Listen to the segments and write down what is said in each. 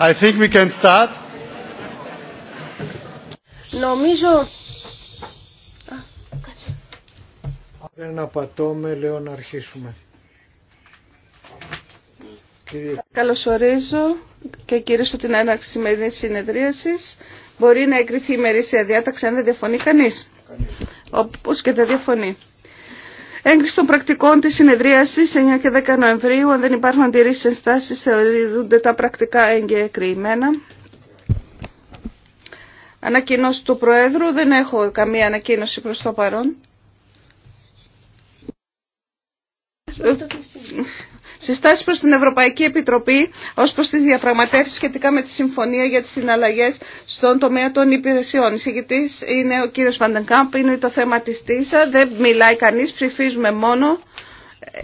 I think we can start. Νομίζω... Δεν απατώμε, λέω να αρχίσουμε. καλωσορίζω και κυρίω την έναρξη της σημερινής συνεδρίασης. Μπορεί να εγκριθεί η μερίσια διάταξη αν δεν διαφωνεί κανείς. Όπως και δεν διαφωνεί. Έγκριση των πρακτικών της συνεδρίασης 9 και 10 Νοεμβρίου. Αν δεν υπάρχουν αντιρρήσεις ενστάσεις θεωρούνται τα πρακτικά εγκεκριμένα. Ανακοίνωση του Προέδρου. Δεν έχω καμία ανακοίνωση προς το παρόν. Συστάσεις προς την Ευρωπαϊκή Επιτροπή ως προς τη διαπραγματεύση σχετικά με τη Συμφωνία για τις συναλλαγές στον τομέα των υπηρεσιών. Η είναι ο κύριος Παντενκάμπ, είναι το θέμα της ΤΙΣΑ, δεν μιλάει κανείς, ψηφίζουμε μόνο.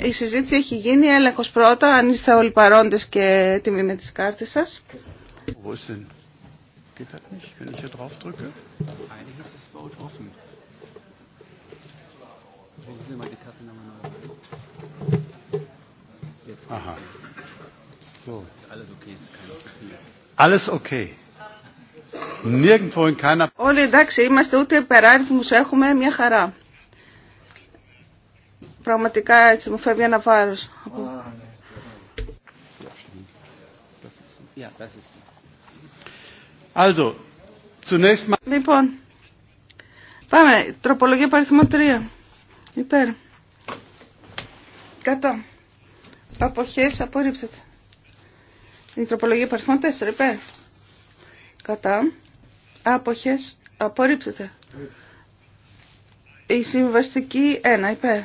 Η συζήτηση έχει γίνει, έλεγχο πρώτα, αν είστε όλοι παρόντες και έτοιμοι με τις κάρτες σας. Όλοι εντάξει είμαστε ούτε υπεράριθμους έχουμε μια χαρά. Πραγματικά έτσι μου φεύγει ένα βάρος. Λοιπόν, πάμε. Τροπολογία παριθμό 3. Υπέρ. Κατά. Αποχές απορρίπτεται. Η τροπολογία παριθμών 4 υπέρ. Κατά. άποχε, απορρίψετε. Η συμβαστική 1 υπέρ.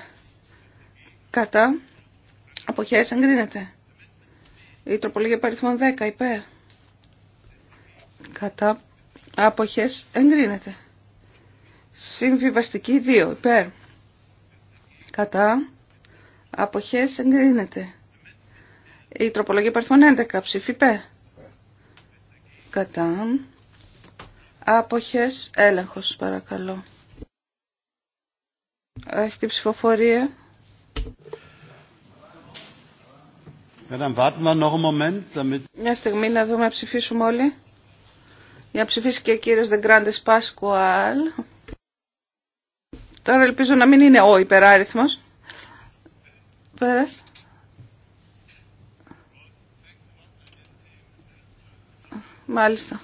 Κατά. απόχέ εγκρίνεται. Η τροπολογία παριθμών 10 υπέρ. Κατά. άποχε, εγκρίνεται. Συμβιβαστική 2 υπέρ. Κατά. Αποχές εγκρίνεται. Η τροπολογία μόνο 11 ψήφι πέ. Κατά. Άποχες έλεγχος παρακαλώ. Έχει την ψηφοφορία. Μια στιγμή να δούμε να ψηφίσουμε όλοι. Για να ψηφίσει και ο κύριος Δεγκράντες Πάσκουαλ. Τώρα ελπίζω να μην είναι ο υπεράριθμος. Πέρασε. Μάλιστα.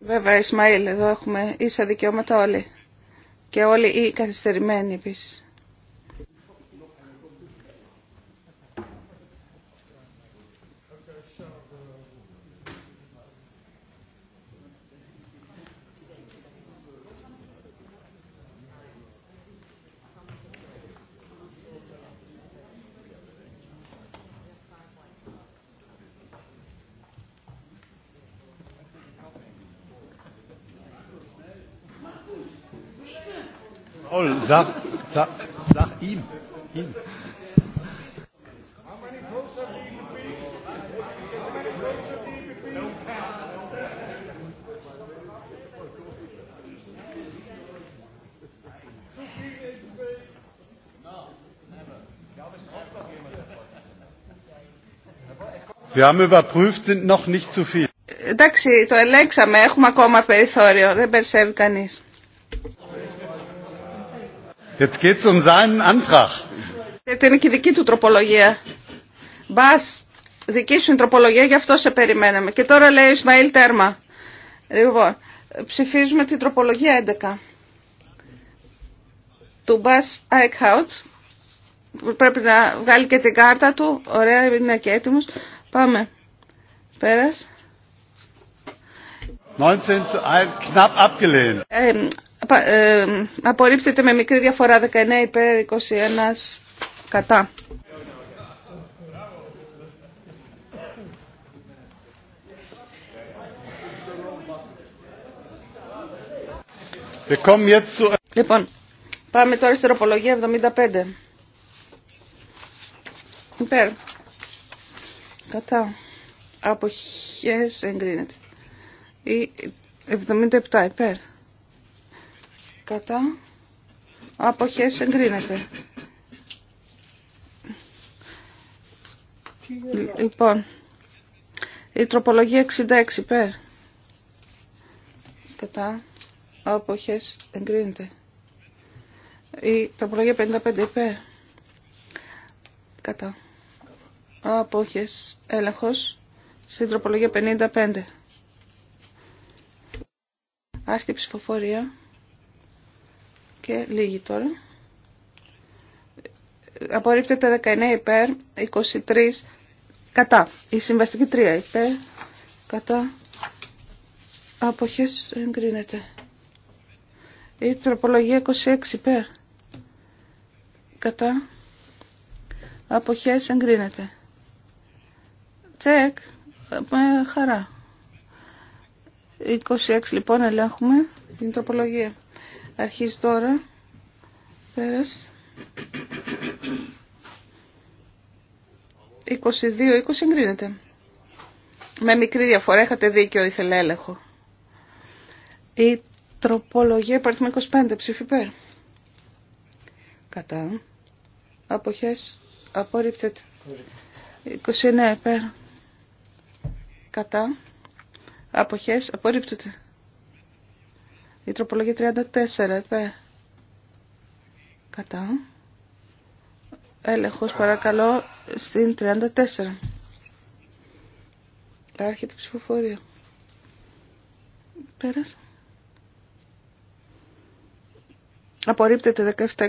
Βέβαια, Ισμαήλ, εδώ έχουμε ίσα δικαιώματα όλοι. Και όλοι οι καθυστερημένοι επίσης. Paul, sag, sag, sag ihm. ihm. Εντάξει, το ελέγξαμε, έχουμε ακόμα περιθώριο, δεν περισσεύει κανείς. Jetzt um Είναι και δική του τροπολογία. Μπα, δική σου τροπολογία, γι' αυτό σε περιμέναμε. Και τώρα λέει Ισμαήλ τέρμα. Λοιπόν, ψηφίζουμε την τροπολογία 11 του Μπα Αικχάουτ. Πρέπει να βγάλει και την κάρτα του. Ωραία, είναι και έτοιμο. Πάμε. Πέρας. 19 ε, απορρίπτεται με μικρή διαφορά 19 υπέρ 21 κατά. Λοιπόν, πάμε τώρα στην τροπολογία 75. Υπέρ. Κατά. Αποχέ εγκρίνεται. Η 77 υπέρ κατά αποχές εγκρίνεται. Λοιπόν, η τροπολογία 66 υπέρ κατά αποχές εγκρίνεται. Η τροπολογία 55 υπέρ κατά αποχές έλεγχος στην τροπολογία 55. Άρχιτε ψηφοφορία και λίγη τώρα. Απορρίπτεται 19 υπέρ, 23 κατά. Η συμβαστική 3 υπέρ, κατά. Αποχές εγκρίνεται. Η τροπολογία 26 υπέρ, κατά. Αποχές εγκρίνεται. Τσεκ, με χαρά. 26 λοιπόν ελέγχουμε την τροπολογία. Αρχίζει τώρα. Πέρας. 22-20 εγκρίνεται. Με μικρή διαφορά είχατε δίκιο, ήθελε έλεγχο. Η τροπολογία με 25 ψήφι πέρα. Κατά. Αποχές απορρίπτεται. 29 πέρα, Κατά. Αποχές απορρίπτεται. Η τροπολογία 34 ΕΠΕ. Κατά. Έλεγχος παρακαλώ στην 34. Άρχεται η ψηφοφορία. Πέρασε. Απορρίπτεται 17-25.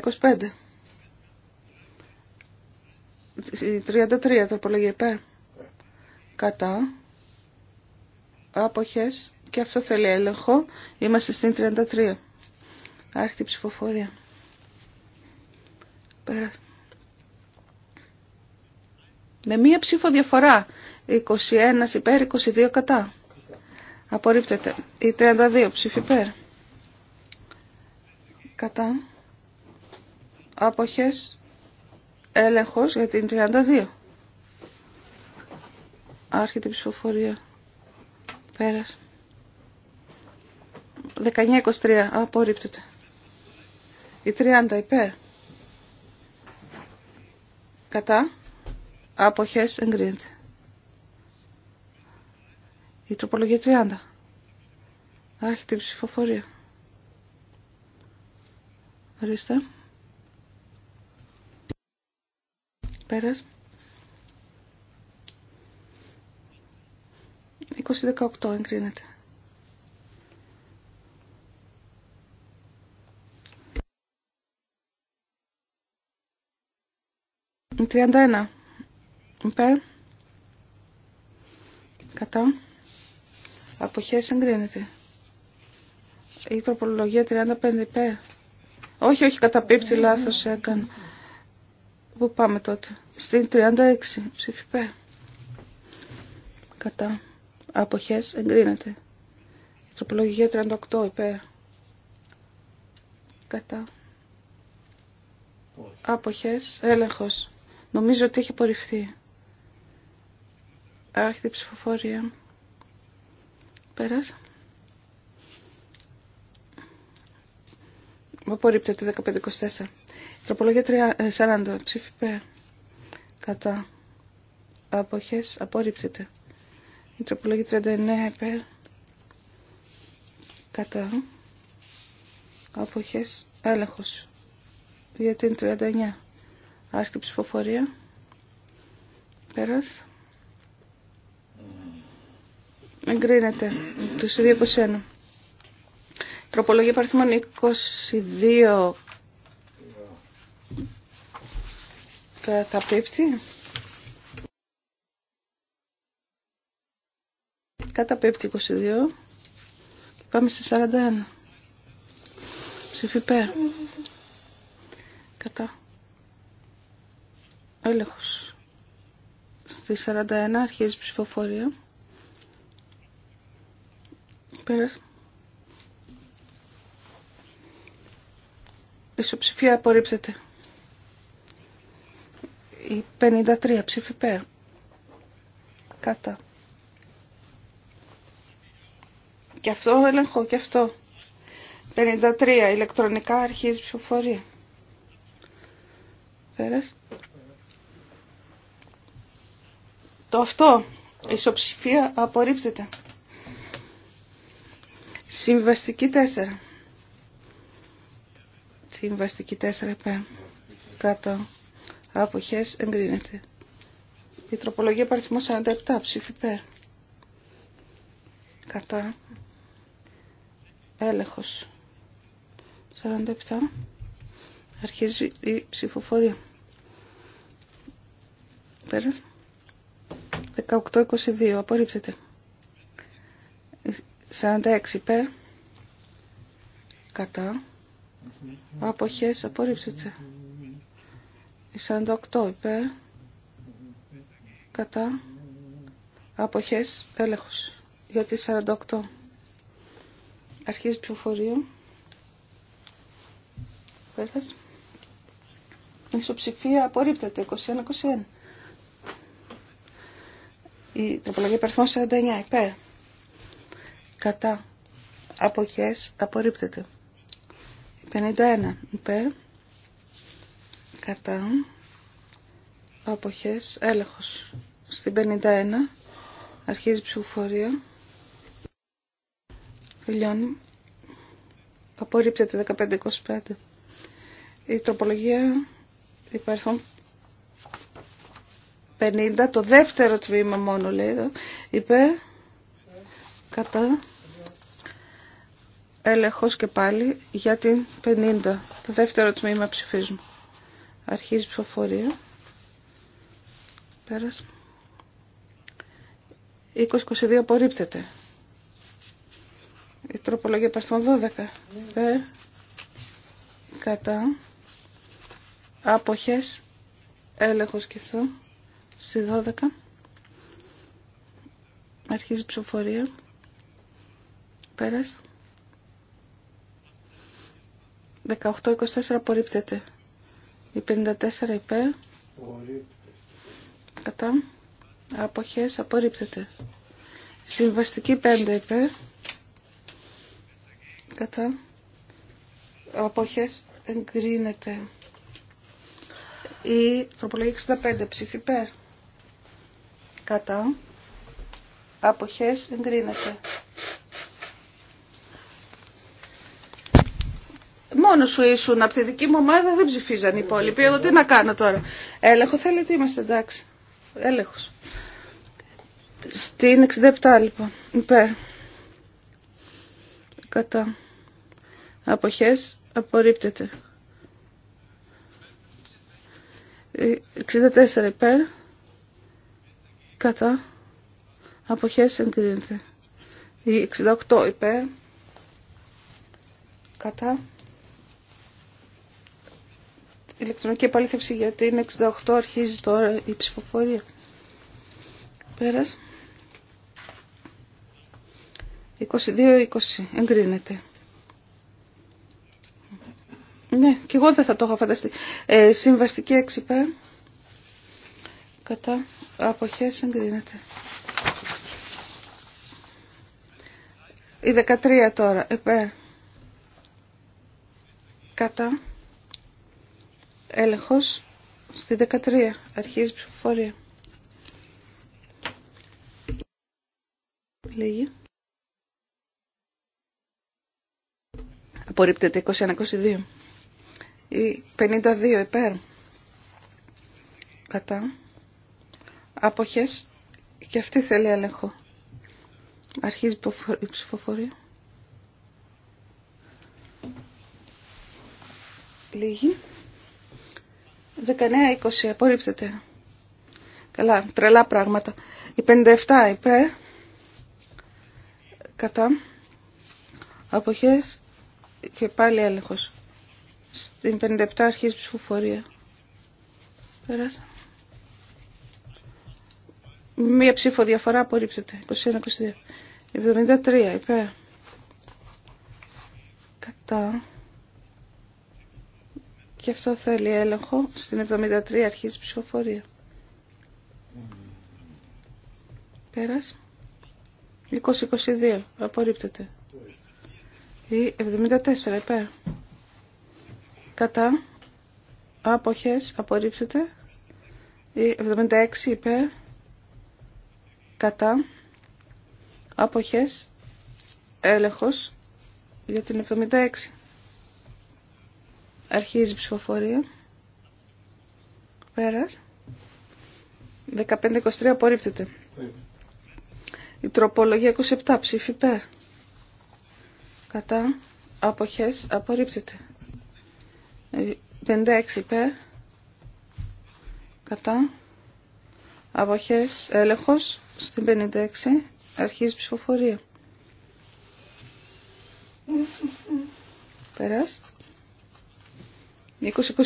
33 τροπολογία υπέρ. Κατά. Αποχές. Και αυτό θέλει έλεγχο. Είμαστε στην 33. η ψηφοφορία. Πέρασε. Με μία ψήφο διαφορά. 21 υπέρ, 22 κατά. Απορρίπτεται. Η 32 ψήφι υπέρ. Κατά. Άποχες. Έλεγχος για την 32. Άρχεται η ψηφοφορία. Πέρασε. 19-23 απορρίπτεται. Η 30 υπέρ. Κατά. Αποχές εγκρίνεται. Η τροπολογία 30. Άχι την ψηφοφορία. Ορίστε. Πέρας. 20-18 εγκρίνεται. 31. Υπέρ. Κατά. Αποχέ εγκρίνεται. Η τροπολογία 35 υπέρ. Όχι, όχι, καταπίπτει λάθος έκανα. Πού πάμε τότε. Στην 36 ψήφι υπέρ. Κατά. Αποχές εγκρίνεται. Η τροπολογία 38 υπέρ. Κατά. Αποχές έλεγχος. Νομίζω ότι έχει απορριφθεί. Άρχεται η ψηφοφορία. Πέρασε. Απορρίπτεται 15-24. Τροπολογία 40. Ε, Ψήφι Π. Κατά. Αποχές. Απορρίπτεται. τροπολογία 39 υπέρ. Κατά. Αποχές. Έλεγχος. Γιατί την 39 η ψηφοφορία. Πέρας. Εγκρίνεται. Το ίδιο 21. Τροπολογία παριθμών 22. καταπιπτει Καταπίπτει 22. Και πάμε σε 41. Ψηφιπέ. Κατά. Έλεγχος. Στη 41 αρχίζει ψηφοφορία. Πέρας. Ισοψηφία απορρίψεται. Η 53 ψήφι πέρα. Κατά. Και αυτό έλεγχο, και αυτό. 53 ηλεκτρονικά αρχίζει ψηφοφορία. Πέρας. Το αυτό, ισοψηφία απορρίπτεται. Συμβαστική 4. Συμβαστική 4 πέ. Κάτω. Αποχές εγκρίνεται. Η τροπολογία παριθμό 47. Ψήφι πέ. Κατά. Έλεγχος. 47. Αρχίζει η ψηφοφορία. Πέρασε. 18-22. Απορρίψετε. 46 υπέρ. Κατά. Αποχές. Απορρίψετε. 48 υπέρ. Κατά. Αποχές. Έλεγχος. Γιατί 48. Αρχίζει ψηφοφορία. Πέρας. Ισοψηφία απορρίπτεται. 21-21. Η τροπολογία υπερθών 49 υπέρ. Κατά. Αποχές απορρίπτεται. 51 υπέρ. Κατά. Αποχές έλεγχος. Στην 51 αρχίζει ψηφοφορία. Τελειώνει. Απορρίπτεται 15-25. Η τροπολογία υπερθών 50, το δεύτερο τμήμα μόνο λέει εδώ, υπέρ, κατά, έλεγχος και πάλι για την 50, το δεύτερο τμήμα ψηφίζουμε. Αρχίζει ψηφοφορία. Πέρας. 20-22 απορρίπτεται. Η τροπολογία παρθών 12. Υπέρ, κατά, άποχες, έλεγχος και αυτό. Στη 12. Αρχίζει η ψηφοφορία. Πέρας. 18-24 απορρίπτεται. Η 54 υπέρ. Κατά. Αποχές απορρίπτεται. Συμβαστική 5 υπέρ. Κατά. Αποχές εγκρίνεται. Η τροπολογία 65 ψήφι υπέρ κατά αποχές εγκρίνεται. Μόνο σου ήσουν από τη δική μου ομάδα δεν ψηφίζαν οι υπόλοιποι. Εγώ τι να κάνω τώρα. Έλεγχο θέλετε είμαστε εντάξει. Έλεγχος. Στην 67 λοιπόν. Υπέρ. Κατά. Αποχές απορρίπτεται. 64 ε, υπέρ κατά αποχές εγκρίνεται. Η 68 υπέρ κατά ηλεκτρονική επαλήθευση γιατί είναι 68 αρχίζει τώρα η ψηφοφορία. Πέρας. 22-20 εγκρίνεται. Ναι, και εγώ δεν θα το έχω φανταστεί. Ε, συμβαστική 6 υπέρ κατά αποχές εγκρίνεται. Η 13 τώρα, επέρ. κατά, έλεγχος, στη 13, αρχίζει η ψηφοφορία. Λίγη. Απορρίπτεται 21-22. Η 52 υπέρ. Κατά. Αποχές. Και αυτή θέλει έλεγχο. Αρχίζει η ψηφοφορία. Λίγη. 19-20. Απορρίπτεται. Καλά. Τρελά πράγματα. Η 57 υπέρ. Κατά. Αποχές. Και πάλι έλεγχος. Στην 57 αρχίζει η ψηφοφορία. Πέρασα. Μία ψήφο διαφορά απορρίψετε. 21-22. 73 υπέρ. Κατά. Και αυτό θέλει έλεγχο. Στην 73 αρχίζει ψηφοφορία. Πέρας. 20-22. Απορρίπτεται. Ή 74 Υπέρα. Κατά. Άποχες. Απορρίψετε. Ή 76 Υπέρα κατά αποχές έλεγχος για την 76 αρχίζει η ψηφοφορία πέρας 15-23 απορρίπτεται η τροπολογία 27 ψήφι πέρ κατά αποχές απορρίπτεται 56 ε, πέρα, κατά αποχές έλεγχος στην 56 αρχίζει ψηφοφορία. Περάστε.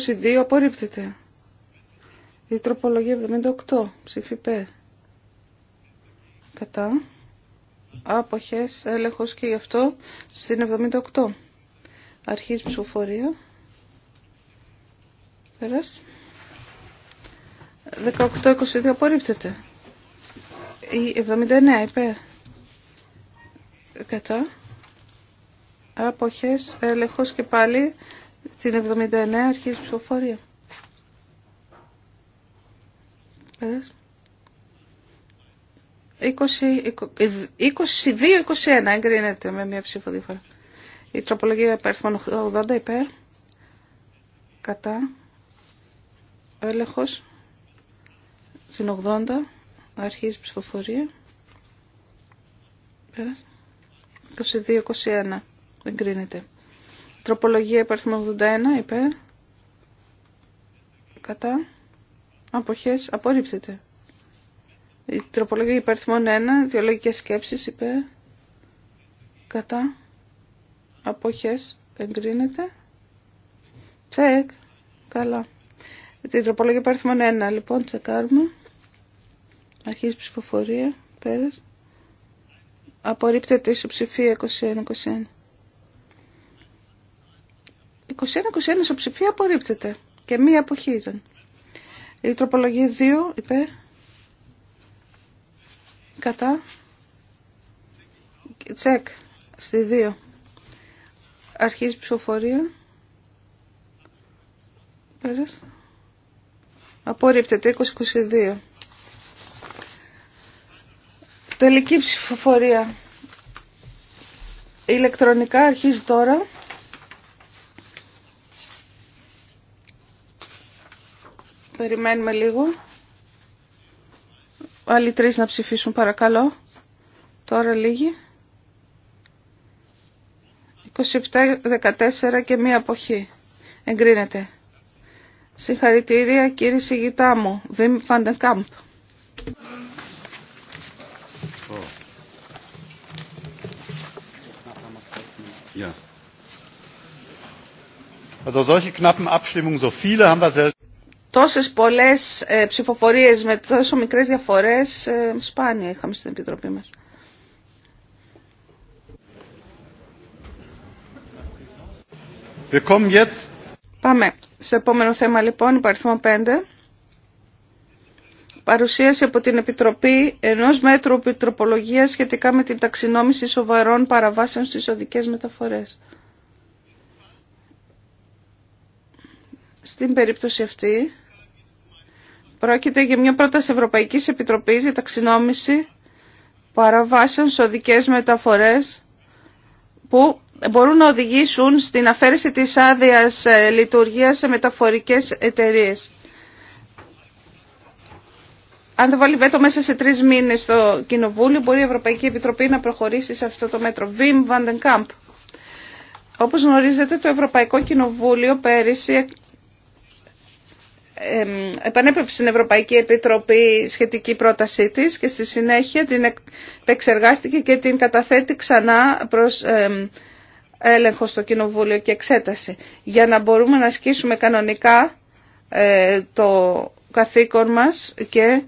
20-22 απορρίπτεται. Η τροπολογία 78 ψήφι Κατά. Άποχες, έλεγχος και γι' αυτό στην 78. Αρχίζει ψηφοφορία. Περάστε. 18-22 απορρίπτεται. Η 79 υπέρ. Κατά. Αποχές, έλεγχος και πάλι την 79 αρχίζει ψηφοφορία. Πέρας. 22-21 εγκρίνεται με μια ψήφο διαφορά. Η τροπολογία υπέρθμων 80 υπέρ. Κατά. Έλεγχος. Στην 80. Αρχίζει η ψηφοφορία. Πέρασε. 22-21. Δεν κρίνεται. Τροπολογία υπαριθμό 81 υπέρ. Κατά. Αποχές. Απορρίπτεται. Η τροπολογία υπαριθμών 1. Διολογικές σκέψεις υπέρ. Κατά. Αποχές. Εγκρίνεται. Τσεκ. Καλά. Την τροπολογία υπαριθμών 1. Λοιπόν, τσεκάρουμε. Αρχίζει ψηφοφορία. Πέρας. Απορρίπτεται η ισοψηφία 21-21. 21-21 ισοψηφία απορρίπτεται. Και μία αποχή ήταν. Η τροπολογία 2 υπέρ. Κατά. Τσεκ. Στη 2. Αρχίζει ψηφοφορία. Πέρας. Απορρίπτεται 20-22. Τελική ψηφοφορία. Ηλεκτρονικά αρχίζει τώρα. Περιμένουμε λίγο. Άλλοι τρεις να ψηφίσουν παρακαλώ. Τώρα λίγοι. 27, 14 και μία αποχή. Εγκρίνεται. Συγχαρητήρια κύριε Σιγητά μου, Βίμ Φαντεκάμπ. Ja. Also solche knappen Abstimmungen, Τόσες πολλές ε, ψηφοφορίες με τόσο μικρές διαφορές ε, σπάνια είχαμε στην Επιτροπή μας. Πάμε. Στο επόμενο θέμα λοιπόν, υπαριθμό 5 παρουσίαση από την Επιτροπή ενός μέτρου επιτροπολογίας σχετικά με την ταξινόμηση σοβαρών παραβάσεων στις οδικές μεταφορές. Στην περίπτωση αυτή πρόκειται για μια πρόταση Ευρωπαϊκής Επιτροπής για ταξινόμηση παραβάσεων στις οδικές μεταφορές που μπορούν να οδηγήσουν στην αφαίρεση της άδειας ε, λειτουργίας σε μεταφορικές εταιρείες αν δεν βάλει βέτο μέσα σε τρει μήνε στο Κοινοβούλιο, μπορεί η Ευρωπαϊκή Επιτροπή να προχωρήσει σε αυτό το μέτρο. Βιμ Βαντενκάμπ. Όπω γνωρίζετε, το Ευρωπαϊκό Κοινοβούλιο πέρυσι ε, επανέπεψε στην Ευρωπαϊκή Επιτροπή σχετική πρότασή της και στη συνέχεια την επεξεργάστηκε και την καταθέτει ξανά προς έλεγχο στο Κοινοβούλιο και εξέταση για να μπορούμε να ασκήσουμε κανονικά ε, το καθήκον μας και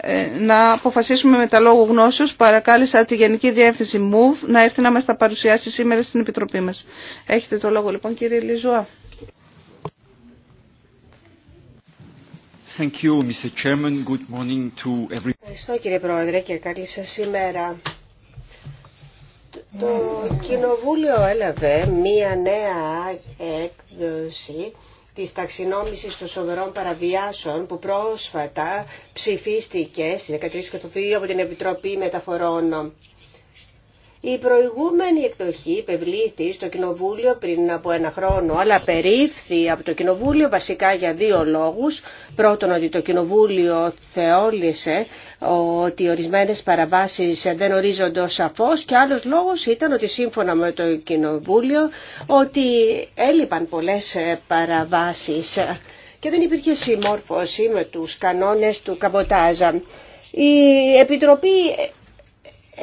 ε, να αποφασίσουμε με τα λόγου γνώσεως παρακάλεσα τη Γενική Διεύθυνση MOVE να έρθει να μας τα παρουσιάσει σήμερα στην Επιτροπή μας. Έχετε το λόγο λοιπόν κύριε Λιζουά. Ευχαριστώ κύριε Πρόεδρε και καλή σας σήμερα. Το Κοινοβούλιο έλαβε μία νέα έκδοση της ταξινόμησης των σοβαρών παραβιάσεων που πρόσφατα ψηφίστηκε στις 13 Οκτωβρίου από την Επιτροπή Μεταφορών η προηγούμενη εκδοχή υπευλήθη στο Κοινοβούλιο πριν από ένα χρόνο, αλλά περίφθη από το Κοινοβούλιο βασικά για δύο λόγους. Πρώτον, ότι το Κοινοβούλιο θεώλησε ότι ορισμένες παραβάσεις δεν ορίζονται σαφώς και άλλος λόγος ήταν ότι σύμφωνα με το Κοινοβούλιο ότι έλειπαν πολλές παραβάσεις και δεν υπήρχε συμμόρφωση με τους κανόνες του Καμποτάζα. Η Επιτροπή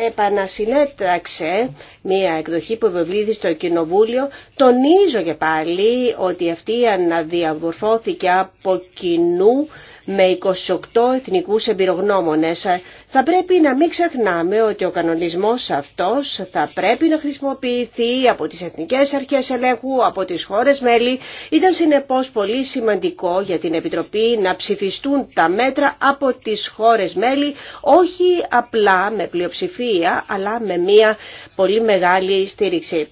επανασυνέταξε μία εκδοχή που βεβλίδη στο Κοινοβούλιο. Τονίζω και πάλι ότι αυτή αναδιαμορφώθηκε από κοινού με 28 εθνικούς εμπειρογνώμονες. Θα πρέπει να μην ξεχνάμε ότι ο κανονισμός αυτός θα πρέπει να χρησιμοποιηθεί από τις εθνικές αρχές ελέγχου, από τις χώρες μέλη. Ήταν συνεπώς πολύ σημαντικό για την Επιτροπή να ψηφιστούν τα μέτρα από τις χώρες μέλη, όχι απλά με πλειοψηφία, αλλά με μια πολύ μεγάλη στήριξη.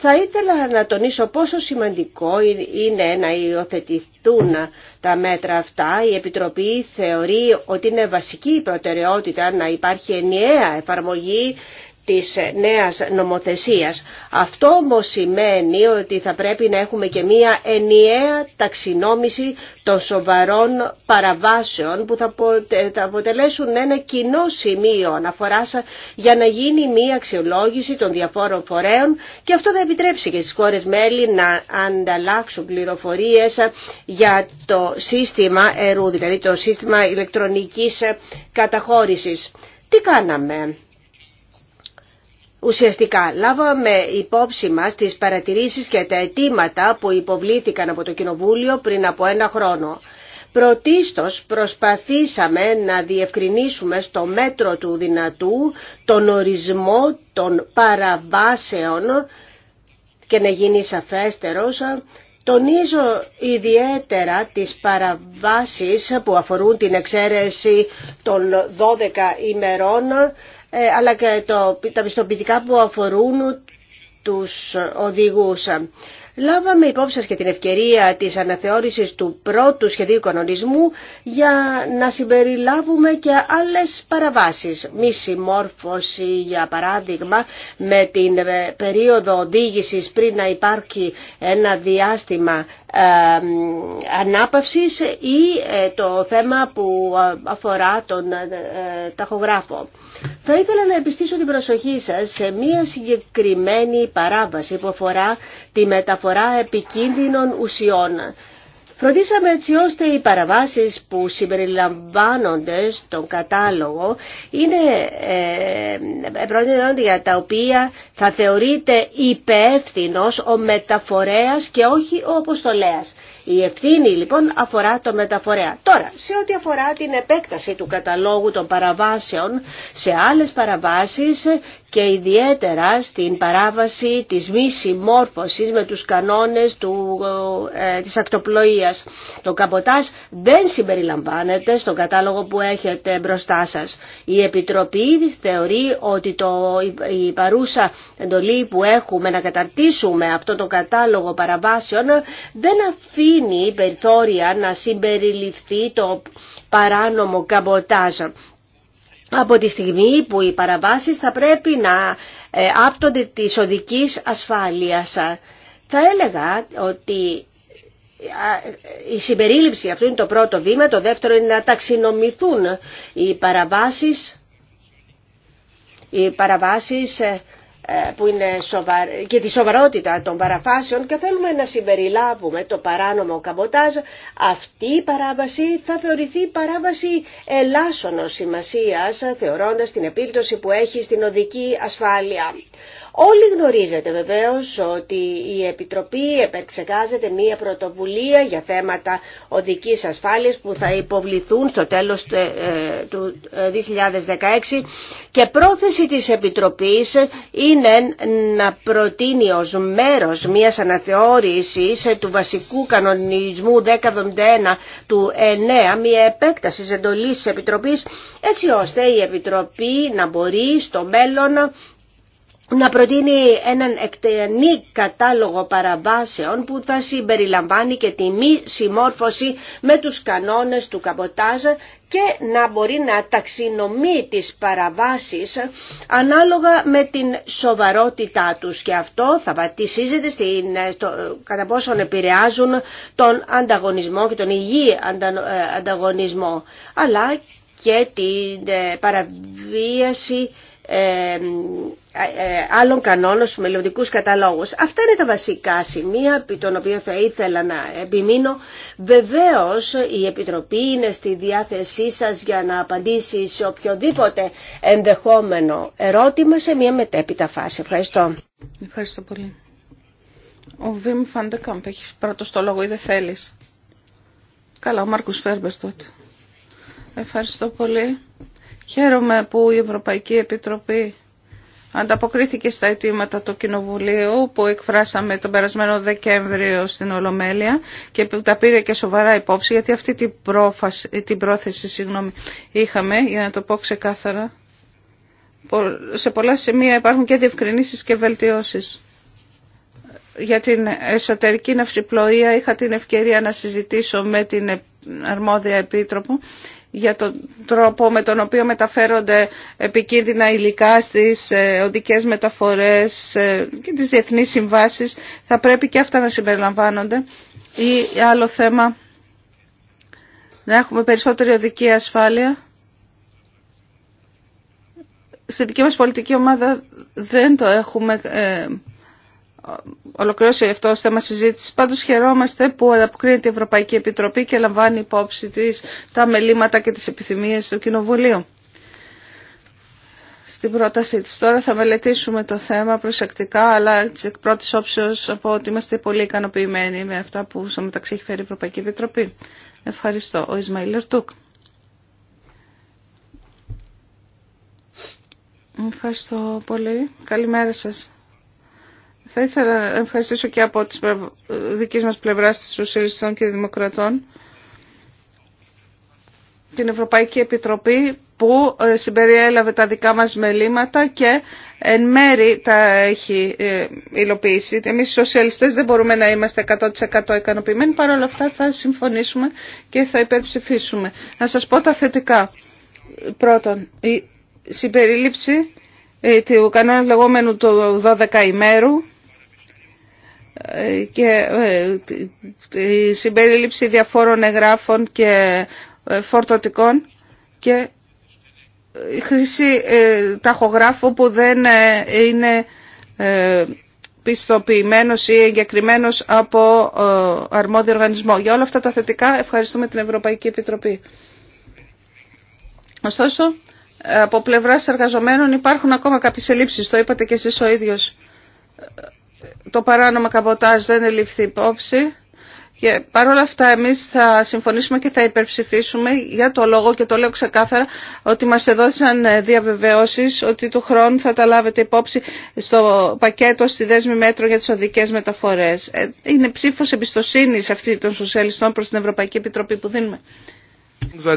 Θα ήθελα να τονίσω πόσο σημαντικό είναι να υιοθετηθούν τα μέτρα αυτά. Η Επιτροπή θεωρεί ότι είναι βασική η προτεραιότητα να υπάρχει ενιαία εφαρμογή της νέας νομοθεσίας. Αυτό όμως σημαίνει ότι θα πρέπει να έχουμε και μία ενιαία ταξινόμηση των σοβαρών παραβάσεων που θα αποτελέσουν ένα κοινό σημείο αναφορά για να γίνει μία αξιολόγηση των διαφόρων φορέων και αυτό θα επιτρέψει και στις χώρες μέλη να ανταλλάξουν πληροφορίες για το σύστημα ΕΡΟΥ, δηλαδή το σύστημα ηλεκτρονικής καταχώρησης. Τι κάναμε Ουσιαστικά λάβαμε υπόψη μας τις παρατηρήσεις και τα αιτήματα που υποβλήθηκαν από το Κοινοβούλιο πριν από ένα χρόνο. Πρωτίστως προσπαθήσαμε να διευκρινίσουμε στο μέτρο του δυνατού τον ορισμό των παραβάσεων και να γίνει σαφέστερος Τονίζω ιδιαίτερα τις παραβάσεις που αφορούν την εξαίρεση των 12 ημερών ε, αλλά και το, τα πιστοποιητικά που αφορούν τους οδηγούς. Λάβαμε υπόψη σας και την ευκαιρία της αναθεώρησης του πρώτου σχεδίου κανονισμού για να συμπεριλάβουμε και άλλες παραβάσεις. Μη συμμόρφωση, για παράδειγμα, με την ε, περίοδο οδήγησης πριν να υπάρχει ένα διάστημα ε, ανάπαυσης ή το θέμα που αφορά τον ταχογράφο. Θα ήθελα να επιστήσω την προσοχή σας σε μία συγκεκριμένη παράβαση που αφορά τη μεταφορά επικίνδυνων ουσιών. Φροντίσαμε έτσι ώστε οι παραβάσεις που συμπεριλαμβάνονται στον κατάλογο είναι ε, ε για τα οποία θα θεωρείται υπεύθυνος ο μεταφορέας και όχι ο αποστολέας. Η ευθύνη λοιπόν αφορά το μεταφορέα. Τώρα, σε ό,τι αφορά την επέκταση του καταλόγου των παραβάσεων σε άλλες παραβάσεις και ιδιαίτερα στην παράβαση της μη συμμόρφωσης με τους κανόνες του, ε, της ακτοπλοείας. Το καμποτάζ δεν συμπεριλαμβάνεται στον κατάλογο που έχετε μπροστά σας. Η Επιτροπή θεωρεί ότι το, η παρούσα εντολή που έχουμε να καταρτήσουμε αυτό το κατάλογο παραβάσεων δεν αφήνει περιθώρια να συμπεριληφθεί το παράνομο καμποτάζ από τη στιγμή που οι παραβάσεις θα πρέπει να ε, άπτονται της οδικής ασφάλειας. Θα έλεγα ότι ε, η συμπερίληψη αυτό είναι το πρώτο βήμα, το δεύτερο είναι να ταξινομηθούν οι παραβάσεις, οι παραβάσεις ε, ε, που είναι και τη σοβαρότητα των παραφάσεων και θέλουμε να συμπεριλάβουμε το παράνομο καμποτάζ, αυτή η παράβαση θα θεωρηθεί παράβαση ελάσσονος σημασίας, θεωρώντας την επίπτωση που έχει στην οδική ασφάλεια. Όλοι γνωρίζετε βεβαίως ότι η Επιτροπή επεξεργάζεται μία πρωτοβουλία για θέματα οδικής ασφάλειας που θα υποβληθούν στο τέλος του 2016 ε, ε, και πρόθεση της Επιτροπής είναι να προτείνει ως μέρος μίας αναθεώρησης του βασικού κανονισμού 1071 του 9 μία επέκταση εντολής της Επιτροπής έτσι ώστε η Επιτροπή να μπορεί στο μέλλον να προτείνει έναν εκτενή κατάλογο παραβάσεων που θα συμπεριλαμβάνει και τη μη συμμόρφωση με τους κανόνες του καποτάζ και να μπορεί να ταξινομεί τις παραβάσεις ανάλογα με την σοβαρότητά τους και αυτό θα βατισίζεται στην, στο, κατά πόσον επηρεάζουν τον ανταγωνισμό και τον υγιή ε, ανταγωνισμό αλλά και την ε, παραβίαση ε, άλλων κανόνων στους καταλόγους. Αυτά είναι τα βασικά σημεία επί των οποίων θα ήθελα να επιμείνω. Βεβαίως η Επιτροπή είναι στη διάθεσή σας για να απαντήσει σε οποιοδήποτε ενδεχόμενο ερώτημα σε μια μετέπειτα φάση. Ευχαριστώ. Ευχαριστώ πολύ. Ο Βίμ Φαντεκάμπ έχει πρώτο το λόγο ή δεν θέλεις. Καλά, ο Μάρκος Φέρμπερ τότε. Ευχαριστώ πολύ. Χαίρομαι που η Ευρωπαϊκή Επιτροπή ανταποκρίθηκε στα αιτήματα του Κοινοβουλίου που εκφράσαμε τον περασμένο Δεκέμβριο στην Ολομέλεια και που τα πήρε και σοβαρά υπόψη γιατί αυτή την, πρόφαση, πρόθεση είχαμε, για να το πω ξεκάθαρα, σε πολλά σημεία υπάρχουν και διευκρινήσεις και βελτιώσεις για την εσωτερική ναυσιπλοεία είχα την ευκαιρία να συζητήσω με την αρμόδια επίτροπο για τον τρόπο με τον οποίο μεταφέρονται επικίνδυνα υλικά στις ε, οδικές μεταφορές ε, και τις διεθνείς συμβάσεις. Θα πρέπει και αυτά να συμπεριλαμβάνονται. Ή άλλο θέμα, να έχουμε περισσότερη οδική ασφάλεια. Στη δική μας πολιτική ομάδα δεν το έχουμε ε, ολοκληρώσει αυτό το θέμα συζήτηση. Πάντω χαιρόμαστε που ανταποκρίνεται η Ευρωπαϊκή Επιτροπή και λαμβάνει υπόψη τη τα μελήματα και τι επιθυμίε του Κοινοβουλίου. Στην πρότασή τη τώρα θα μελετήσουμε το θέμα προσεκτικά, αλλά εκ πρώτη όψεω από ότι είμαστε πολύ ικανοποιημένοι με αυτά που στο μεταξύ έχει φέρει η Ευρωπαϊκή Επιτροπή. Ευχαριστώ. Ο Ισμαήλ Ερτούκ. Ευχαριστώ πολύ. Καλημέρα σας. Θα ήθελα να ευχαριστήσω και από τις δικής μας πλευράς της Σοσιαλιστών και Δημοκρατών την Ευρωπαϊκή Επιτροπή που ε, συμπεριέλαβε τα δικά μας μελήματα και εν μέρη τα έχει ε, υλοποιήσει. Εμείς οι σοσιαλιστές δεν μπορούμε να είμαστε 100% ικανοποιημένοι, παρόλα αυτά θα συμφωνήσουμε και θα υπερψηφίσουμε. Να σας πω τα θετικά. Πρώτον, η συμπερίληψη ε, του κανόνα λεγόμενου του 12 ημέρου και ε, η συμπερίληψη διαφόρων εγγράφων και ε, φορτωτικών και η χρήση ε, ταχογράφου που δεν είναι πιστοποιημένος ή εγκεκριμένος από αρμόδιο οργανισμό. Για όλα αυτά τα θετικά ευχαριστούμε την Ευρωπαϊκή Επιτροπή. Ωστόσο, από πλευράς εργαζομένων υπάρχουν ακόμα κάποιες ελλείψεις, το είπατε και εσείς ο ίδιος το παράνομο καμποτάζ δεν ελήφθη υπόψη. Και παρόλα αυτά εμείς θα συμφωνήσουμε και θα υπερψηφίσουμε για το λόγο και το λέω ξεκάθαρα ότι μας έδωσαν διαβεβαιώσεις ότι του χρόνου θα τα λάβετε υπόψη στο πακέτο στη δέσμη μέτρο για τις οδικές μεταφορές. Ε, είναι ψήφος εμπιστοσύνης αυτή των σοσιαλιστών προς την Ευρωπαϊκή Επιτροπή που δίνουμε. Äh,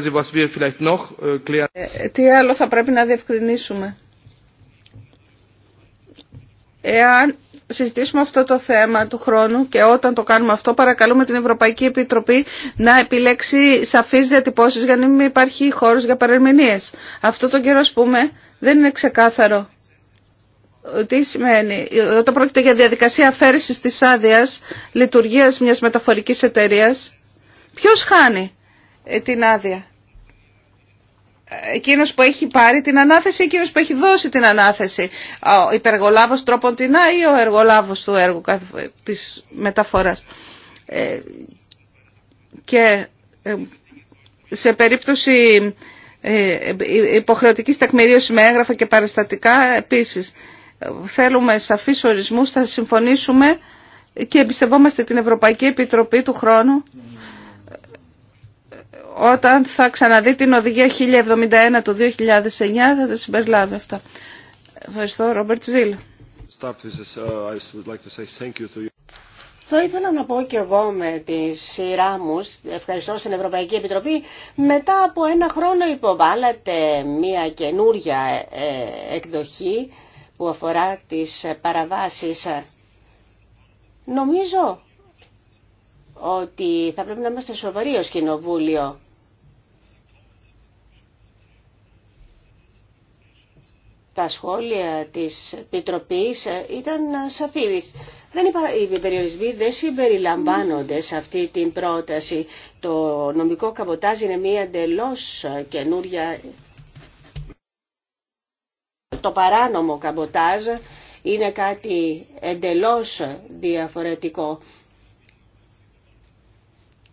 ε, ε, τι άλλο θα πρέπει να διευκρινίσουμε. Εάν συζητήσουμε αυτό το θέμα του χρόνου και όταν το κάνουμε αυτό παρακαλούμε την Ευρωπαϊκή Επιτροπή να επιλέξει σαφείς διατυπώσεις για να μην υπάρχει χώρος για παρερμηνίες. Αυτό το καιρό ας πούμε δεν είναι ξεκάθαρο. Τι σημαίνει, όταν πρόκειται για διαδικασία αφαίρεσης της άδεια λειτουργίας μιας μεταφορικής εταιρείας, ποιος χάνει ε, την άδεια εκείνος που έχει πάρει την ανάθεση, εκείνος που έχει δώσει την ανάθεση. Ο υπεργολάβος τρόπον την ή ο εργολάβος του έργου της μεταφοράς. Ε, και ε, σε περίπτωση ε, υποχρεωτικής τεκμηρίωσης με έγγραφα και παραστατικά επίσης θέλουμε σαφείς ορισμούς, θα συμφωνήσουμε και εμπιστευόμαστε την Ευρωπαϊκή Επιτροπή του χρόνου όταν θα ξαναδεί την οδηγία 1071 το 2009 θα τα συμπεριλάβει αυτά. Ευχαριστώ, Ρόμπερτ Ζήλ. Uh, θα ήθελα να πω και εγώ με τη σειρά μου, ευχαριστώ στην Ευρωπαϊκή Επιτροπή, μετά από ένα χρόνο υποβάλλατε μια καινούρια ε, εκδοχή που αφορά τις παραβάσεις. Νομίζω ότι θα πρέπει να είμαστε σοβαροί ως Κοινοβούλιο. τα σχόλια της Επιτροπής ε, ήταν ε, σαφή. Δεν υπά... Οι περιορισμοί δεν συμπεριλαμβάνονται σε αυτή την πρόταση. Το νομικό καμποτάζ είναι μία εντελώ ε, καινούρια... Το παράνομο καμποτάζ είναι κάτι εντελώς διαφορετικό.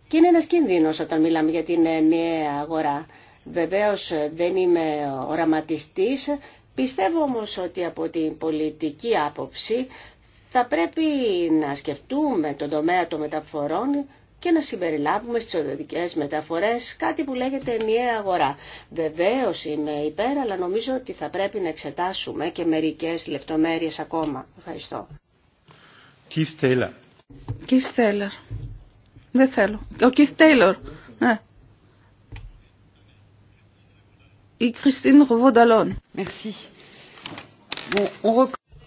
Και είναι ένας κίνδυνος όταν μιλάμε για την νέα αγορά. Βεβαίως δεν είμαι οραματιστής, Πιστεύω όμως ότι από την πολιτική άποψη θα πρέπει να σκεφτούμε τον τομέα των μεταφορών και να συμπεριλάβουμε στις οδοτικές μεταφορές κάτι που λέγεται ενιαία αγορά. Βεβαίως είμαι υπέρ, αλλά νομίζω ότι θα πρέπει να εξετάσουμε και μερικές λεπτομέρειες ακόμα. Ευχαριστώ. Κι Στέλλα. Κι Δεν θέλω. Ο Κι Ναι.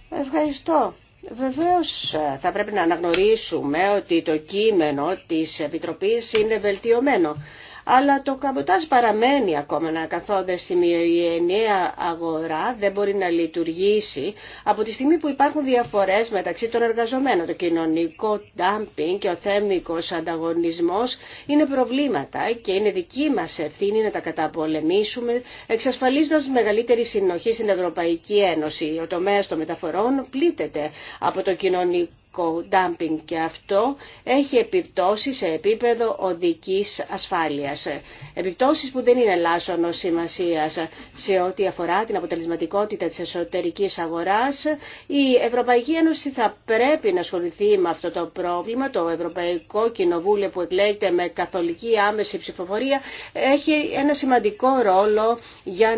Ευχαριστώ. Βεβαίω ε, θα πρέπει να αναγνωρίσουμε ότι το κείμενο της Επιτροπής είναι βελτιωμένο. Αλλά το καμποτάζ παραμένει ακόμα να καθόδες σημείο. Η ενιαία αγορά δεν μπορεί να λειτουργήσει από τη στιγμή που υπάρχουν διαφορές μεταξύ των εργαζομένων. Το κοινωνικό ντάμπινγκ και ο θέμικος ανταγωνισμός είναι προβλήματα και είναι δική μας ευθύνη να τα καταπολεμήσουμε εξασφαλίζοντας μεγαλύτερη συνοχή στην Ευρωπαϊκή Ένωση. Ο τομέας των μεταφορών πλήττεται από το κοινωνικό και αυτό έχει επιπτώσεις σε επίπεδο οδικής ασφάλειας. Επιπτώσεις που δεν είναι λάσονο σημασίας σε ό,τι αφορά την αποτελεσματικότητα της εσωτερικής αγοράς. Η Ευρωπαϊκή Ένωση θα πρέπει να ασχοληθεί με αυτό το πρόβλημα. Το Ευρωπαϊκό Κοινοβούλιο που εκλέγεται με καθολική άμεση ψηφοφορία έχει ένα σημαντικό ρόλο για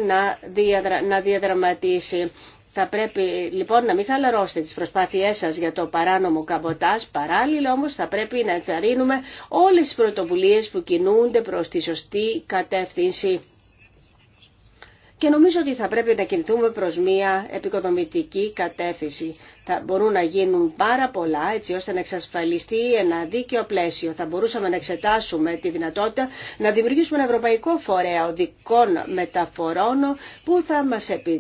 να διαδραματίσει. Θα πρέπει λοιπόν να μην χαλαρώσετε τις προσπάθειές σας για το παράνομο καμποτάζ, παράλληλα όμως θα πρέπει να ενθαρρύνουμε όλες τις πρωτοβουλίες που κινούνται προς τη σωστή κατεύθυνση. Και νομίζω ότι θα πρέπει να κινηθούμε προς μια επικοδομητική κατεύθυνση. Θα μπορούν να γίνουν πάρα πολλά έτσι ώστε να εξασφαλιστεί ένα δίκαιο πλαίσιο. Θα μπορούσαμε να εξετάσουμε τη δυνατότητα να δημιουργήσουμε ένα ευρωπαϊκό φορέα οδικών μεταφορών που θα μα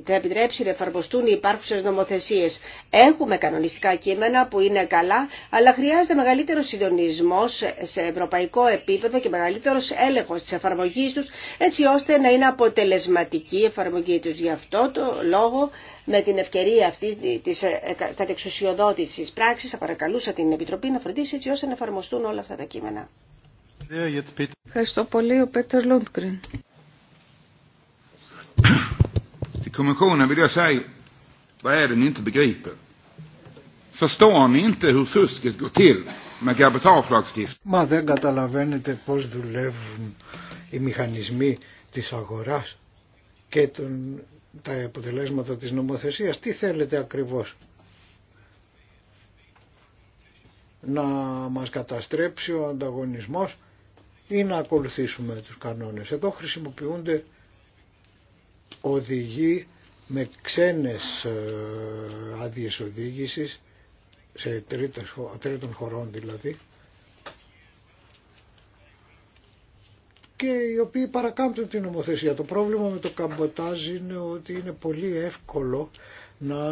επιτρέψει να εφαρμοστούν οι υπάρχουσε νομοθεσίες. Έχουμε κανονιστικά κείμενα που είναι καλά, αλλά χρειάζεται μεγαλύτερο συντονισμό σε ευρωπαϊκό επίπεδο και μεγαλύτερο έλεγχο τη εφαρμογή του, έτσι ώστε να είναι αποτελεσματική η εφαρμογή του. Γι' αυτό το λόγο με την ευκαιρία αυτή της ε, ε, κατεξουσιοδότηση πράξη, Θα παρακαλούσα την Επιτροπή να φροντίσει έτσι ώστε να εφαρμοστούν όλα αυτά τα κείμενα. Ευχαριστώ πολύ ο Πέτερ Λόντγκριν. Η να πω, τι Μα δεν καταλαβαίνετε πώς δουλεύουν οι μηχανισμοί της αγοράς και των τα αποτελέσματα της νομοθεσίας. Τι θέλετε ακριβώς. Να μας καταστρέψει ο ανταγωνισμός ή να ακολουθήσουμε τους κανόνες. Εδώ χρησιμοποιούνται οδηγοί με ξένες ε, άδειες οδήγησης σε τρίτων χωρών δηλαδή και οι οποίοι παρακάμπτουν την νομοθεσία. Το πρόβλημα με το καμποτάζ είναι ότι είναι πολύ εύκολο να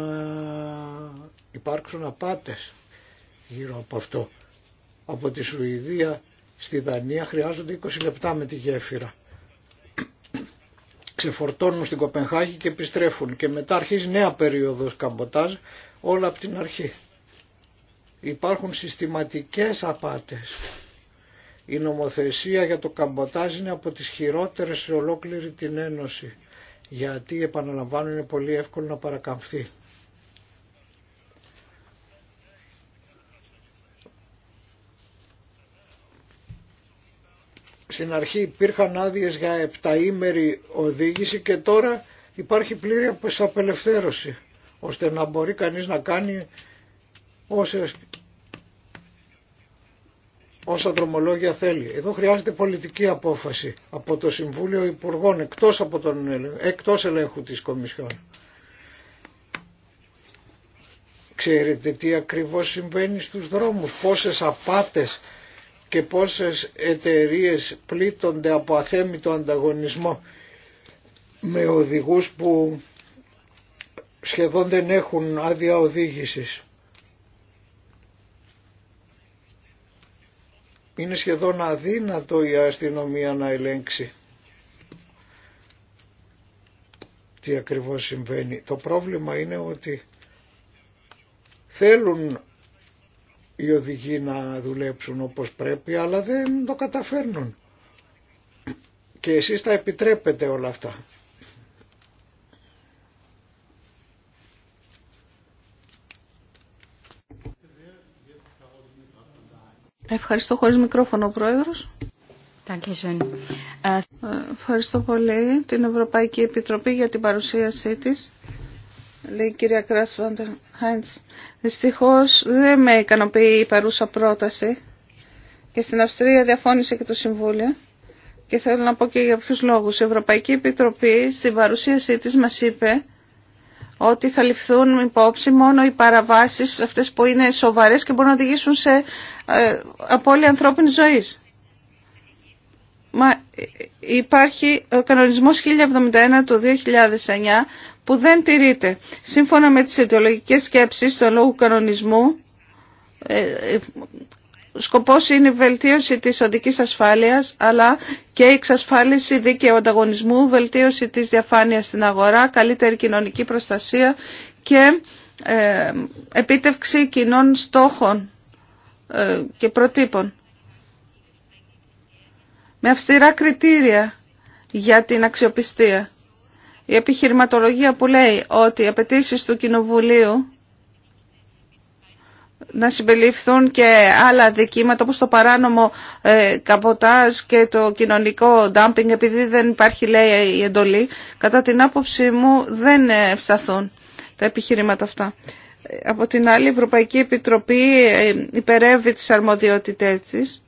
υπάρξουν απάτες γύρω από αυτό. Από τη Σουηδία στη Δανία χρειάζονται 20 λεπτά με τη γέφυρα. Ξεφορτώνουν στην Κοπενχάγη και επιστρέφουν και μετά αρχίζει νέα περίοδος καμποτάζ όλα από την αρχή. Υπάρχουν συστηματικές απάτες η νομοθεσία για το καμποτάζ είναι από τις χειρότερες σε ολόκληρη την Ένωση γιατί επαναλαμβάνω είναι πολύ εύκολο να παρακαμφθεί. Στην αρχή υπήρχαν άδειε για επταήμερη οδήγηση και τώρα υπάρχει πλήρη απελευθέρωση ώστε να μπορεί κανείς να κάνει όσες όσα δρομολόγια θέλει. Εδώ χρειάζεται πολιτική απόφαση από το Συμβούλιο Υπουργών εκτός, από τον, εκτός ελέγχου της Κομισιόν. Ξέρετε τι ακριβώς συμβαίνει στους δρόμους, πόσες απάτες και πόσες εταιρείες πλήττονται από αθέμητο ανταγωνισμό με οδηγούς που σχεδόν δεν έχουν άδεια οδήγησης. είναι σχεδόν αδύνατο η αστυνομία να ελέγξει τι ακριβώς συμβαίνει. Το πρόβλημα είναι ότι θέλουν οι οδηγοί να δουλέψουν όπως πρέπει αλλά δεν το καταφέρνουν. Και εσείς τα επιτρέπετε όλα αυτά. Ευχαριστώ χωρίς μικρόφωνο, Πρόεδρος. Ε, ευχαριστώ πολύ την Ευρωπαϊκή Επιτροπή για την παρουσίασή της. Λέει η κυρία Κράσβαντερ Χάιντς. Δυστυχώς δεν με ικανοποιεί η παρούσα πρόταση και στην Αυστρία διαφώνησε και το Συμβούλιο. Και θέλω να πω και για ποιους λόγους. Η Ευρωπαϊκή Επιτροπή στην παρουσίασή της μας είπε ότι θα ληφθούν υπόψη μόνο οι παραβάσεις αυτές που είναι σοβαρές και μπορούν να οδηγήσουν σε ε, απώλεια ανθρώπινης ζωής. Μα ε, υπάρχει ο κανονισμός 1071 του 2009 που δεν τηρείται. Σύμφωνα με τις αιτιολογικές σκέψεις του λόγου κανονισμού ε, σκοπός είναι η βελτίωση της οδικής ασφάλειας, αλλά και η εξασφάλιση δίκαιου ανταγωνισμού, βελτίωση της διαφάνειας στην αγορά, καλύτερη κοινωνική προστασία και ε, επίτευξη κοινών στόχων ε, και προτύπων. Με αυστηρά κριτήρια για την αξιοπιστία. Η επιχειρηματολογία που λέει ότι οι απαιτήσει του Κοινοβουλίου να συμπεριληφθούν και άλλα δικήματα όπως το παράνομο ε, και το κοινωνικό ντάμπινγκ επειδή δεν υπάρχει λέει η εντολή κατά την άποψή μου δεν ευσταθούν τα επιχειρήματα αυτά. Ε, από την άλλη η Ευρωπαϊκή Επιτροπή ε, υπερεύει τις αρμοδιότητές της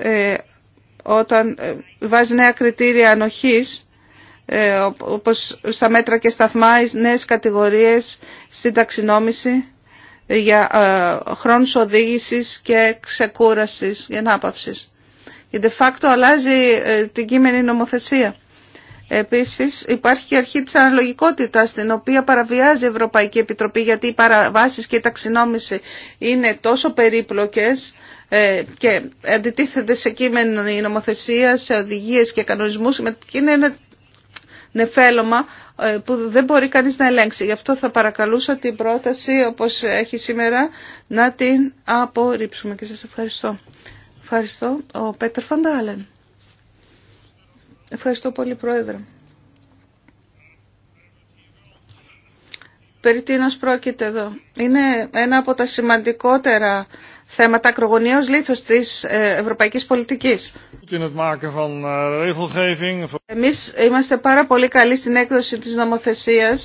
ε, όταν ε, βάζει νέα κριτήρια ανοχής όπως στα μέτρα και σταθμά, νέες κατηγορίες στην ταξινόμηση για ε, χρόνου οδήγησης και ξεκούρασης και ανάπαυσης. Και de facto αλλάζει ε, την κείμενη νομοθεσία. Επίσης υπάρχει και αρχή της αναλογικότητας την οποία παραβιάζει η Ευρωπαϊκή Επιτροπή γιατί οι παραβάσεις και η ταξινόμηση είναι τόσο περίπλοκες ε, και αντιτίθεται σε κείμενη νομοθεσία, σε οδηγίες και κανονισμούς και είναι νεφέλωμα ε, που δεν μπορεί κανείς να ελέγξει. Γι' αυτό θα παρακαλούσα την πρόταση όπως έχει σήμερα να την απορρίψουμε και σας ευχαριστώ. Ευχαριστώ. Ο Πέτερ Φαντάλεν. Ευχαριστώ πολύ Πρόεδρε. Περί τίνος πρόκειται εδώ. Είναι ένα από τα σημαντικότερα θέματα ακρογωνίως λήθος τη ε, Ευρωπαϊκή πολιτική. Ε, Εμεί είμαστε πάρα πολύ καλοί στην έκδοση τη νομοθεσία,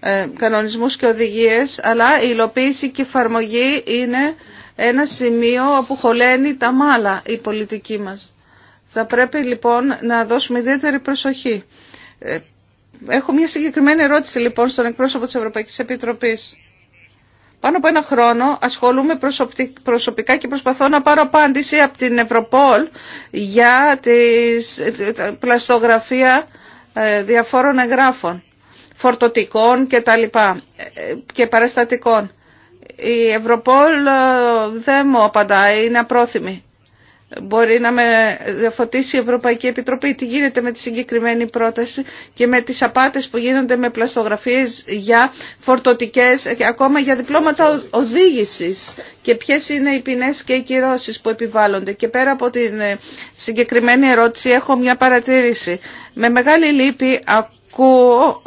ε, κανονισμού και οδηγίε, αλλά η υλοποίηση και η εφαρμογή είναι ένα σημείο όπου χωλαίνει τα μάλα η πολιτική μα. Θα πρέπει λοιπόν να δώσουμε ιδιαίτερη προσοχή. Έχω μια συγκεκριμένη ερώτηση λοιπόν στον εκπρόσωπο της Ευρωπαϊκής Επιτροπής. Πάνω από ένα χρόνο ασχολούμαι προσωπικά και προσπαθώ να πάρω απάντηση από την Ευρωπόλ για τη πλαστογραφία ε, διαφόρων εγγράφων, φορτωτικών και τα λοιπά ε, και παραστατικών. Η Ευρωπόλ ε, δεν μου απαντάει, είναι απρόθυμη. Μπορεί να με φωτίσει η Ευρωπαϊκή Επιτροπή τι γίνεται με τη συγκεκριμένη πρόταση και με τις απάτες που γίνονται με πλαστογραφίες για φορτωτικές και ακόμα για διπλώματα οδήγησης και ποιες είναι οι ποινές και οι κυρώσεις που επιβάλλονται. Και πέρα από την ε, συγκεκριμένη ερώτηση έχω μια παρατήρηση. Με μεγάλη λύπη ακούω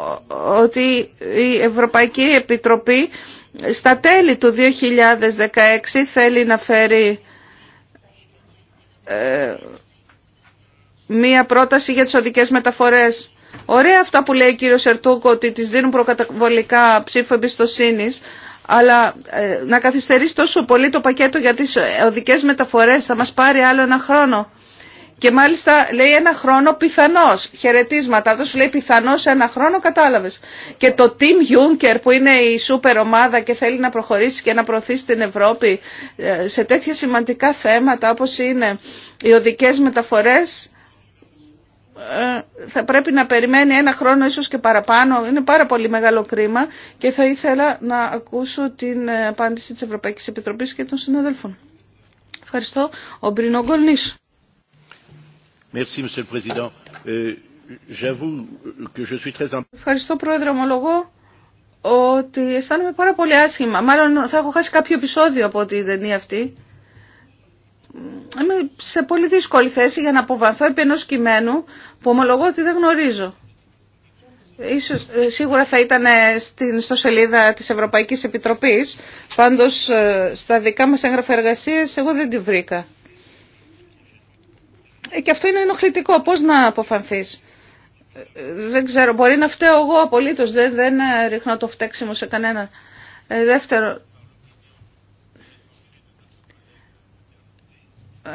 ότι η Ευρωπαϊκή Επιτροπή στα τέλη του 2016 θέλει να φέρει ε, μία πρόταση για τις οδικές μεταφορές. Ωραία αυτά που λέει ο κύριος Σερτούκο ότι τις δίνουν προκαταβολικά ψήφο εμπιστοσύνη, αλλά ε, να καθυστερήσει τόσο πολύ το πακέτο για τις οδικές μεταφορές θα μας πάρει άλλο ένα χρόνο. Και μάλιστα λέει ένα χρόνο πιθανώ. Χαιρετίσματα σου λέει πιθανώς ένα χρόνο κατάλαβε. Και το Team Juncker που είναι η σούπερ ομάδα και θέλει να προχωρήσει και να προωθήσει την Ευρώπη ε, σε τέτοια σημαντικά θέματα όπω είναι οι οδικέ μεταφορέ ε, θα πρέπει να περιμένει ένα χρόνο ίσως και παραπάνω. Είναι πάρα πολύ μεγάλο κρίμα και θα ήθελα να ακούσω την ε, απάντηση της Ευρωπαϊκής Επιτροπής και των συναδέλφων. Ευχαριστώ. Ο Μπρινό Ευχαριστώ Πρόεδρε, ομολογώ ότι αισθάνομαι πάρα πολύ άσχημα. Μάλλον θα έχω χάσει κάποιο επεισόδιο από την ταινία αυτή. Είμαι σε πολύ δύσκολη θέση για να αποβαθώ επί ενός κειμένου που ομολογώ ότι δεν γνωρίζω. Ίσως, ε, σίγουρα θα ήταν στην σελίδα της Ευρωπαϊκής Επιτροπής, πάντως ε, στα δικά μας έγγραφα εργασίες εγώ δεν τη βρήκα. Ε, και αυτό είναι ενοχλητικό. Πώς να αποφανθείς. Ε, δεν ξέρω, μπορεί να φταίω εγώ απολύτως, δεν, δεν ε, ρίχνω το φταίξιμο σε κανένα. δεύτερο,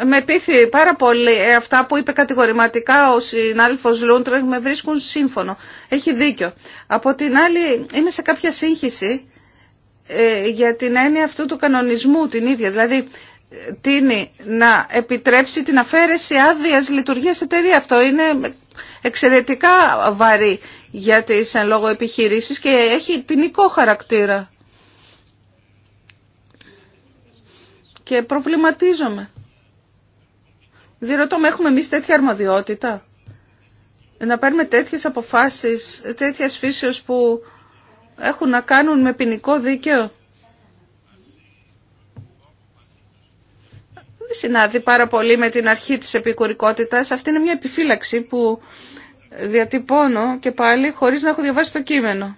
με πείθει πάρα πολύ αυτά που είπε κατηγορηματικά ο συνάδελφος Λούντρεγ με βρίσκουν σύμφωνο. Έχει δίκιο. Από την άλλη είμαι σε κάποια σύγχυση ε, για την έννοια αυτού του κανονισμού την ίδια. Δηλαδή τίνει να επιτρέψει την αφαίρεση άδειας λειτουργίας εταιρεία. Αυτό είναι εξαιρετικά βαρύ για τις εν λόγω επιχειρήσεις και έχει ποινικό χαρακτήρα. Και προβληματίζομαι. Διερωτώ με έχουμε εμείς τέτοια αρμοδιότητα. Να παίρνουμε τέτοιες αποφάσεις, τέτοιες φύσεως που έχουν να κάνουν με ποινικό δίκαιο. συνάδει πάρα πολύ με την αρχή της επικουρικότητας. Αυτή είναι μια επιφύλαξη που διατυπώνω και πάλι χωρίς να έχω διαβάσει το κείμενο.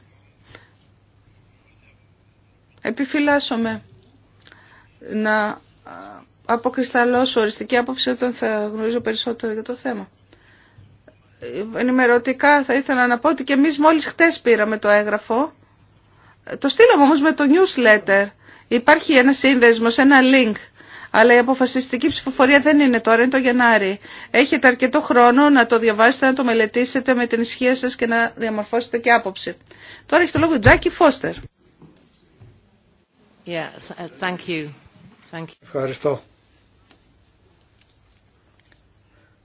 Επιφυλάσσομαι να αποκρισταλώσω οριστική άποψη όταν θα γνωρίζω περισσότερο για το θέμα. Ενημερωτικά θα ήθελα να πω ότι και εμείς μόλις χτες πήραμε το έγγραφο. Το στείλαμε όμως με το newsletter. Υπάρχει ένα σύνδεσμο, ένα link αλλά η αποφασιστική ψηφοφορία δεν είναι τώρα, είναι το Γενάρη. Έχετε αρκετό χρόνο να το διαβάσετε, να το μελετήσετε με την ισχύ σας και να διαμορφώσετε και άποψη. Τώρα έχει το λόγο Τζάκι Φώστερ. Ευχαριστώ.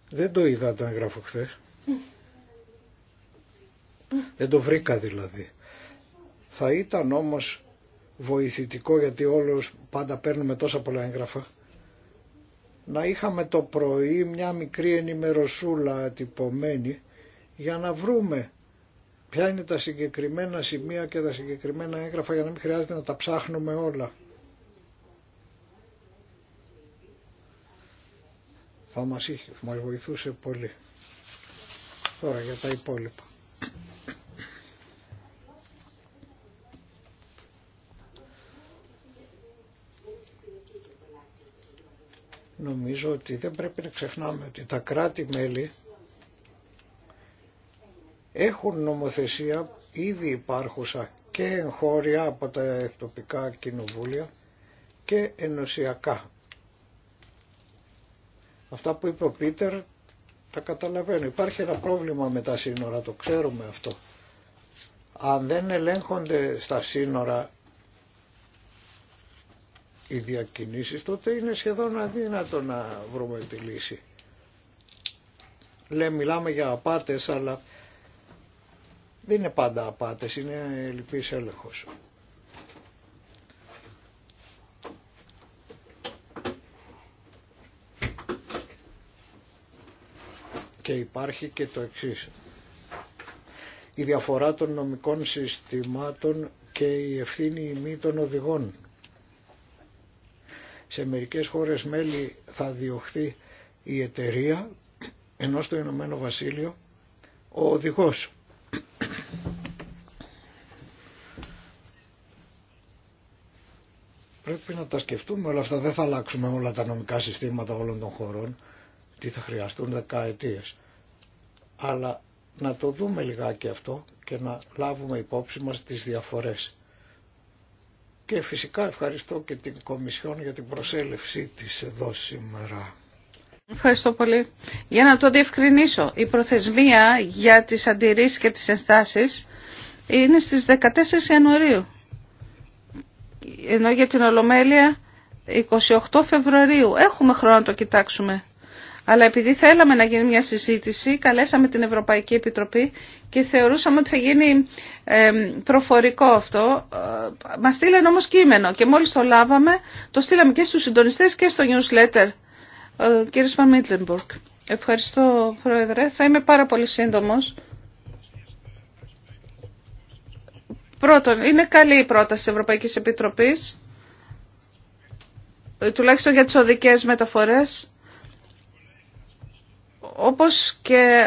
Δεν το είδα το έγγραφο χθε. Δεν το βρήκα δηλαδή. Θα ήταν όμως βοηθητικό γιατί όλους πάντα παίρνουμε τόσα πολλά έγγραφα να είχαμε το πρωί μια μικρή ενημεροσούλα τυπωμένη για να βρούμε ποια είναι τα συγκεκριμένα σημεία και τα συγκεκριμένα έγγραφα για να μην χρειάζεται να τα ψάχνουμε όλα. Θα μας, μας βοηθούσε πολύ. Τώρα για τα υπόλοιπα. Νομίζω ότι δεν πρέπει να ξεχνάμε ότι τα κράτη-μέλη έχουν νομοθεσία ήδη υπάρχουσα και εγχώρια από τα τοπικά κοινοβούλια και ενωσιακά. Αυτά που είπε ο Πίτερ τα καταλαβαίνω. Υπάρχει ένα πρόβλημα με τα σύνορα, το ξέρουμε αυτό. Αν δεν ελέγχονται στα σύνορα οι διακινήσεις, τότε είναι σχεδόν αδύνατο να βρούμε τη λύση. Λέμε, μιλάμε για απάτες, αλλά δεν είναι πάντα απάτες, είναι λυπής έλεγχος. Και υπάρχει και το εξής. Η διαφορά των νομικών συστημάτων και η ευθύνη ημί των οδηγών σε μερικές χώρες μέλη θα διωχθεί η εταιρεία ενώ στο Ηνωμένο Βασίλειο ο οδηγός. Πρέπει να τα σκεφτούμε όλα αυτά. Δεν θα αλλάξουμε όλα τα νομικά συστήματα όλων των χωρών. Τι θα χρειαστούν δεκαετίες. Αλλά να το δούμε λιγάκι αυτό και να λάβουμε υπόψη μας τις διαφορές και φυσικά ευχαριστώ και την Κομισιόν για την προσέλευσή της εδώ σήμερα. Ευχαριστώ πολύ. Για να το διευκρινίσω, η προθεσμία για τις αντιρρήσεις και τις ενστάσεις είναι στις 14 Ιανουαρίου, ενώ για την Ολομέλεια 28 Φεβρουαρίου. Έχουμε χρόνο να το κοιτάξουμε. Αλλά επειδή θέλαμε να γίνει μια συζήτηση, καλέσαμε την Ευρωπαϊκή Επιτροπή και θεωρούσαμε ότι θα γίνει προφορικό αυτό. Ε, μας στείλαν όμως κείμενο και μόλις το λάβαμε, το στείλαμε και στους συντονιστές και στο newsletter. Ε, κύριε Σπαμίτλεμπορκ, ευχαριστώ Πρόεδρε. Θα είμαι πάρα πολύ σύντομος. Πρώτον, είναι καλή η πρόταση της Ευρωπαϊκής Επιτροπής, τουλάχιστον για τις οδικές μεταφορές όπως και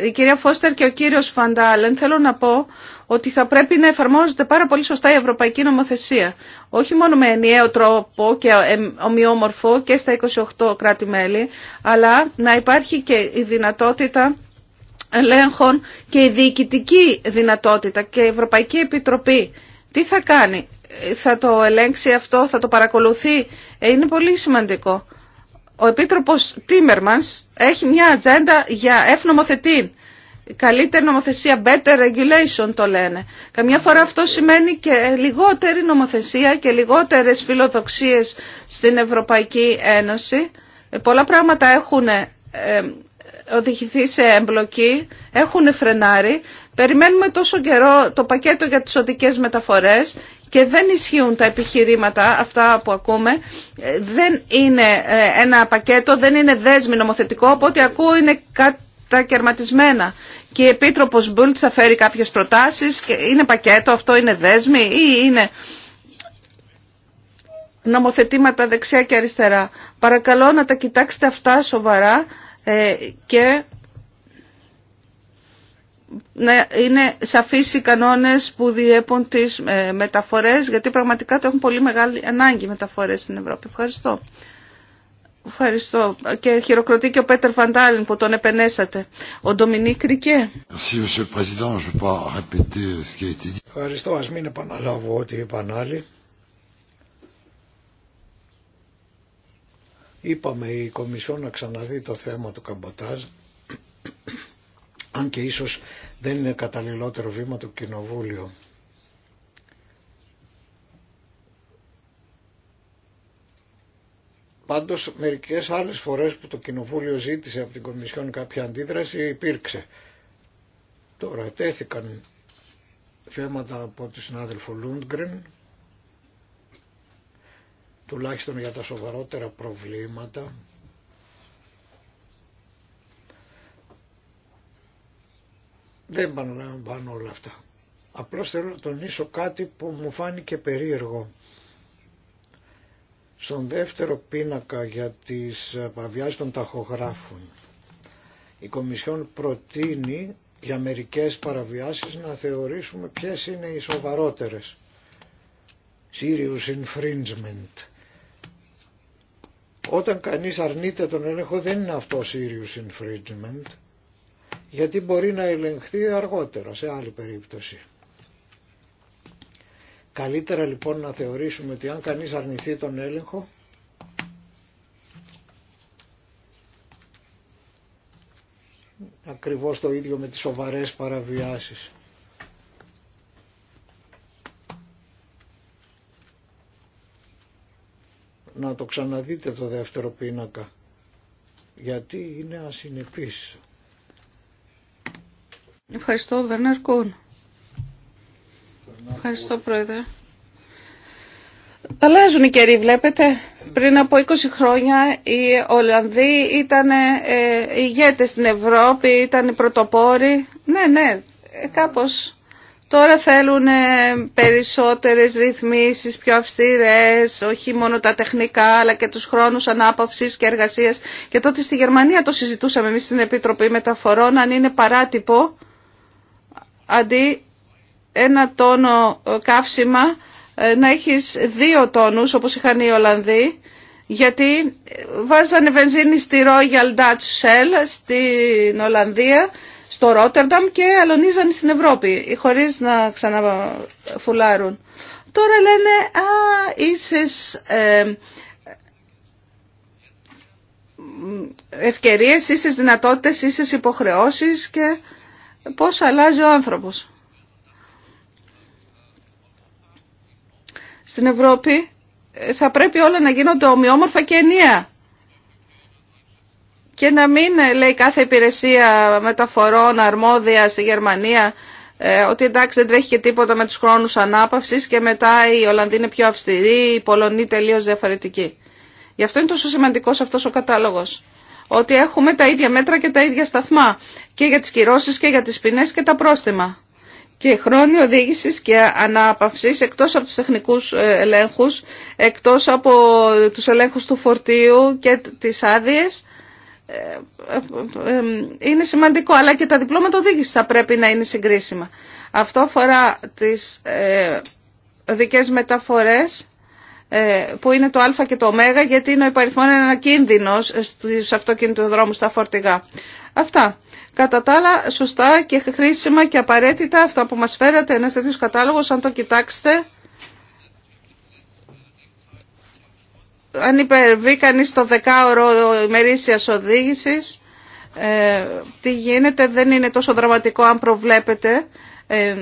ε, η κυρία Φώστερ και ο κύριος Φαντάλεν, θέλω να πω ότι θα πρέπει να εφαρμόζεται πάρα πολύ σωστά η ευρωπαϊκή νομοθεσία. Όχι μόνο με ενιαίο τρόπο και ε, ομοιόμορφο και στα 28 κράτη-μέλη, αλλά να υπάρχει και η δυνατότητα ελέγχων και η διοικητική δυνατότητα και η Ευρωπαϊκή Επιτροπή. Τι θα κάνει, ε, θα το ελέγξει αυτό, θα το παρακολουθεί. Είναι πολύ σημαντικό. Ο Επίτροπος Τίμερμανς έχει μια ατζέντα για εφνομοθετή. Καλύτερη νομοθεσία, better regulation το λένε. Καμιά φορά αυτό σημαίνει και λιγότερη νομοθεσία και λιγότερες φιλοδοξίες στην Ευρωπαϊκή Ένωση. Ε, πολλά πράγματα έχουν ε, οδηγηθεί σε εμπλοκή, έχουν φρενάρει. Περιμένουμε τόσο καιρό το πακέτο για τις οδικές μεταφορές και δεν ισχύουν τα επιχειρήματα αυτά που ακούμε. Ε, δεν είναι ε, ένα πακέτο, δεν είναι δέσμη νομοθετικό, από ό,τι ακούω είναι κατακαιρματισμένα. Και η Επίτροπος Μπούλτ θα φέρει κάποιες προτάσεις και είναι πακέτο, αυτό είναι δέσμη ή είναι νομοθετήματα δεξιά και αριστερά. Παρακαλώ να τα κοιτάξετε αυτά σοβαρά ε, και να είναι σαφείς οι κανόνες που διέπουν τις ε, μεταφορές, γιατί πραγματικά το έχουν πολύ μεγάλη ανάγκη μεταφορές στην Ευρώπη. Ευχαριστώ. Ευχαριστώ. Και χειροκροτεί και ο Πέτερ Φαντάλιν που τον επενέσατε. Ο Ντομινίκ Ρικέ. Ευχαριστώ. Ας μην επαναλάβω ό,τι είπαν άλλοι. Είπαμε η Κομισιόν να ξαναδεί το θέμα του καμποτάζ αν και ίσως δεν είναι καταλληλότερο βήμα το κοινοβούλιο. Πάντως μερικές άλλες φορές που το Κοινοβούλιο ζήτησε από την Κομισιόν κάποια αντίδραση υπήρξε. Τώρα τέθηκαν θέματα από τη συνάδελφο Λούντγκριν, τουλάχιστον για τα σοβαρότερα προβλήματα Δεν παραλαμβάνω όλα αυτά. Απλώς θέλω να τονίσω κάτι που μου φάνηκε περίεργο. Στον δεύτερο πίνακα για τις παραβιάσεις των ταχογράφων. Η Κομισιόν προτείνει για μερικές παραβιάσεις να θεωρήσουμε ποιες είναι οι σοβαρότερες. Serious infringement. Όταν κανείς αρνείται τον έλεγχο δεν είναι αυτό serious infringement γιατί μπορεί να ελεγχθεί αργότερα σε άλλη περίπτωση. Καλύτερα λοιπόν να θεωρήσουμε ότι αν κανείς αρνηθεί τον έλεγχο ακριβώς το ίδιο με τις σοβαρές παραβιάσεις. Να το ξαναδείτε το δεύτερο πίνακα, γιατί είναι ασυνεπής. Ευχαριστώ, Βέρνερ Κούν. Ευχαριστώ, Πρόεδρε. Αλλάζουν οι καιροί, βλέπετε. Πριν από 20 χρόνια οι Ολλανδοί ήταν ε, ηγέτες στην Ευρώπη, ήταν οι πρωτοπόροι. Ναι, ναι, ε, κάπως. Τώρα θέλουν ε, περισσότερες ρυθμίσεις, πιο αυστηρές, όχι μόνο τα τεχνικά, αλλά και τους χρόνους ανάπαυσης και εργασίας. Και τότε στη Γερμανία το συζητούσαμε εμείς στην Επιτροπή Μεταφορών, αν είναι παράτυπο αντί ένα τόνο ε, καύσιμα ε, να έχεις δύο τόνους όπως είχαν οι Ολλανδοί γιατί βάζανε βενζίνη στη Royal Dutch Shell στην Ολλανδία, στο Ρότερνταμ και αλωνίζανε στην Ευρώπη χωρίς να ξαναφουλάρουν. Τώρα λένε «Α, ίσες ε, ευκαιρίες, ίσες δυνατότητες, υποχρεώσεις» και πώς αλλάζει ο άνθρωπος. Στην Ευρώπη ε, θα πρέπει όλα να γίνονται ομοιόμορφα και ενιαία. Και να μην ε, λέει κάθε υπηρεσία μεταφορών αρμόδια στη Γερμανία ε, ότι εντάξει δεν τρέχει και τίποτα με τους χρόνους ανάπαυσης και μετά η Ολλανδία είναι πιο αυστηρή, η Πολωνοί τελείως διαφορετική. Γι' αυτό είναι τόσο σημαντικός αυτός ο κατάλογος. Ότι έχουμε τα ίδια μέτρα και τα ίδια σταθμά και για τις κυρώσεις και για τις ποινές και τα πρόστιμα. Και χρόνια οδήγηση και ανάπαυση εκτός από τους τεχνικούς ε, ελέγχους, εκτός από τους ελέγχους του φορτίου και τις άδειε. Ε, ε, είναι σημαντικό, αλλά και τα διπλώματα οδήγηση θα πρέπει να είναι συγκρίσιμα. Αυτό αφορά τις δικές μεταφορές ε, που είναι το α και το ω γιατί είναι ο υπαριθμόν ένα κίνδυνο στους αυτοκινητοδρόμους στα φορτηγά. Αυτά. Κατά τα άλλα, σωστά και χρήσιμα και απαραίτητα αυτά που μας φέρατε, ενα τέτοιο κατάλογος, αν το κοιτάξετε, αν υπερβεί κανείς το δεκάωρο ημερήσιας οδήγησης, ε, τι γίνεται, δεν είναι τόσο δραματικό αν προβλέπετε ε,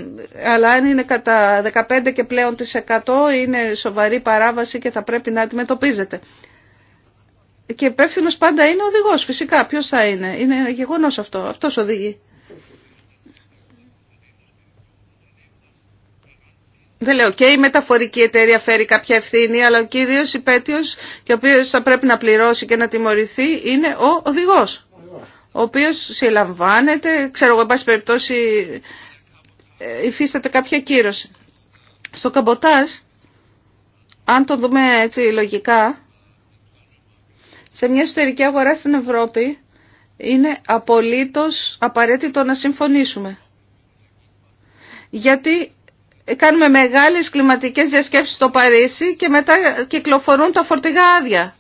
αλλά αν είναι κατά 15 και πλέον τις 100 είναι σοβαρή παράβαση και θα πρέπει να αντιμετωπίζεται. Και υπεύθυνο πάντα είναι ο οδηγό, φυσικά. ποιο θα είναι. Είναι γεγονό αυτό. αυτό οδηγεί. Δεν λέω και η μεταφορική εταιρεία φέρει κάποια ευθύνη, αλλά ο κύριος υπέτειο και ο οποίο θα πρέπει να πληρώσει και να τιμωρηθεί είναι ο οδηγό. ο οποίο συλλαμβάνεται, ξέρω εγώ, εν πάση περιπτώσει ε, υφίσταται κάποια κύρωση. Στο καμποτάζ, αν το δούμε έτσι λογικά, σε μια εσωτερική αγορά στην Ευρώπη είναι απολύτως απαραίτητο να συμφωνήσουμε. Γιατί κάνουμε μεγάλες κλιματικές διασκέψεις στο Παρίσι και μετά κυκλοφορούν τα φορτηγά άδεια.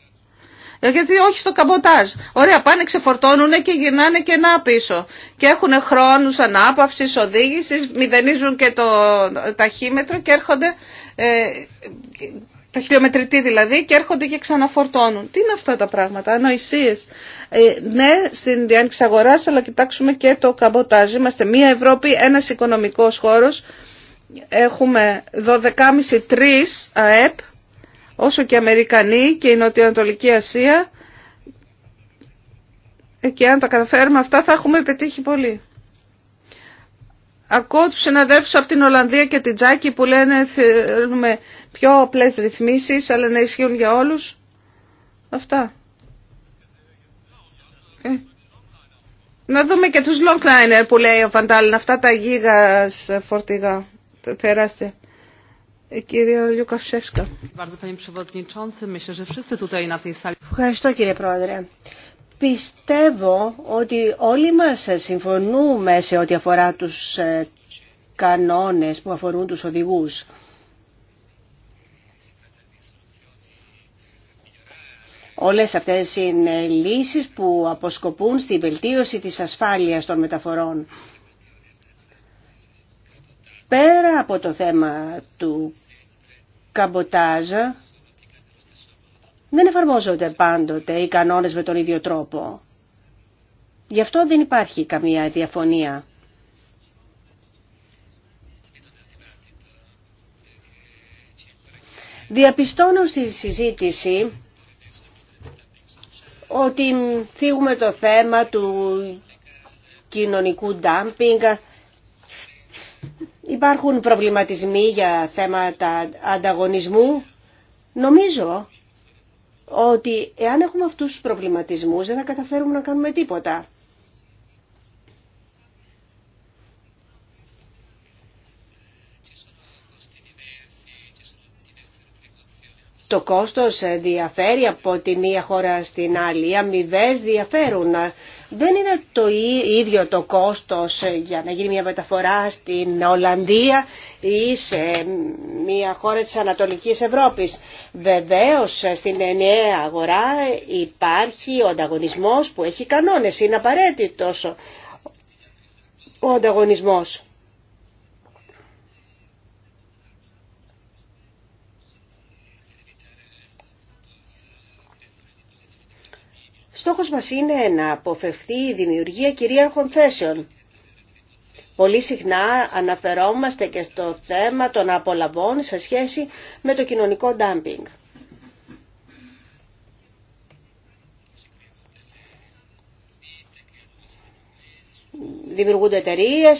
Γιατί όχι στο καμποτάζ. Ωραία, πάνε, ξεφορτώνουν και γυρνάνε και να πίσω. Και έχουν χρόνους ανάπαυσης, οδήγησης, μηδενίζουν και το ταχύμετρο και έρχονται, ε, το χιλιομετρητή δηλαδή, και έρχονται και ξαναφορτώνουν. Τι είναι αυτά τα πράγματα, ανοησίες. Ε, ναι, στην διάνοιξη αγοράς, αλλά κοιτάξουμε και το καμποτάζ. Είμαστε μία Ευρώπη, ένας οικονομικός χώρος. Έχουμε 12,5-3 ΑΕΠ όσο και οι Αμερικανοί και η Νοτιοανατολική Ασία και αν τα καταφέρουμε αυτά θα έχουμε πετύχει πολύ. Ακούω τους συναδέλφους από την Ολλανδία και την Τζάκη που λένε θέλουμε πιο απλές ρυθμίσεις αλλά να ισχύουν για όλους. Αυτά. Ε. Να δούμε και τους longliner που λέει ο Φαντάλιν, αυτά τα γίγας φορτηγά, τεράστια. Ευχαριστώ κύριε Πρόεδρε. Πιστεύω ότι όλοι μας ε, συμφωνούμε σε ό,τι αφορά τους ε, κανόνες που αφορούν τους οδηγούς. Όλες αυτές είναι λύσεις που αποσκοπούν στη βελτίωση της ασφάλειας των μεταφορών πέρα από το θέμα του καμποτάζ δεν εφαρμόζονται πάντοτε οι κανόνες με τον ίδιο τρόπο. Γι' αυτό δεν υπάρχει καμία διαφωνία. Διαπιστώνω στη συζήτηση ότι φύγουμε το θέμα του κοινωνικού ντάμπινγκ Υπάρχουν προβληματισμοί για θέματα ανταγωνισμού. Νομίζω ότι εάν έχουμε αυτούς τους προβληματισμούς δεν θα καταφέρουμε να κάνουμε τίποτα. Το κόστος διαφέρει από τη μία χώρα στην άλλη. Οι αμοιβέ διαφέρουν δεν είναι το ίδιο το κόστος ε, για να γίνει μια μεταφορά στην Ολλανδία ή σε μια χώρα της Ανατολικής Ευρώπης. Βεβαίως ε, στην ενιαία αγορά υπάρχει ο ανταγωνισμός που έχει κανόνες, είναι απαραίτητος ο ανταγωνισμός. Στόχος μας είναι να αποφευθεί η δημιουργία κυρίαρχων θέσεων. Πολύ συχνά αναφερόμαστε και στο θέμα των απολαβών σε σχέση με το κοινωνικό ντάμπινγκ. Δημιουργούνται εταιρείε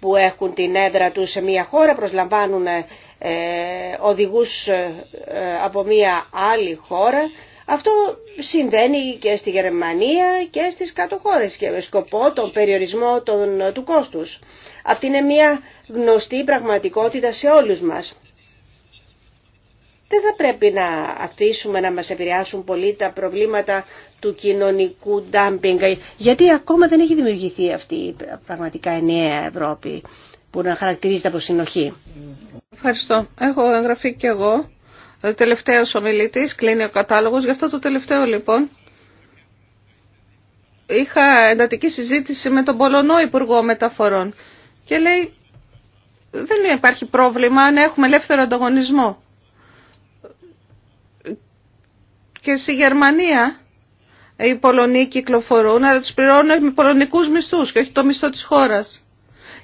που έχουν την έδρα τους σε μια χώρα, προσλαμβάνουν ε, ε, οδηγούς ε, από μια άλλη χώρα αυτό συμβαίνει και στη Γερμανία και στις κάτω χώρες και με σκοπό τον περιορισμό των, του κόστους. Αυτή είναι μια γνωστή πραγματικότητα σε όλους μας. Δεν θα πρέπει να αφήσουμε να μας επηρεάσουν πολύ τα προβλήματα του κοινωνικού ντάμπινγκ, γιατί ακόμα δεν έχει δημιουργηθεί αυτή η πραγματικά ενιαία Ευρώπη που να χαρακτηρίζεται από συνοχή. Ευχαριστώ. Έχω εγγραφεί και εγώ ο τελευταίος κλείνει ο κατάλογος. Γι' αυτό το τελευταίο λοιπόν είχα εντατική συζήτηση με τον Πολωνό Υπουργό Μεταφορών και λέει δεν υπάρχει πρόβλημα αν έχουμε ελεύθερο ανταγωνισμό. Και στη Γερμανία οι Πολωνοί κυκλοφορούν, αλλά τους πληρώνουν με πολωνικούς μισθούς και όχι το μισθό της χώρας.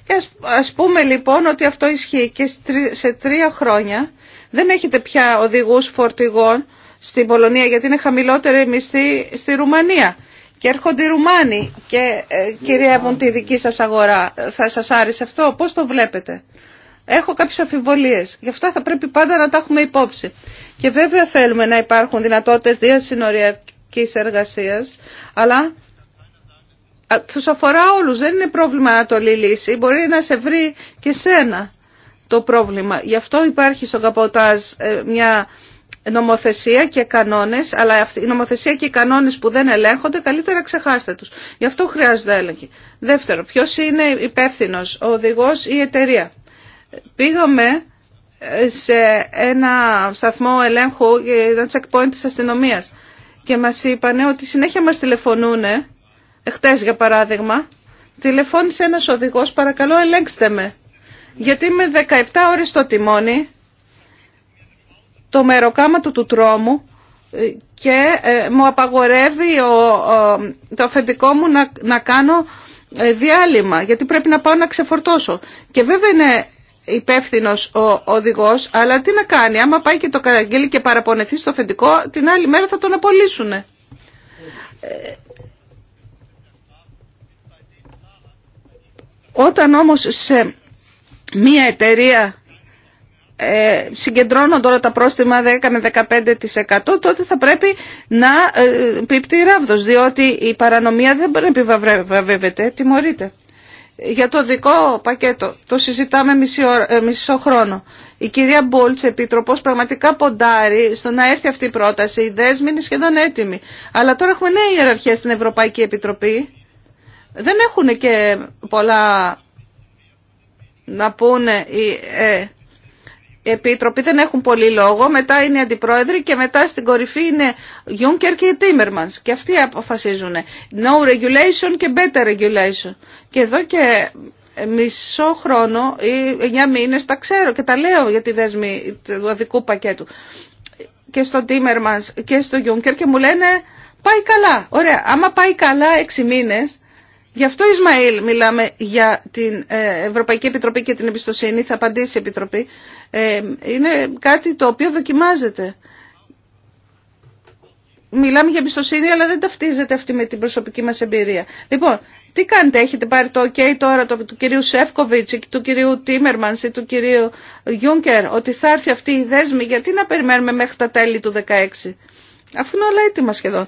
Και ας πούμε λοιπόν ότι αυτό ισχύει και σε τρία χρόνια δεν έχετε πια οδηγούς φορτηγών στην Πολωνία γιατί είναι χαμηλότερη μισθή στη Ρουμανία. Και έρχονται οι Ρουμάνοι και ε, κυριεύουν τη δική σας αγορά. Θα σας άρεσε αυτό, πώς το βλέπετε. Έχω κάποιες αφιβολίες. Γι' αυτά θα πρέπει πάντα να τα έχουμε υπόψη. Και βέβαια θέλουμε να υπάρχουν δυνατότητες διασυνοριακής εργασίας, αλλά του αφορά όλους. Δεν είναι πρόβλημα να το λύσει. Μπορεί να σε βρει και σένα το πρόβλημα. Γι' αυτό υπάρχει στον καποτάζ ε, μια νομοθεσία και κανόνες, αλλά αυτή, η νομοθεσία και οι κανόνες που δεν ελέγχονται, καλύτερα ξεχάστε τους. Γι' αυτό χρειάζεται έλεγχη. Δεύτερο, ποιος είναι υπεύθυνο, ο οδηγός ή η εταιρεία. Πήγαμε ε, σε ένα σταθμό ελέγχου, ε, ένα checkpoint της αστυνομίας και μας είπανε ότι συνέχεια μας τηλεφωνούν, χτες για παράδειγμα, τηλεφώνησε ένας οδηγός, παρακαλώ ελέγξτε με. Γιατί με 17 ώρες στο τιμόνι, το μεροκάματο του τρόμου ε, και ε, μου απαγορεύει το αφεντικό μου να κάνω ε, διάλειμμα, γιατί πρέπει να πάω να ξεφορτώσω. Και βέβαια είναι υπεύθυνο ο οδηγό, αλλά τι να κάνει, άμα πάει και το καταγγείλει και παραπονεθεί στο αφεντικό, την άλλη μέρα θα τον απολύσουνε. Όταν όμως σε μία εταιρεία ε, όλα τώρα τα πρόστιμα 10 με 15% τότε θα πρέπει να ε, πίπτει η ράβδος διότι η παρανομία δεν να επιβαβεύεται, τιμωρείται. Για το δικό πακέτο το συζητάμε μισή ε, μισό χρόνο. Η κυρία Μπόλτς, επίτροπος, πραγματικά ποντάρει στο να έρθει αυτή η πρόταση. Η δέσμη είναι σχεδόν έτοιμη. Αλλά τώρα έχουμε νέα ιεραρχία στην Ευρωπαϊκή Επιτροπή. Δεν έχουν και πολλά να πούνε οι, ε, επίτροποι δεν έχουν πολύ λόγο, μετά είναι οι αντιπρόεδροι και μετά στην κορυφή είναι Juncker και Τίμερμανς. και αυτοί αποφασίζουν no regulation και better regulation. Και εδώ και μισό χρόνο ή εννιά μήνες τα ξέρω και τα λέω για τη δέσμη του αδικού πακέτου και στον Τίμερμανς και στο Γιούνκερ και μου λένε πάει καλά. Ωραία, άμα πάει καλά έξι μήνες Γι' αυτό, Ισμαήλ, μιλάμε για την ε, Ευρωπαϊκή Επιτροπή και την εμπιστοσύνη. Θα απαντήσει η Επιτροπή. Ε, είναι κάτι το οποίο δοκιμάζεται. Μιλάμε για εμπιστοσύνη, αλλά δεν ταυτίζεται αυτή με την προσωπική μας εμπειρία. Λοιπόν, τι κάνετε, έχετε πάρει το OK τώρα το, του κυρίου Σεύκοβιτς ή του κυρίου Τίμερμανς ή του κυρίου Γιούνκερ, ότι θα έρθει αυτή η δέσμη, γιατί να περιμένουμε μέχρι τα τέλη του 2016, αφού είναι όλα έτοιμα σχεδόν.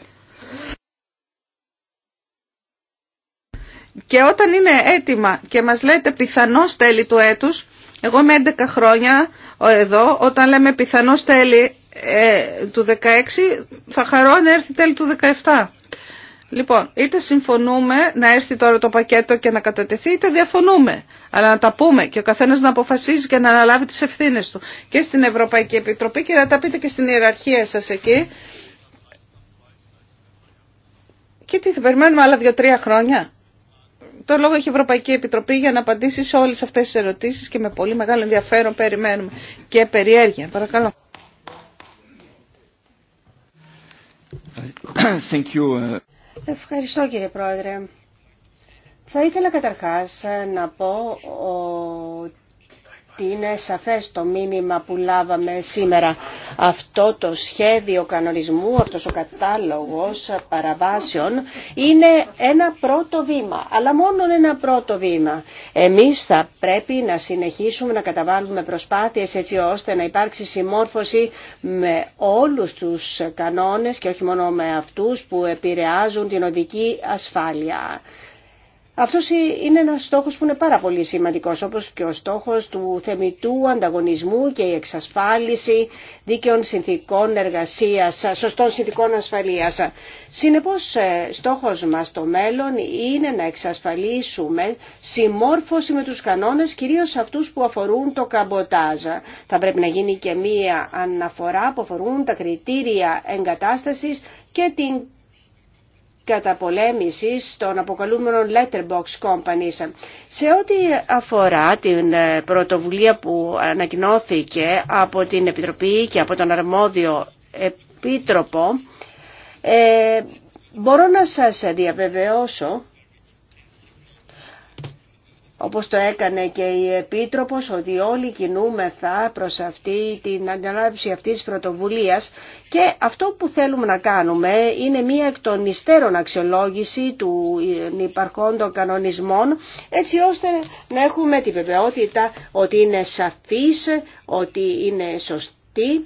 Και όταν είναι έτοιμα και μας λέτε πιθανώς τέλη του έτους, εγώ είμαι 11 χρόνια εδώ, όταν λέμε πιθανώς τέλη ε, του 16, θα χαρώ να έρθει τέλη του 17. Λοιπόν, είτε συμφωνούμε να έρθει τώρα το πακέτο και να κατατεθεί, είτε διαφωνούμε. Αλλά να τα πούμε και ο καθένα να αποφασίζει και να αναλάβει τι ευθύνε του και στην Ευρωπαϊκή Επιτροπή και να τα πείτε και στην ιεραρχία σα εκεί. Και τι θα περιμένουμε άλλα δύο-τρία χρόνια το λόγο έχει η Ευρωπαϊκή Επιτροπή για να απαντήσει σε όλες αυτές τις ερωτήσεις και με πολύ μεγάλο ενδιαφέρον περιμένουμε και περιέργεια. Παρακαλώ. Thank you. Uh, Ευχαριστώ κύριε Πρόεδρε. Θα ήθελα καταρχάς να πω ότι ότι είναι σαφές το μήνυμα που λάβαμε σήμερα. Αυτό το σχέδιο κανονισμού, αυτός ο κατάλογος παραβάσεων είναι ένα πρώτο βήμα, αλλά μόνο ένα πρώτο βήμα. Εμείς θα πρέπει να συνεχίσουμε να καταβάλουμε προσπάθειες έτσι ώστε να υπάρξει συμμόρφωση με όλους τους κανόνες και όχι μόνο με αυτούς που επηρεάζουν την οδική ασφάλεια. Αυτός είναι ένας στόχος που είναι πάρα πολύ σημαντικό, όπως και ο στόχος του θεμητού ανταγωνισμού και η εξασφάλιση δίκαιων συνθήκων εργασία, σωστών συνθήκων ασφαλείας. Συνεπώς, ε, στόχος μας στο μέλλον είναι να εξασφαλίσουμε συμμόρφωση με τους κανόνες, κυρίως αυτούς που αφορούν το καμποτάζ. Θα πρέπει να γίνει και μία αναφορά που αφορούν τα κριτήρια εγκατάσταση και την καταπολέμησης των αποκαλούμενων letterbox companies. Σε ό,τι αφορά την ε, πρωτοβουλία που ανακοινώθηκε από την Επιτροπή και από τον αρμόδιο Επίτροπο, ε, μπορώ να σας διαβεβαιώσω όπως το έκανε και η Επίτροπος, ότι όλοι κινούμεθα προς αυτή την ανάπτυξη αυτής της πρωτοβουλίας και αυτό που θέλουμε να κάνουμε είναι μία εκ των υστέρων αξιολόγηση του υπαρχόντων κανονισμών έτσι ώστε να έχουμε τη βεβαιότητα ότι είναι σαφής, ότι είναι σωστή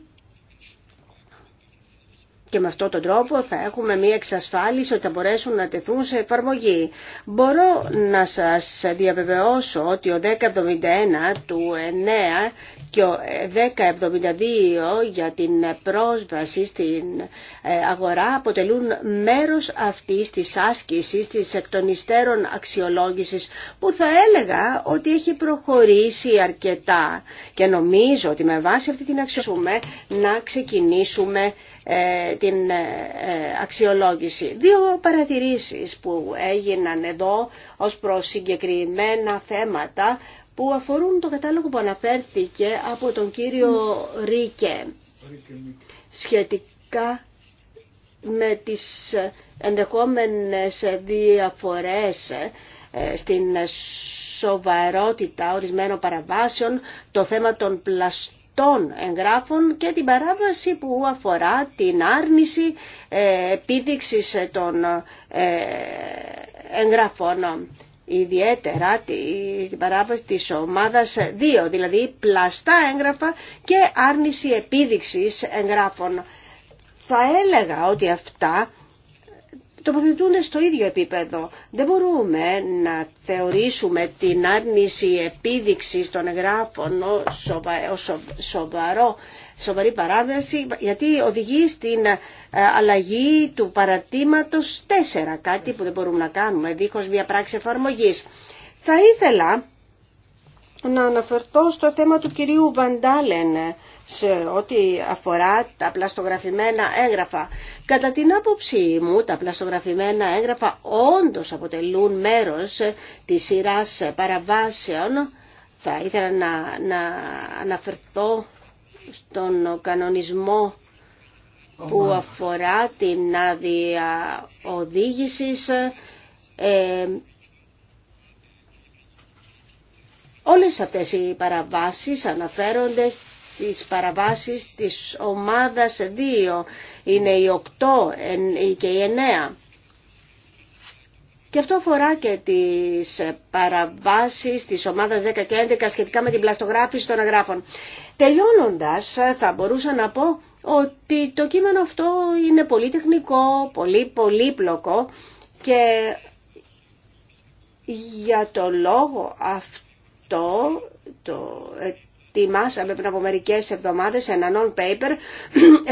και με αυτόν τον τρόπο θα έχουμε μια εξασφάλιση ότι θα μπορέσουν να τεθούν σε εφαρμογή. Μπορώ να σας διαβεβαιώσω ότι ο 1071 του 9 και ο 1072 ε, για την πρόσβαση στην ε, αγορά αποτελούν μέρος αυτής της άσκησης της εκτονιστέρων των αξιολόγησης που θα έλεγα ότι έχει προχωρήσει αρκετά και νομίζω ότι με βάση αυτή την αξιολόγηση να ξεκινήσουμε ε, την ε, αξιολόγηση. Δύο παρατηρήσεις που έγιναν εδώ ως προς συγκεκριμένα θέματα που αφορούν το κατάλογο που αναφέρθηκε από τον κύριο Ρίκε σχετικά με τις ενδεχόμενες διαφορές ε, στην σοβαρότητα ορισμένων παραβάσεων, το θέμα των πλαστών των εγγράφων και την παράβαση που αφορά την άρνηση ε, επίδειξης των ε, εγγραφών ιδιαίτερα την παράβαση της ομάδας 2, δηλαδή πλαστά έγγραφα και άρνηση επίδειξης εγγράφων. Θα έλεγα ότι αυτά Τοποθετούν στο ίδιο επίπεδο. Δεν μπορούμε να θεωρήσουμε την άρνηση επίδειξη των εγγράφων ως σοβαρό, σοβαρή παράδοση γιατί οδηγεί στην ε, αλλαγή του παρατήματος 4, κάτι που δεν μπορούμε να κάνουμε δίχως μια πράξη εφαρμογής. Θα ήθελα να αναφερθώ στο θέμα του κυρίου Βαντάλεν σε ό,τι αφορά τα πλαστογραφημένα έγγραφα. Κατά την άποψή μου, τα πλαστογραφημένα έγγραφα όντως αποτελούν μέρος της σειράς παραβάσεων. Θα ήθελα να, να αναφερθώ στον κανονισμό που αφορά την άδεια οδήγησης. Ε, όλες αυτές οι παραβάσεις αναφέρονται τις παραβάσεις της ομάδας 2. Είναι η 8 και η 9. Και αυτό αφορά και τις παραβάσεις της ομάδας 10 και 11 σχετικά με την πλαστογράφηση των εγγράφων. Τελειώνοντας θα μπορούσα να πω ότι το κείμενο αυτό είναι πολύ τεχνικό, πολύ πολύπλοκο και για το λόγο αυτό το ε, ετοιμάσαμε πριν από μερικές εβδομάδες ένα non-paper,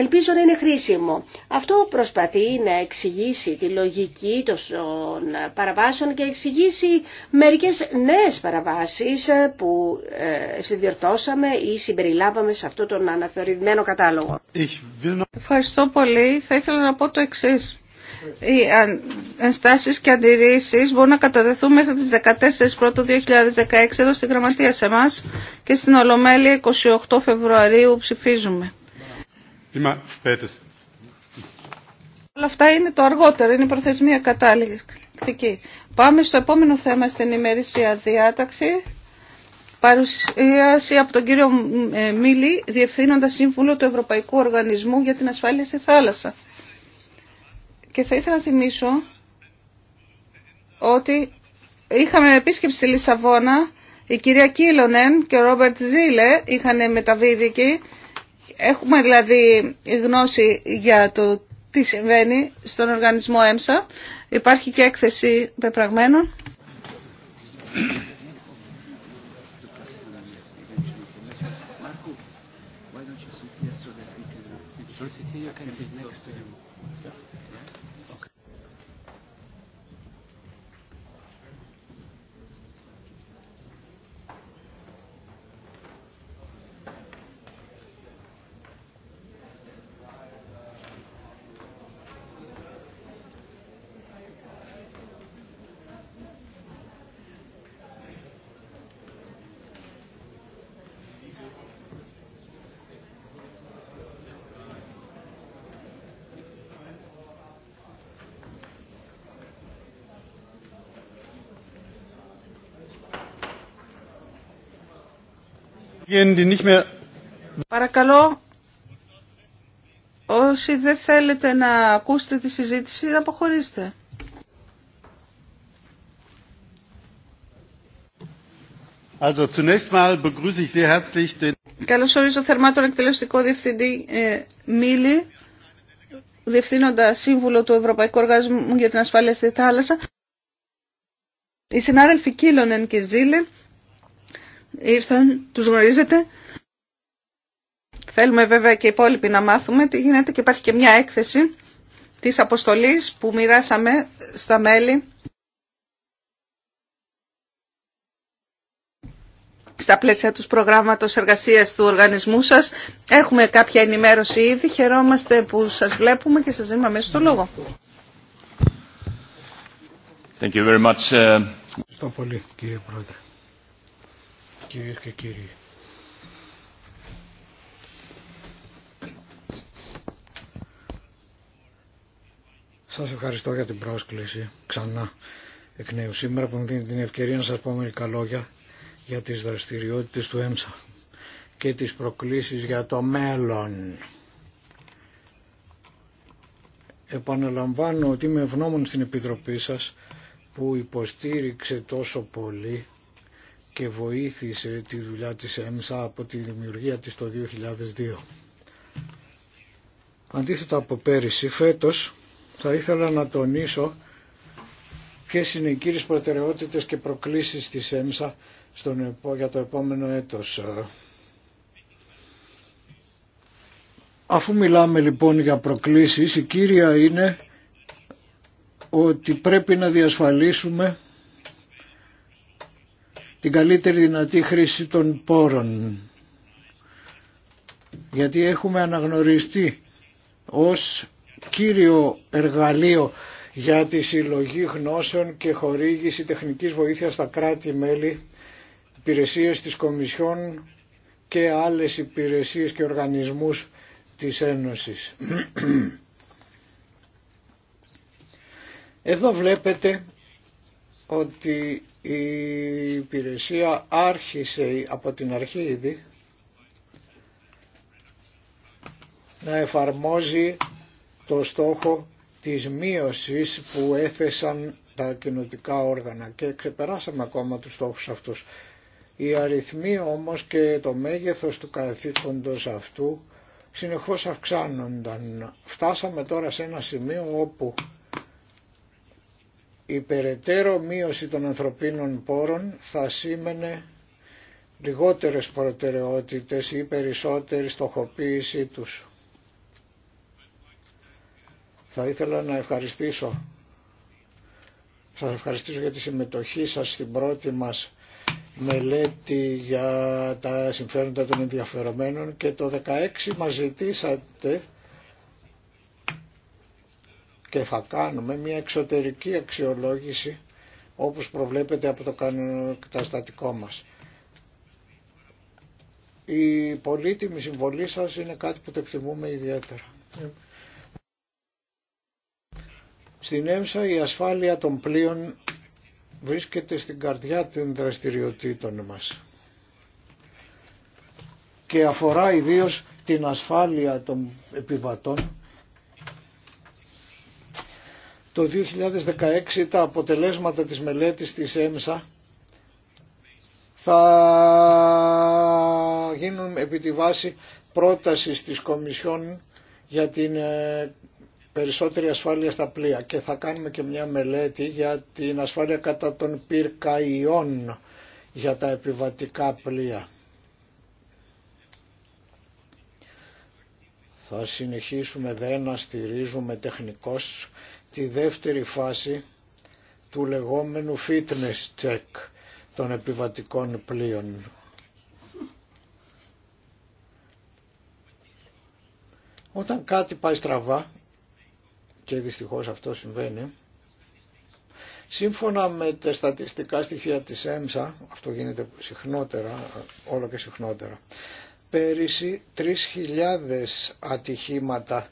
ελπίζω να είναι χρήσιμο. Αυτό προσπαθεί να εξηγήσει τη λογική των παραβάσεων και εξηγήσει μερικές νέες παραβάσεις που ε, συνδιορθώσαμε ή συμπεριλάβαμε σε αυτό τον αναθεωρημένο κατάλογο. Ευχαριστώ πολύ. Θα ήθελα να πω το εξή. Οι ενστάσεις και αντιρρήσεις μπορούν να καταδεθούν μέχρι τις 14 πρώτο 2016 εδώ στη Γραμματεία σε εμάς και στην Ολομέλεια 28 Φεβρουαρίου ψηφίζουμε. Όλα αυτά είναι το αργότερο, είναι η προθεσμία κατάληκτική. Πάμε στο επόμενο θέμα στην ημερήσια διάταξη. Παρουσίαση από τον κύριο ε, Μίλη, Διευθύνοντα Σύμβουλο του Ευρωπαϊκού Οργανισμού για την Ασφάλεια στη Θάλασσα. Και θα ήθελα να θυμίσω ότι είχαμε επίσκεψη στη Λισαβόνα, η κυρία Κίλονεν και ο Ρόμπερτ Ζήλε είχαν μεταβίδει εκεί. Έχουμε δηλαδή γνώση για το τι συμβαίνει στον οργανισμό ΕΜΣΑ. Υπάρχει και έκθεση πεπραγμένων. Παρακαλώ, όσοι δεν θέλετε να ακούσετε τη συζήτηση, να αποχωρήσετε. Also, zunächst mal begrüße ich sehr herzlich den... Καλώς ορίζω θερμά τον εκτελεστικό διευθυντή ε, Μίλη, διευθύνοντα σύμβουλο του Ευρωπαϊκού Οργάσμου για την Ασφάλεια στη Θάλασσα. Οι συνάδελφοι Κίλονεν και Ζήλε ήρθαν, τους γνωρίζετε. Θέλουμε βέβαια και οι υπόλοιποι να μάθουμε τι γίνεται και υπάρχει και μια έκθεση της αποστολής που μοιράσαμε στα μέλη στα πλαίσια του προγράμματος εργασίας του οργανισμού σας. Έχουμε κάποια ενημέρωση ήδη. Χαιρόμαστε που σας βλέπουμε και σας δίνουμε αμέσως το λόγο. Ε. Ευχαριστώ πολύ κύριε Πρόεδρε. Κυρίε και κύριοι. Σας ευχαριστώ για την πρόσκληση ξανά εκ νέου σήμερα που μου δίνει την ευκαιρία να σα πω μερικά λόγια για τις δραστηριότητε του ΕΜΣΑ και τις προκλήσεις για το μέλλον. Επαναλαμβάνω ότι είμαι ευγνώμων στην Επιτροπή σας που υποστήριξε τόσο πολύ και βοήθησε τη δουλειά της ΕΜΣΑ από τη δημιουργία της το 2002. Αντίθετα από πέρυσι, φέτος θα ήθελα να τονίσω ποιε είναι οι κύριες προτεραιότητες και προκλήσεις της ΕΜΣΑ στον, για το επόμενο έτος. Αφού μιλάμε λοιπόν για προκλήσεις, η κύρια είναι ότι πρέπει να διασφαλίσουμε την καλύτερη δυνατή χρήση των πόρων. Γιατί έχουμε αναγνωριστεί ως κύριο εργαλείο για τη συλλογή γνώσεων και χορήγηση τεχνικής βοήθειας στα κράτη-μέλη, υπηρεσίες της Κομισιόν και άλλες υπηρεσίες και οργανισμούς της Ένωσης. Εδώ βλέπετε ότι η υπηρεσία άρχισε από την αρχή ήδη να εφαρμόζει το στόχο της μείωσης που έθεσαν τα κοινωτικά όργανα και ξεπεράσαμε ακόμα τους στόχους αυτούς. η αριθμοί όμως και το μέγεθος του καθήκοντος αυτού συνεχώς αυξάνονταν. Φτάσαμε τώρα σε ένα σημείο όπου η περαιτέρω μείωση των ανθρωπίνων πόρων θα σήμαινε λιγότερες προτεραιότητες ή περισσότερη στοχοποίησή τους. Θα ήθελα να ευχαριστήσω. Σας ευχαριστήσω για τη συμμετοχή σας στην πρώτη μας μελέτη για τα συμφέροντα των ενδιαφερομένων και το 16 μας ζητήσατε και θα κάνουμε μια εξωτερική αξιολόγηση όπως προβλέπεται από το καταστατικό μας. Η πολύτιμη συμβολή σας είναι κάτι που το εκτιμούμε ιδιαίτερα. Στην έμσα η ασφάλεια των πλοίων βρίσκεται στην καρδιά των δραστηριοτήτων μας και αφορά ιδίως την ασφάλεια των επιβατών το 2016 τα αποτελέσματα της μελέτης της ΕΜΣΑ θα γίνουν επί τη βάση πρότασης της Κομισιόν για την ε, περισσότερη ασφάλεια στα πλοία και θα κάνουμε και μια μελέτη για την ασφάλεια κατά των πυρκαϊών για τα επιβατικά πλοία. Θα συνεχίσουμε δε να στηρίζουμε τεχνικώς τη δεύτερη φάση του λεγόμενου fitness check των επιβατικών πλοίων. Όταν κάτι πάει στραβά, και δυστυχώς αυτό συμβαίνει, σύμφωνα με τα στατιστικά στοιχεία της ΕΜΣΑ, αυτό γίνεται συχνότερα, όλο και συχνότερα, πέρυσι 3.000 ατυχήματα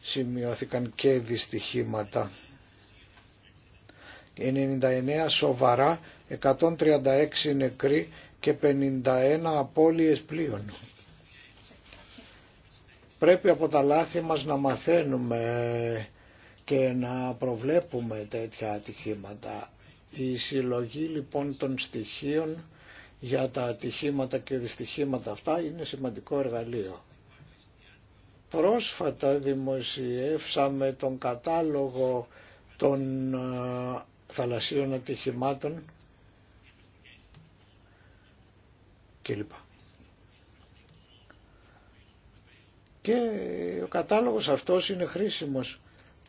σημειώθηκαν και δυστυχήματα. 99 σοβαρά, 136 νεκροί και 51 απώλειες πλοίων. Πρέπει από τα λάθη μας να μαθαίνουμε και να προβλέπουμε τέτοια ατυχήματα. Η συλλογή λοιπόν των στοιχείων για τα ατυχήματα και δυστυχήματα αυτά είναι σημαντικό εργαλείο. Πρόσφατα δημοσιεύσαμε τον κατάλογο των θαλασσίων ατυχημάτων κλπ. Και ο κατάλογος αυτός είναι χρήσιμος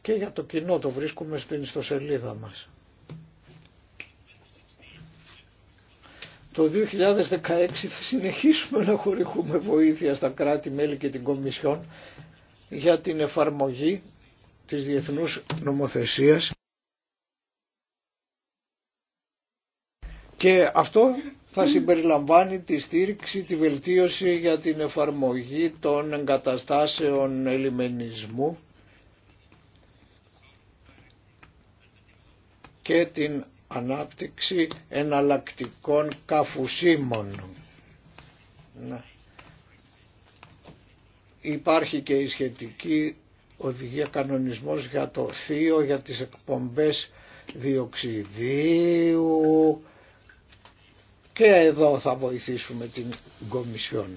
και για το κοινό, το βρίσκουμε στην ιστοσελίδα μας. Το 2016 θα συνεχίσουμε να χορηγούμε βοήθεια στα κράτη-μέλη και την Κομισιόν για την εφαρμογή της διεθνούς νομοθεσίας και αυτό θα συμπεριλαμβάνει τη στήριξη, τη βελτίωση για την εφαρμογή των εγκαταστάσεων ελιμενισμού και την ανάπτυξη εναλλακτικών καφουσίμων. Ναι. Υπάρχει και η σχετική οδηγία κανονισμός για το θείο, για τις εκπομπές διοξιδίου και εδώ θα βοηθήσουμε την Κομισιόν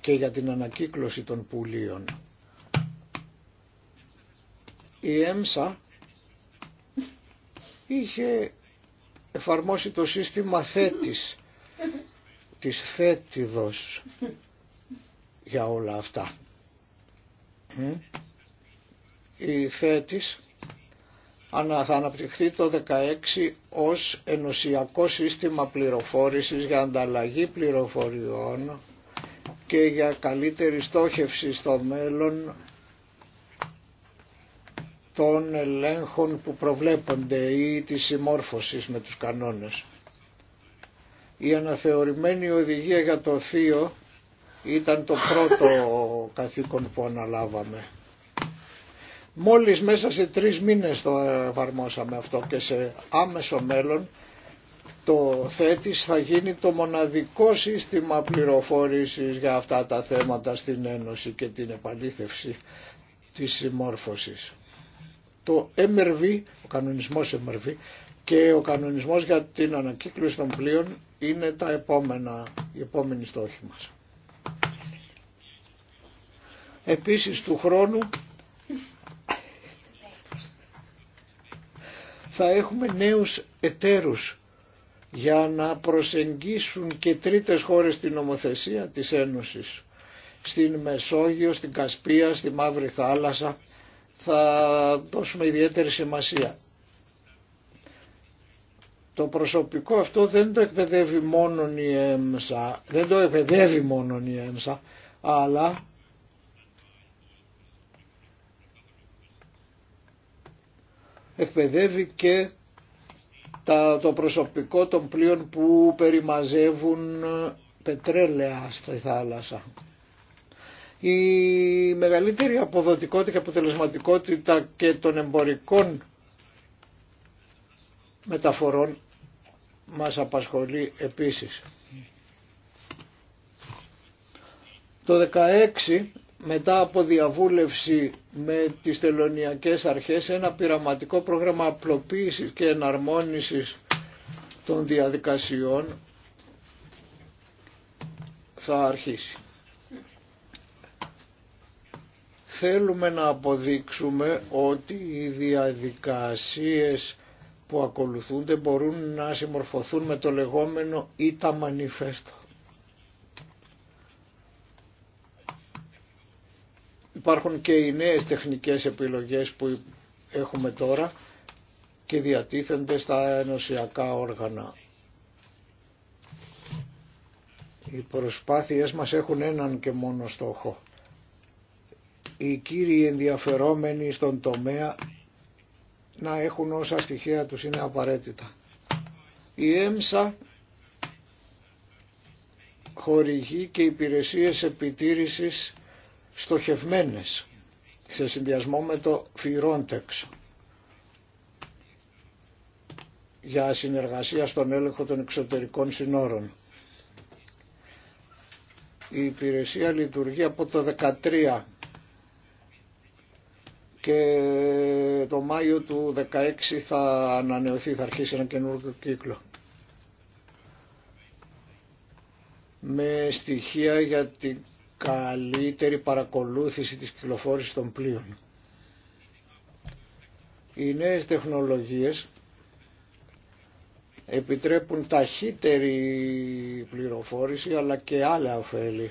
και για την ανακύκλωση των πουλίων. Η ΕΜΣΑ είχε εφαρμόσει το σύστημα θέτης, της θέτηδος για όλα αυτά. Η θέτης θα αναπτυχθεί το 16 ως ενωσιακό σύστημα πληροφόρησης για ανταλλαγή πληροφοριών και για καλύτερη στόχευση στο μέλλον των ελέγχων που προβλέπονται ή της συμμόρφωσης με τους κανόνες. Η αναθεωρημένη οδηγία για το θείο ήταν το πρώτο καθήκον που αναλάβαμε. Μόλις μέσα σε τρεις μήνες το εφαρμόσαμε αυτό και σε άμεσο μέλλον το θέτης θα γίνει το μοναδικό σύστημα πληροφόρησης για αυτά τα θέματα στην Ένωση και την επαλήθευση της συμμόρφωσης το MRV, ο κανονισμός MRV και ο κανονισμός για την ανακύκλωση των πλοίων είναι τα επόμενα, η επόμενη στόχη μας. Επίσης του χρόνου θα έχουμε νέους εταίρους για να προσεγγίσουν και τρίτες χώρες την νομοθεσία της Ένωσης στην Μεσόγειο, στην Κασπία, στη Μαύρη Θάλασσα θα δώσουμε ιδιαίτερη σημασία. Το προσωπικό αυτό δεν το εκπαιδεύει μόνο η ΕΜΣΑ, δεν το εκπαιδεύει μόνο η ΕΜΣΑ, αλλά εκπαιδεύει και τα, το προσωπικό των πλοίων που περιμαζεύουν πετρέλαια στη θάλασσα η μεγαλύτερη αποδοτικότητα και αποτελεσματικότητα και των εμπορικών μεταφορών μας απασχολεί επίσης. Το 2016 μετά από διαβούλευση με τις τελωνιακές αρχές ένα πειραματικό πρόγραμμα απλοποίησης και εναρμόνισης των διαδικασιών θα αρχίσει. θέλουμε να αποδείξουμε ότι οι διαδικασίες που ακολουθούνται μπορούν να συμμορφωθούν με το λεγόμενο τα Μανιφέστο». Υπάρχουν και οι νέες τεχνικές επιλογές που έχουμε τώρα και διατίθενται στα ενωσιακά όργανα. Οι προσπάθειές μας έχουν έναν και μόνο στόχο οι κύριοι ενδιαφερόμενοι στον τομέα να έχουν όσα στοιχεία τους είναι απαραίτητα. Η ΕΜΣΑ χορηγεί και υπηρεσίες επιτήρησης στοχευμένες σε συνδυασμό με το Φιρόντεξ για συνεργασία στον έλεγχο των εξωτερικών συνόρων. Η υπηρεσία λειτουργεί από το 2013 και το Μάιο του 16 θα ανανεωθεί, θα αρχίσει ένα καινούργιο κύκλο. Με στοιχεία για την καλύτερη παρακολούθηση της κυκλοφόρησης των πλοίων. Οι νέες τεχνολογίες επιτρέπουν ταχύτερη πληροφόρηση αλλά και άλλα ωφέλη.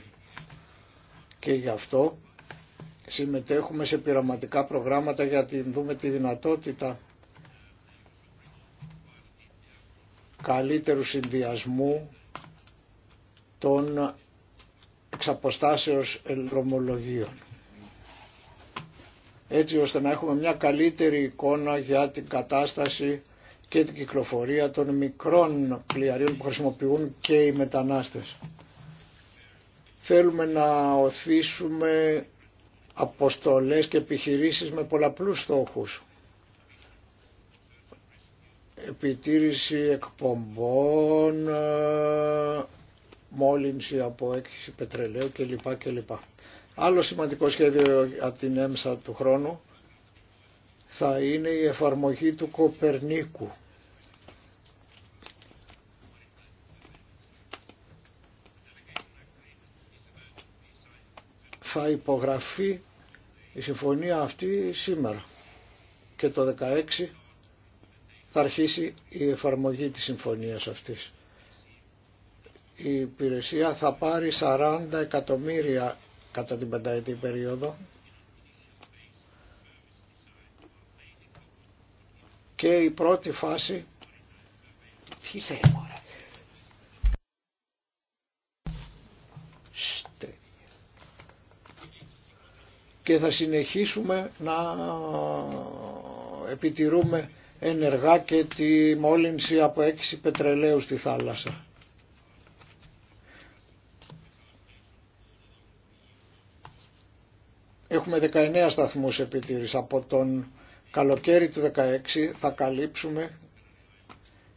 Και γι' αυτό συμμετέχουμε σε πειραματικά προγράμματα για να δούμε τη δυνατότητα καλύτερου συνδυασμού των εξαποστάσεως ελρομολογίων. Έτσι ώστε να έχουμε μια καλύτερη εικόνα για την κατάσταση και την κυκλοφορία των μικρών πλοιαρίων που χρησιμοποιούν και οι μετανάστες. Θέλουμε να οθήσουμε αποστολές και επιχειρήσεις με πολλαπλούς στόχους. Επιτήρηση εκπομπών, ε, μόλυνση από έκχυση πετρελαίου κλπ. κλπ. Άλλο σημαντικό σχέδιο από την έμσα του χρόνου θα είναι η εφαρμογή του Κοπερνίκου θα υπογραφεί η συμφωνία αυτή σήμερα και το 16 θα αρχίσει η εφαρμογή της συμφωνίας αυτής. Η υπηρεσία θα πάρει 40 εκατομμύρια κατά την πενταετή περίοδο και η πρώτη φάση τι και θα συνεχίσουμε να επιτηρούμε ενεργά και τη μόλυνση από έξι πετρελαίου στη θάλασσα. Έχουμε 19 σταθμούς επιτήρησης. Από τον καλοκαίρι του 16 θα καλύψουμε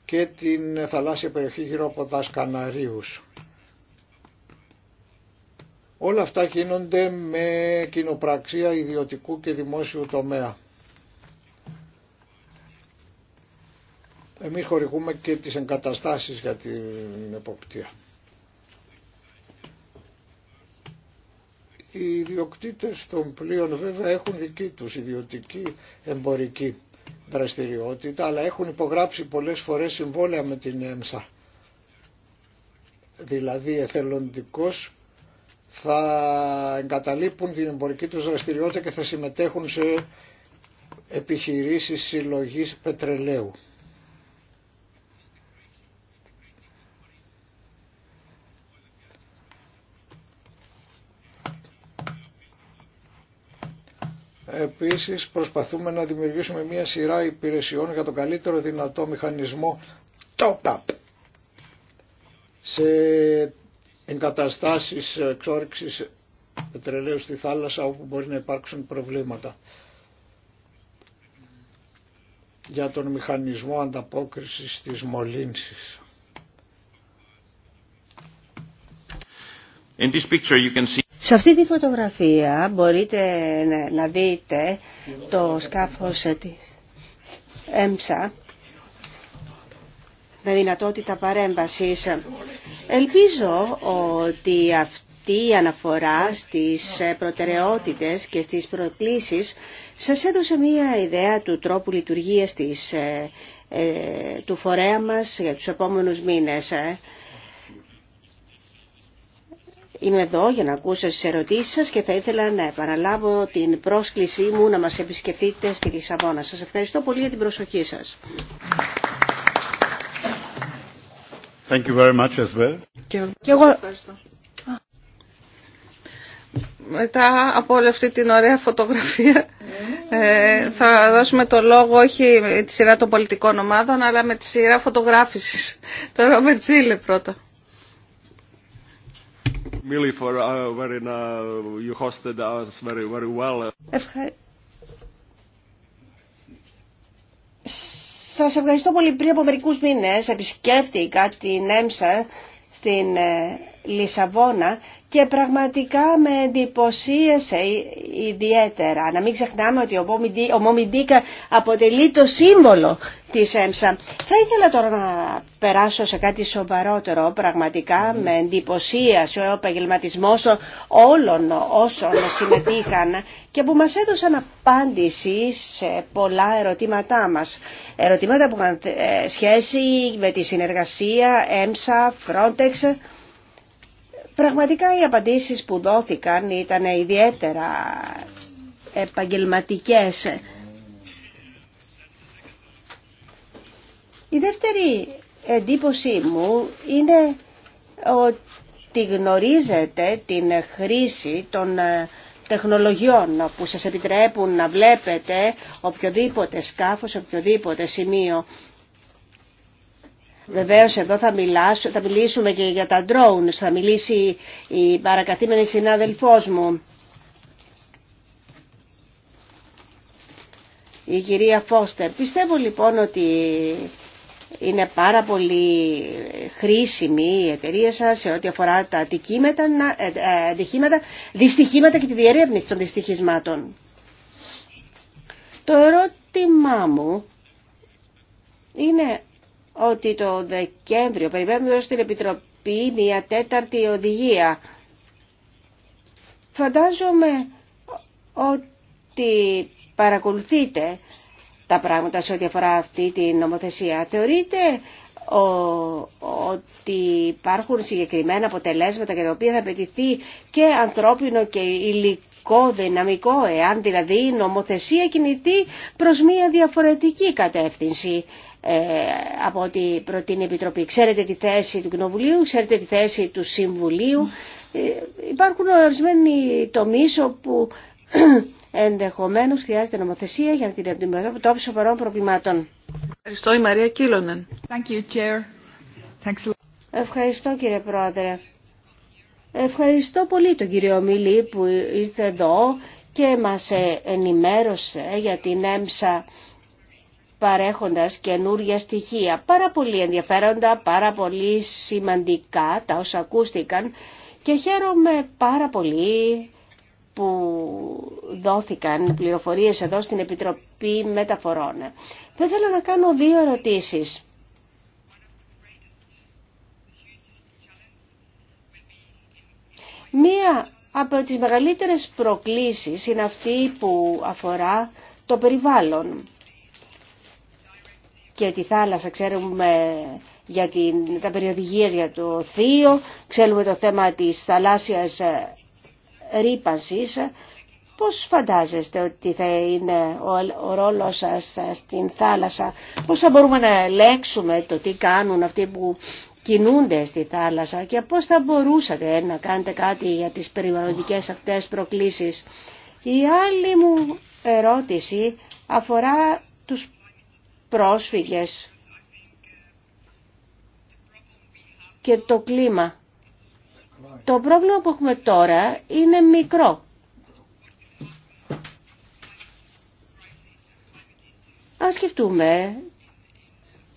και την θαλάσσια περιοχή γύρω από τα Σκαναρίους. Όλα αυτά γίνονται με κοινοπραξία ιδιωτικού και δημόσιου τομέα. Εμείς χορηγούμε και τις εγκαταστάσεις για την εποπτεία. Οι ιδιοκτήτες των πλοίων βέβαια έχουν δική τους ιδιωτική εμπορική δραστηριότητα, αλλά έχουν υπογράψει πολλές φορές συμβόλαια με την ΕΜΣΑ. Δηλαδή εθελοντικός θα εγκαταλείπουν την εμπορική τους δραστηριότητα και θα συμμετέχουν σε επιχειρήσεις συλλογής πετρελαίου. Επίσης προσπαθούμε να δημιουργήσουμε μια σειρά υπηρεσιών για τον καλύτερο δυνατό μηχανισμό top-up σε εγκαταστάσεις εξόρυξης πετρελαίου στη θάλασσα όπου μπορεί να υπάρξουν προβλήματα. Για τον μηχανισμό ανταπόκρισης της μολύνσης. Σε αυτή τη φωτογραφία μπορείτε να δείτε το σκάφος της ΕΜΣΑ με δυνατότητα παρέμβασης. Ελπίζω ότι αυτή η αναφορά στις προτεραιότητες και στις προκλήσεις σας έδωσε μία ιδέα του τρόπου λειτουργίας της, ε, ε, του φορέα μας για τους επόμενους μήνες. Ε. Είμαι εδώ για να ακούσω τις ερωτήσεις σας και θα ήθελα να επαναλάβω την πρόσκλησή μου να μας επισκεφτείτε στη Λισαβόνα. Σας ευχαριστώ πολύ για την προσοχή σας. Thank you very much as well. Και, εγώ ευχαριστώ. Μετά από όλη αυτή την ωραία φωτογραφία ε, θα δώσουμε το λόγο όχι με τη σειρά των πολιτικών ομάδων αλλά με τη σειρά φωτογράφησης. Το Ρόμπερτ Ζήλε πρώτα. Uh, uh, ευχαριστώ. Σας ευχαριστώ πολύ. Πριν από μερικούς μήνες επισκέφτηκα την ΕΜΣΑ στην ε, Λισαβόνα και πραγματικά με εντυπωσίασε ιδιαίτερα. Να μην ξεχνάμε ότι ο Μομιντίκα αποτελεί το σύμβολο της ΕΜΣΑ. Θα ήθελα τώρα να περάσω σε κάτι σοβαρότερο. Πραγματικά με εντυπωσίασε ο επαγγελματισμό όλων όσων συμμετείχαν και που μας έδωσαν απάντηση σε πολλά ερωτήματά μας. Ερωτήματα που είχαν ε, σχέση με τη συνεργασία, ΕΜΣΑ, Frontex. Πραγματικά οι απαντήσεις που δόθηκαν ήταν ιδιαίτερα επαγγελματικές. Η δεύτερη εντύπωσή μου είναι ότι γνωρίζετε την χρήση των ε, τεχνολογιών που σας επιτρέπουν να βλέπετε οποιοδήποτε σκάφος, οποιοδήποτε σημείο. Βεβαίως εδώ θα, μιλάς, θα μιλήσουμε και για τα drones, θα μιλήσει η παρακαθήμενη συνάδελφός μου. Η κυρία Φώστερ. Πιστεύω λοιπόν ότι είναι πάρα πολύ χρήσιμη η εταιρεία σας σε ό,τι αφορά τα αντικείμενα, ε, ε, δυστυχήματα και τη διερεύνηση των δυστυχισμάτων. Το ερώτημά μου είναι ότι το Δεκέμβριο περιμένουμε ως την Επιτροπή μια τέταρτη οδηγία. Φαντάζομαι ότι παρακολουθείτε τα πράγματα σε ό,τι αφορά αυτή την νομοθεσία. Θεωρείτε ότι υπάρχουν συγκεκριμένα αποτελέσματα για τα οποία θα απαιτηθεί και ανθρώπινο και υλικό δυναμικό, εάν δηλαδή η νομοθεσία κινηθεί προς μια διαφορετική κατεύθυνση ε, από ό,τι προτείνει η Επιτροπή. Ξέρετε τη θέση του Κοινοβουλίου, ξέρετε τη θέση του Συμβουλίου. Ε, υπάρχουν ορισμένοι τομείς όπου Ενδεχομένω χρειάζεται νομοθεσία για την αντιμετώπιση σοβαρών προβλημάτων. Ευχαριστώ η Μαρία Κίλωνεν. Ευχαριστώ κύριε Πρόεδρε. Ευχαριστώ πολύ τον κύριο Μιλή που ήρθε εδώ και μας ενημέρωσε για την ΕΜΣΑ παρέχοντας καινούργια στοιχεία. Πάρα πολύ ενδιαφέροντα, πάρα πολύ σημαντικά τα όσα ακούστηκαν και χαίρομαι πάρα πολύ που δόθηκαν πληροφορίες εδώ στην Επιτροπή Μεταφορών. Θα ήθελα να κάνω δύο ερωτήσεις. Μία από τις μεγαλύτερες προκλήσεις είναι αυτή που αφορά το περιβάλλον και τη θάλασσα. Ξέρουμε για την, τα περιοδηγίες για το θείο, ξέρουμε το θέμα της θαλάσσιας ρήπανσης, πώς φαντάζεστε ότι θα είναι ο, ο ρόλος σας στην θάλασσα, πώς θα μπορούμε να ελέγξουμε το τι κάνουν αυτοί που κινούνται στη θάλασσα και πώς θα μπορούσατε να κάνετε κάτι για τις περιβαλλοντικές αυτές προκλήσεις. Η άλλη μου ερώτηση αφορά τους πρόσφυγες και το κλίμα. Το πρόβλημα που έχουμε τώρα είναι μικρό. Ας σκεφτούμε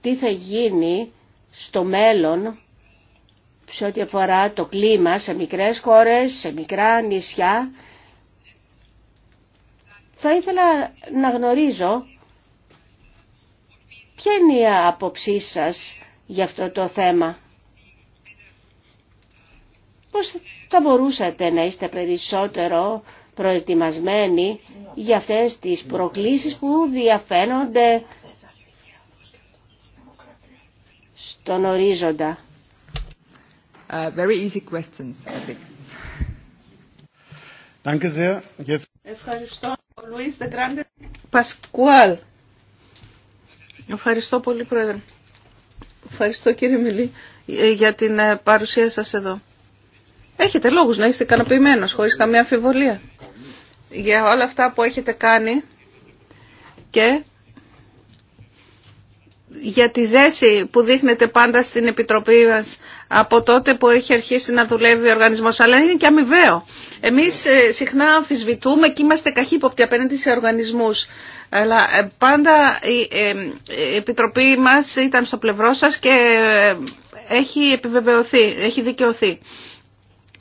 τι θα γίνει στο μέλλον σε ό,τι αφορά το κλίμα σε μικρές χώρες, σε μικρά νησιά. Θα ήθελα να γνωρίζω ποια είναι η άποψή σας για αυτό το θέμα πώς θα μπορούσατε να είστε περισσότερο προετοιμασμένοι για αυτές τις προκλήσεις που διαφαίνονται στον ορίζοντα. Uh, Ευχαριστώ, Ευχαριστώ πολύ, Πρόεδρε. Ευχαριστώ, κύριε Μιλή, ε, για την ε, παρουσία σας εδώ. Έχετε λόγους να είστε ικανοποιημένο χωρίς καμία αμφιβολία για όλα αυτά που έχετε κάνει και για τη ζέση που δείχνετε πάντα στην Επιτροπή μας από τότε που έχει αρχίσει να δουλεύει ο οργανισμός, αλλά είναι και αμοιβαίο. Εμείς ε, συχνά αμφισβητούμε και είμαστε καχύποπτοι απέναντι σε οργανισμούς. Αλλά ε, πάντα ε, η Επιτροπή μας ήταν στο πλευρό σας και έχει επιβεβαιωθεί, έχει δικαιωθεί.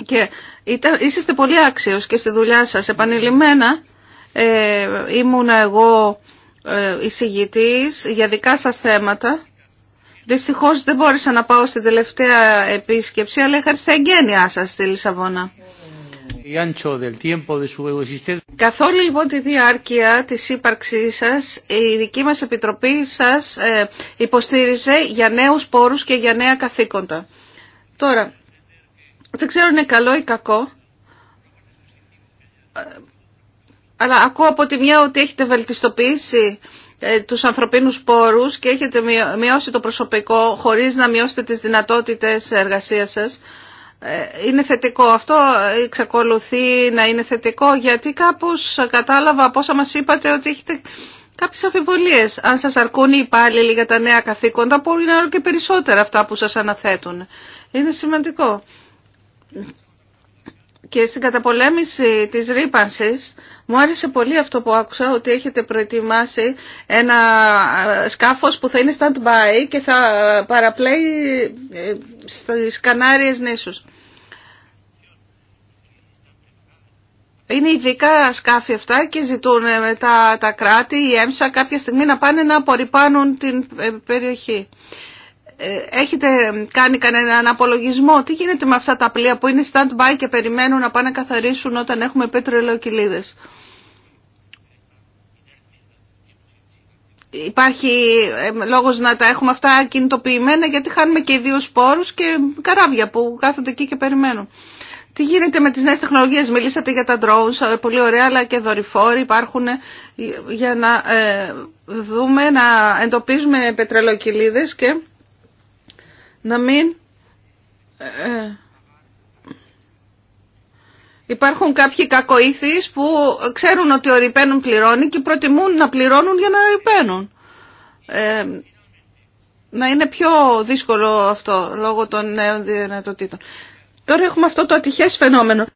Και ήταν, είσαστε πολύ άξιος και στη δουλειά σας. Επανειλημμένα ε, ήμουνα εγώ ε, εισηγητής για δικά σας θέματα. Δυστυχώς δεν μπόρεσα να πάω στην τελευταία επίσκεψη, αλλά είχα στα εγγένειά σας στη Λισαβόνα. Καθ' όλη λοιπόν τη διάρκεια της ύπαρξής σας, η δική μας Επιτροπή σας ε, υποστήριζε για νέους πόρους και για νέα καθήκοντα. Τώρα, δεν ξέρω είναι καλό ή κακό. Αλλά ακούω από τη μια ότι έχετε βελτιστοποιήσει ε, τους ανθρωπίνους πόρους και έχετε μειώσει το προσωπικό χωρίς να μειώσετε τις δυνατότητες εργασίας σας. Ε, είναι θετικό αυτό, ε, εξακολουθεί να είναι θετικό γιατί κάπως κατάλαβα από όσα μας είπατε ότι έχετε κάποιες αφιβολίες. Αν σας αρκούν οι υπάλληλοι για τα νέα καθήκοντα μπορεί να είναι και περισσότερα αυτά που σας αναθέτουν. Είναι σημαντικό και στην καταπολέμηση της ρήπανσης μου άρεσε πολύ αυτό που άκουσα ότι έχετε προετοιμάσει ένα ε, σκάφος που θα είναι stand-by και θα παραπλέει ε, στις Κανάριες νήσους. Είναι ειδικά σκάφη αυτά και ζητούν ε, μετά τα κράτη, η ΕΜΣΑ κάποια στιγμή να πάνε να απορριπάνουν την περιοχή. Ε, έχετε κάνει κανέναν απολογισμό. Τι γίνεται με αυτά τα πλοία που είναι stand-by και περιμένουν να πάνε να καθαρίσουν όταν έχουμε πετρελαιοκυλίδες. Υπάρχει ε, λόγος να τα έχουμε αυτά κινητοποιημένα γιατί χάνουμε και δύο σπόρους και καράβια που κάθονται εκεί και περιμένουν. Τι γίνεται με τις νέες τεχνολογίες, μιλήσατε για τα drones, ε, πολύ ωραία, αλλά και δορυφόροι υπάρχουν για να δούμε, να εντοπίζουμε πετρελοκυλίδες και να μην ε, ε, υπάρχουν κάποιοι κακοήθεις που ξέρουν ότι ο πληρώνει και προτιμούν να πληρώνουν για να ρηπαίνουν. Ε, να είναι πιο δύσκολο αυτό λόγω των νέων δυνατοτήτων. Τώρα έχουμε αυτό το ατυχές φαινόμενο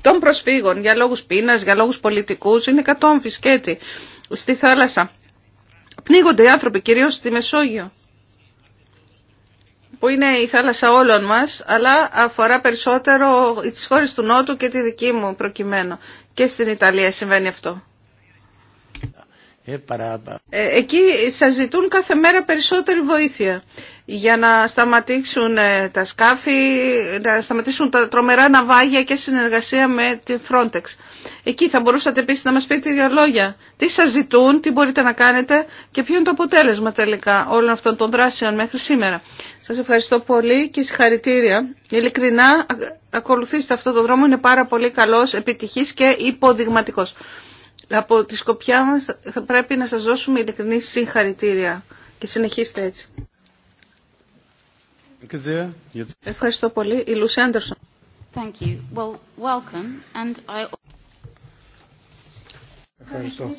των προσφύγων για λόγους πείνας, για λόγους πολιτικούς, είναι κατόμφι και στη θάλασσα. Πνίγονται οι άνθρωποι κυρίως στη Μεσόγειο που είναι η θάλασσα όλων μας, αλλά αφορά περισσότερο τις χώρες του Νότου και τη δική μου προκειμένου. Και στην Ιταλία συμβαίνει αυτό. Ε, ε, εκεί σας ζητούν κάθε μέρα περισσότερη βοήθεια για να σταματήσουν ε, τα σκάφη, να σταματήσουν τα τρομερά ναυάγια και συνεργασία με τη Frontex. Εκεί θα μπορούσατε επίσης να μας πείτε δύο λόγια. Τι σας ζητούν, τι μπορείτε να κάνετε και ποιο είναι το αποτέλεσμα τελικά όλων αυτών των δράσεων μέχρι σήμερα. Σας ευχαριστώ πολύ και συγχαρητήρια. Ειλικρινά ακολουθήστε αυτό το δρόμο, είναι πάρα πολύ καλός, επιτυχής και υποδειγματικός από τη σκοπιά μας θα πρέπει να σας δώσουμε ειλικρινή συγχαρητήρια και συνεχίστε έτσι. Ευχαριστώ πολύ. Η Λούση Άντερσον. Ευχαριστώ.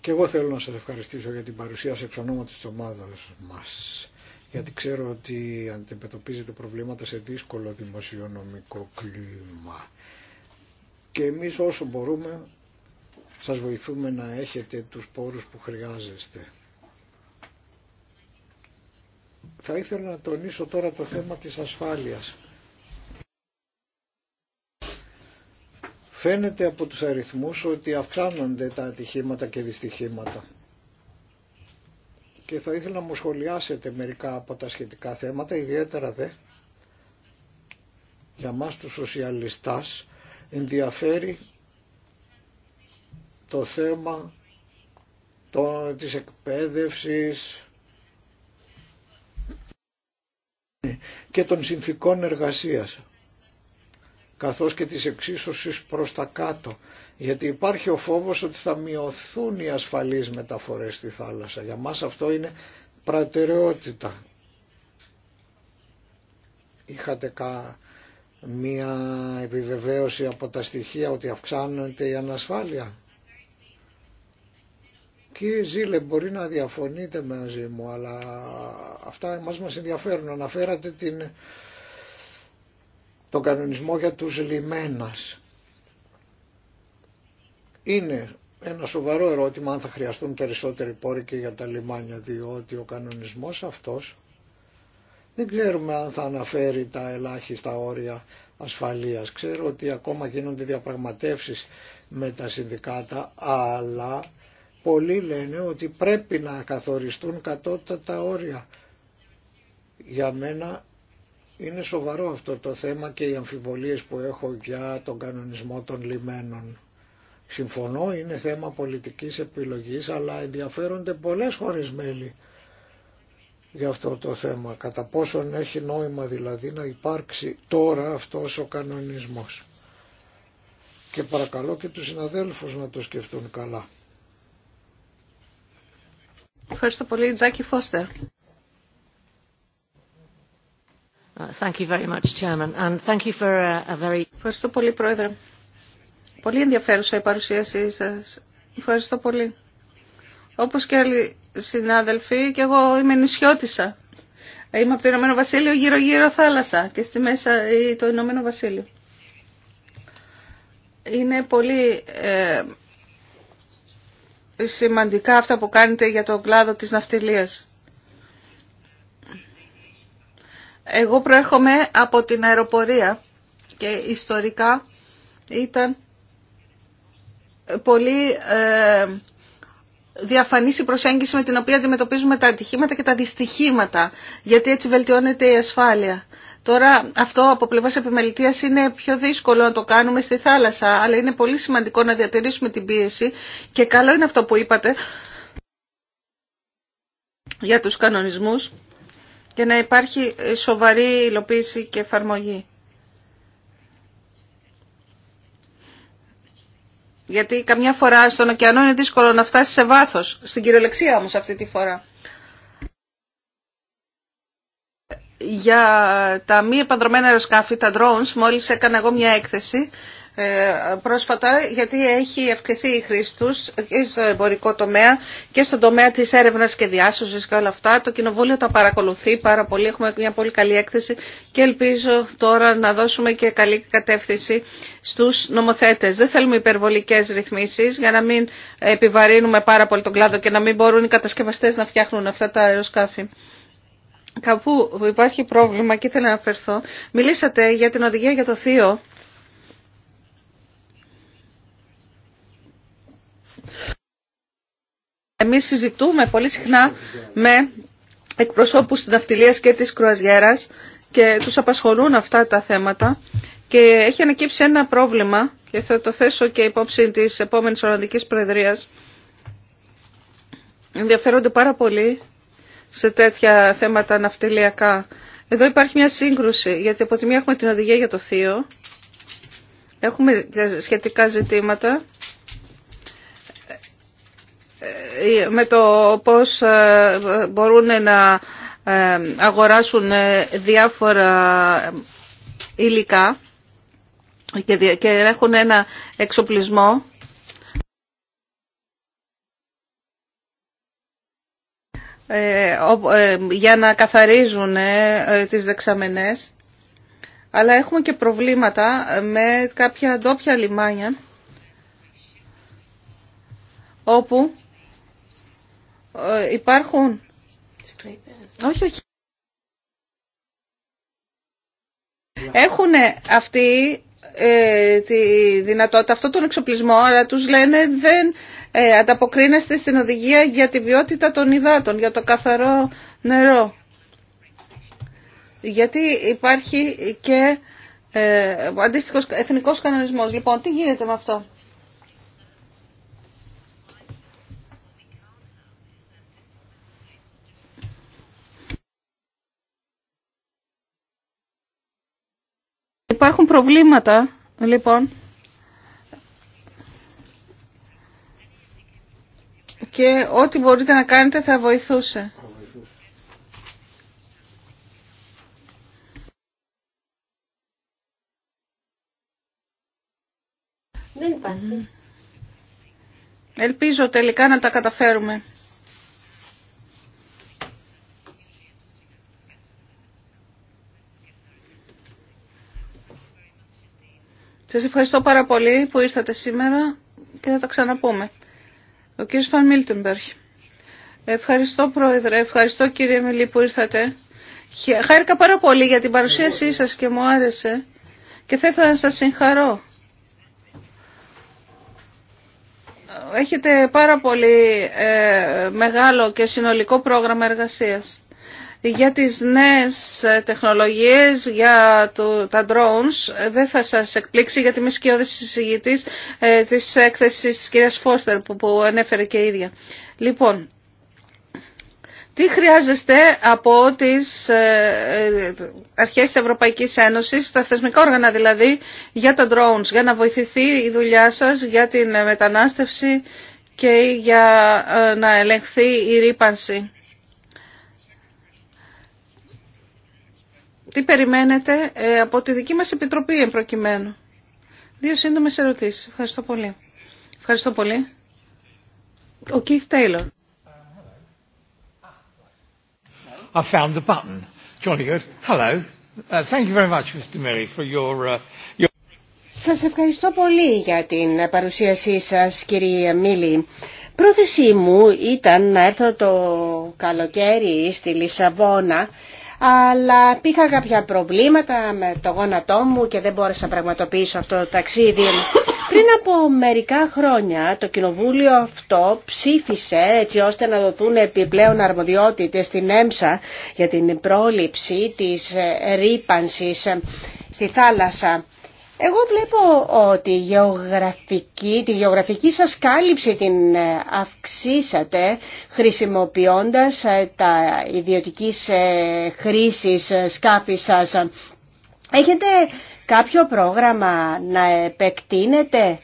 Και εγώ θέλω να σας ευχαριστήσω για την παρουσία σε εξ της ομάδας μας. Γιατί ξέρω ότι αντιμετωπίζετε προβλήματα σε δύσκολο δημοσιονομικό κλίμα και εμείς όσο μπορούμε σας βοηθούμε να έχετε τους πόρους που χρειάζεστε. Θα ήθελα να τονίσω τώρα το θέμα της ασφάλειας. Φαίνεται από τους αριθμούς ότι αυξάνονται τα ατυχήματα και δυστυχήματα. Και θα ήθελα να μου σχολιάσετε μερικά από τα σχετικά θέματα, ιδιαίτερα δε για μας τους σοσιαλιστάς ενδιαφέρει το θέμα το, της εκπαίδευσης και των συνθήκων εργασίας καθώς και της εξίσωσης προς τα κάτω γιατί υπάρχει ο φόβος ότι θα μειωθούν οι ασφαλείς μεταφορές στη θάλασσα για μας αυτό είναι προτεραιότητα είχατε μια επιβεβαίωση από τα στοιχεία ότι αυξάνεται η ανασφάλεια. Κύριε Ζήλε, μπορεί να διαφωνείτε μαζί μου, αλλά αυτά εμάς μας ενδιαφέρουν. Αναφέρατε την, τον κανονισμό για τους λιμένας. Είναι ένα σοβαρό ερώτημα αν θα χρειαστούν περισσότεροι πόροι και για τα λιμάνια, διότι ο κανονισμός αυτός δεν ξέρουμε αν θα αναφέρει τα ελάχιστα όρια ασφαλείας. Ξέρω ότι ακόμα γίνονται διαπραγματεύσεις με τα συνδικάτα, αλλά πολλοί λένε ότι πρέπει να καθοριστούν κατώτατα όρια. Για μένα είναι σοβαρό αυτό το θέμα και οι αμφιβολίες που έχω για τον κανονισμό των λιμένων. Συμφωνώ, είναι θέμα πολιτικής επιλογής, αλλά ενδιαφέρονται πολλές χώρες μέλη για αυτό το θέμα. Κατά πόσον έχει νόημα δηλαδή να υπάρξει τώρα αυτός ο κανονισμός. Και παρακαλώ και τους συναδέλφους να το σκεφτούν καλά. Ευχαριστώ πολύ. Τζάκι Φώστερ. Ευχαριστώ πολύ, Πρόεδρε. Πολύ ενδιαφέρουσα η παρουσίασή σας. Ευχαριστώ πολύ. Όπως και άλλοι συνάδελφοι, και εγώ είμαι νησιώτησα. Είμαι από το Ηνωμένο Βασίλειο γύρω-γύρω θάλασσα και στη μέσα το Ηνωμένο Βασίλειο. Είναι πολύ ε, σημαντικά αυτά που κάνετε για τον κλάδο της ναυτιλίας. Εγώ προέρχομαι από την αεροπορία και ιστορικά ήταν πολύ... Ε, διαφανή η προσέγγιση με την οποία αντιμετωπίζουμε τα ατυχήματα και τα δυστυχήματα, γιατί έτσι βελτιώνεται η ασφάλεια. Τώρα αυτό από πλευρά επιμελητία είναι πιο δύσκολο να το κάνουμε στη θάλασσα, αλλά είναι πολύ σημαντικό να διατηρήσουμε την πίεση και καλό είναι αυτό που είπατε για τους κανονισμούς και να υπάρχει σοβαρή υλοποίηση και εφαρμογή. Γιατί καμιά φορά στον ωκεανό είναι δύσκολο να φτάσει σε βάθος. Στην κυριολεξία όμως αυτή τη φορά. Για τα μη επανδρομένα αεροσκάφη, τα drones, μόλις έκανα εγώ μια έκθεση ε, πρόσφατα γιατί έχει ευκαιθεί η χρήση του και στο εμπορικό τομέα και στον τομέα της έρευνας και διάσωσης και όλα αυτά. Το Κοινοβούλιο τα παρακολουθεί πάρα πολύ, έχουμε μια πολύ καλή έκθεση και ελπίζω τώρα να δώσουμε και καλή κατεύθυνση στους νομοθέτες. Δεν θέλουμε υπερβολικές ρυθμίσεις για να μην επιβαρύνουμε πάρα πολύ τον κλάδο και να μην μπορούν οι κατασκευαστές να φτιάχνουν αυτά τα αεροσκάφη. Κάπου υπάρχει πρόβλημα και ήθελα να αναφερθώ. Μιλήσατε για την οδηγία για το θείο Εμείς συζητούμε πολύ συχνά με εκπροσώπους της ναυτιλίας και της κρουαζιέρας και τους απασχολούν αυτά τα θέματα και έχει ανακύψει ένα πρόβλημα και θα το θέσω και υπόψη της επόμενης Ολλανδικής Προεδρίας. Ενδιαφέρονται πάρα πολύ σε τέτοια θέματα ναυτιλιακά. Εδώ υπάρχει μια σύγκρουση, γιατί από τη μία έχουμε την οδηγία για το θείο, έχουμε σχετικά ζητήματα με το πώς ε, μπορούν να ε, αγοράσουν ε, διάφορα υλικά και έχουν ένα εξοπλισμό για να καθαρίζουν τις δεξαμενές. Αλλά έχουμε και προβλήματα με κάποια ντόπια λιμάνια όπου ε, υπάρχουν. Όχι, όχι. Έχουν αυτή ε, τη δυνατότητα, αυτό τον εξοπλισμό, αλλά τους λένε δεν ε, ανταποκρίνεστε στην οδηγία για τη βιότητα των υδάτων, για το καθαρό νερό. Γιατί υπάρχει και ε, αντίστοιχος εθνικός κανονισμός. Λοιπόν, τι γίνεται με αυτό. Υπάρχουν προβλήματα, λοιπόν, και ό,τι μπορείτε να κάνετε θα βοηθούσε. Δεν υπάρχει. Ελπίζω τελικά να τα καταφέρουμε. Σας ευχαριστώ πάρα πολύ που ήρθατε σήμερα και θα τα ξαναπούμε. Ο κύριος Φαν Ευχαριστώ πρόεδρε, ευχαριστώ κύριε Μιλή που ήρθατε. Χάρηκα πάρα πολύ για την παρουσίασή σας και μου άρεσε και θα ήθελα να σας συγχαρώ. Έχετε πάρα πολύ ε, μεγάλο και συνολικό πρόγραμμα εργασίας για τις νέες τεχνολογίες, για το, τα drones, δεν θα σας εκπλήξει γιατί είμαι σκιώδης συζητητής ε, της έκθεσης της κυρίας Φώστερ που, που ανέφερε και η ίδια. Λοιπόν, τι χρειάζεστε από τις ε, ε, αρχές της Ευρωπαϊκής Ένωσης, τα θεσμικά όργανα δηλαδή, για τα drones, για να βοηθηθεί η δουλειά σας για την μετανάστευση και για να ελεγχθεί η ρήπανση τι περιμένετε ε, από τη δική μας Επιτροπή εμπροκειμένου. Δύο σύντομες ερωτήσεις. Ευχαριστώ πολύ. Ευχαριστώ πολύ. Ο Keith Taylor. I found the button. Jolly good. Hello. Uh, thank you very much, Mr. Mary, for uh, your, Σας ευχαριστώ πολύ για την παρουσίασή σας, κύριε Μίλη. Πρόθεσή μου ήταν να έρθω το καλοκαίρι στη Λισαβόνα αλλά πήγα κάποια προβλήματα με το γόνατό μου και δεν μπόρεσα να πραγματοποιήσω αυτό το ταξίδι. Πριν από μερικά χρόνια το κοινοβούλιο αυτό ψήφισε έτσι ώστε να δοθούν επιπλέον αρμοδιότητες στην ΕΜΣΑ για την πρόληψη της ρήπανσης στη θάλασσα. Εγώ βλέπω ότι η γεωγραφική, τη γεωγραφική σας κάλυψη την ε, αυξήσατε χρησιμοποιώντας ε, τα ιδιωτική ε, χρήσης σκάφη σας. Έχετε κάποιο πρόγραμμα να επεκτείνετε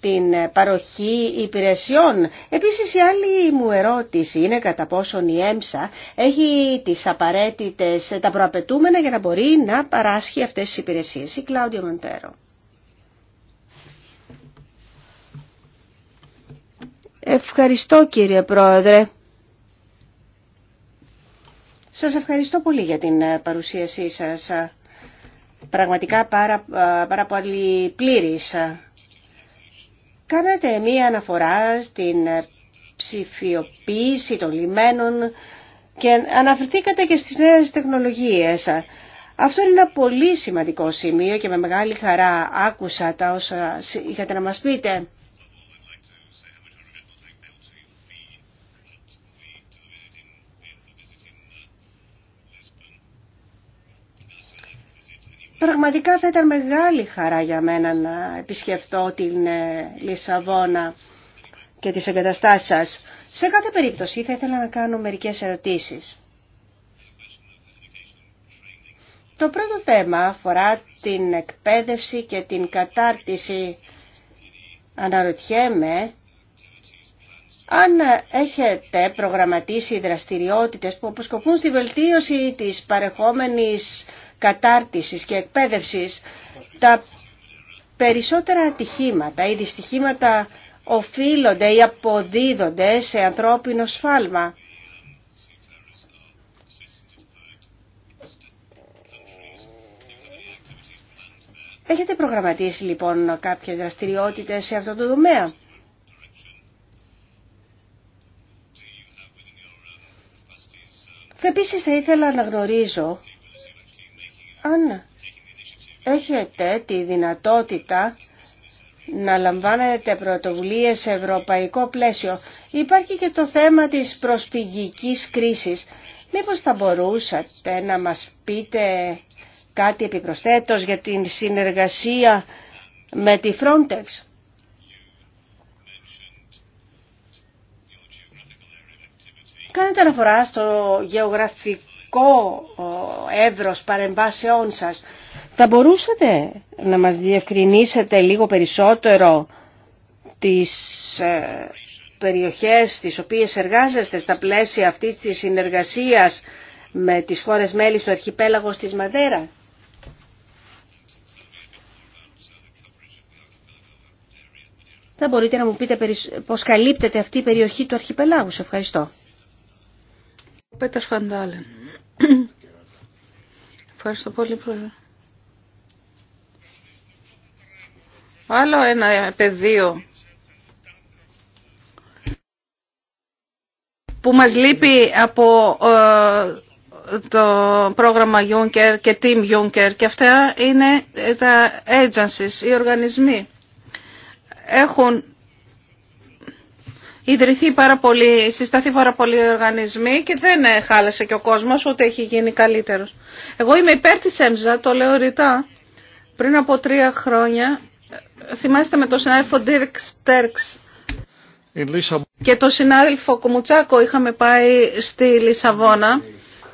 την παροχή υπηρεσιών. Επίσης η άλλη μου ερώτηση είναι κατά πόσον η ΕΜΣΑ έχει τις απαραίτητες, τα προαπαιτούμενα για να μπορεί να παράσχει αυτές τις υπηρεσίες. Η Κλάουδιο Μοντέρο. Ευχαριστώ κύριε Πρόεδρε. Σας ευχαριστώ πολύ για την ε, παρουσίασή σας. Πραγματικά πάρα, ε, πάρα πολύ πλήρης ε, Κάνατε μία αναφορά στην ψηφιοποίηση των λιμένων και αναφερθήκατε και στις νέες τεχνολογίες. Αυτό είναι ένα πολύ σημαντικό σημείο και με μεγάλη χαρά άκουσα τα όσα είχατε να μας πείτε. Πραγματικά θα ήταν μεγάλη χαρά για μένα να επισκεφτώ την ε, Λισαβόνα και τις εγκαταστάσεις σας. Σε κάθε περίπτωση θα ήθελα να κάνω μερικές ερωτήσεις. Το πρώτο θέμα αφορά την εκπαίδευση και την κατάρτιση. Αναρωτιέμαι αν έχετε προγραμματίσει δραστηριότητες που αποσκοπούν στη βελτίωση της παρεχόμενης κατάρτισης και εκπαίδευσης, τα περισσότερα ατυχήματα ή δυστυχήματα οφείλονται ή αποδίδονται σε ανθρώπινο σφάλμα. Έχετε προγραμματίσει λοιπόν κάποιες δραστηριότητες σε αυτό το δομέα. Επίσης θα ήθελα να γνωρίζω αν έχετε τη δυνατότητα να λαμβάνετε πρωτοβουλίες σε ευρωπαϊκό πλαίσιο. Υπάρχει και το θέμα της προσφυγικής κρίσης. Μήπως θα μπορούσατε να μας πείτε κάτι επιπροσθέτως για την συνεργασία με τη Frontex. Κάνετε αναφορά στο γεωγραφικό ο εύρος παρεμβάσεών σας. Θα μπορούσατε να μας διευκρινίσετε λίγο περισσότερο τις ε, περιοχές στις οποίες εργάζεστε στα πλαίσια αυτής της συνεργασίας με τις χώρες μέλη του αρχιπέλαγος της Μαδέρα. Θα μπορείτε να μου πείτε πώς καλύπτεται αυτή η περιοχή του αρχιπελάγου. Σε ευχαριστώ. Πέτερ Φαντάλεν. Ευχαριστώ πολύ, Πρόεδρε. Άλλο ένα πεδίο που μας λείπει από ε, το πρόγραμμα Juncker και Team Juncker και αυτά είναι τα agencies, οι οργανισμοί. Έχουν ιδρυθεί πάρα πολύ, συσταθεί πάρα οι οργανισμοί και δεν χάλασε και ο κόσμος, ούτε έχει γίνει καλύτερος. Εγώ είμαι υπέρ της ΕΜΖΑ, το λέω ρητά. Πριν από τρία χρόνια, θυμάστε με τον συνάδελφο Ντίρκ και τον συνάδελφο Κουμουτσάκο είχαμε πάει στη Λισαβόνα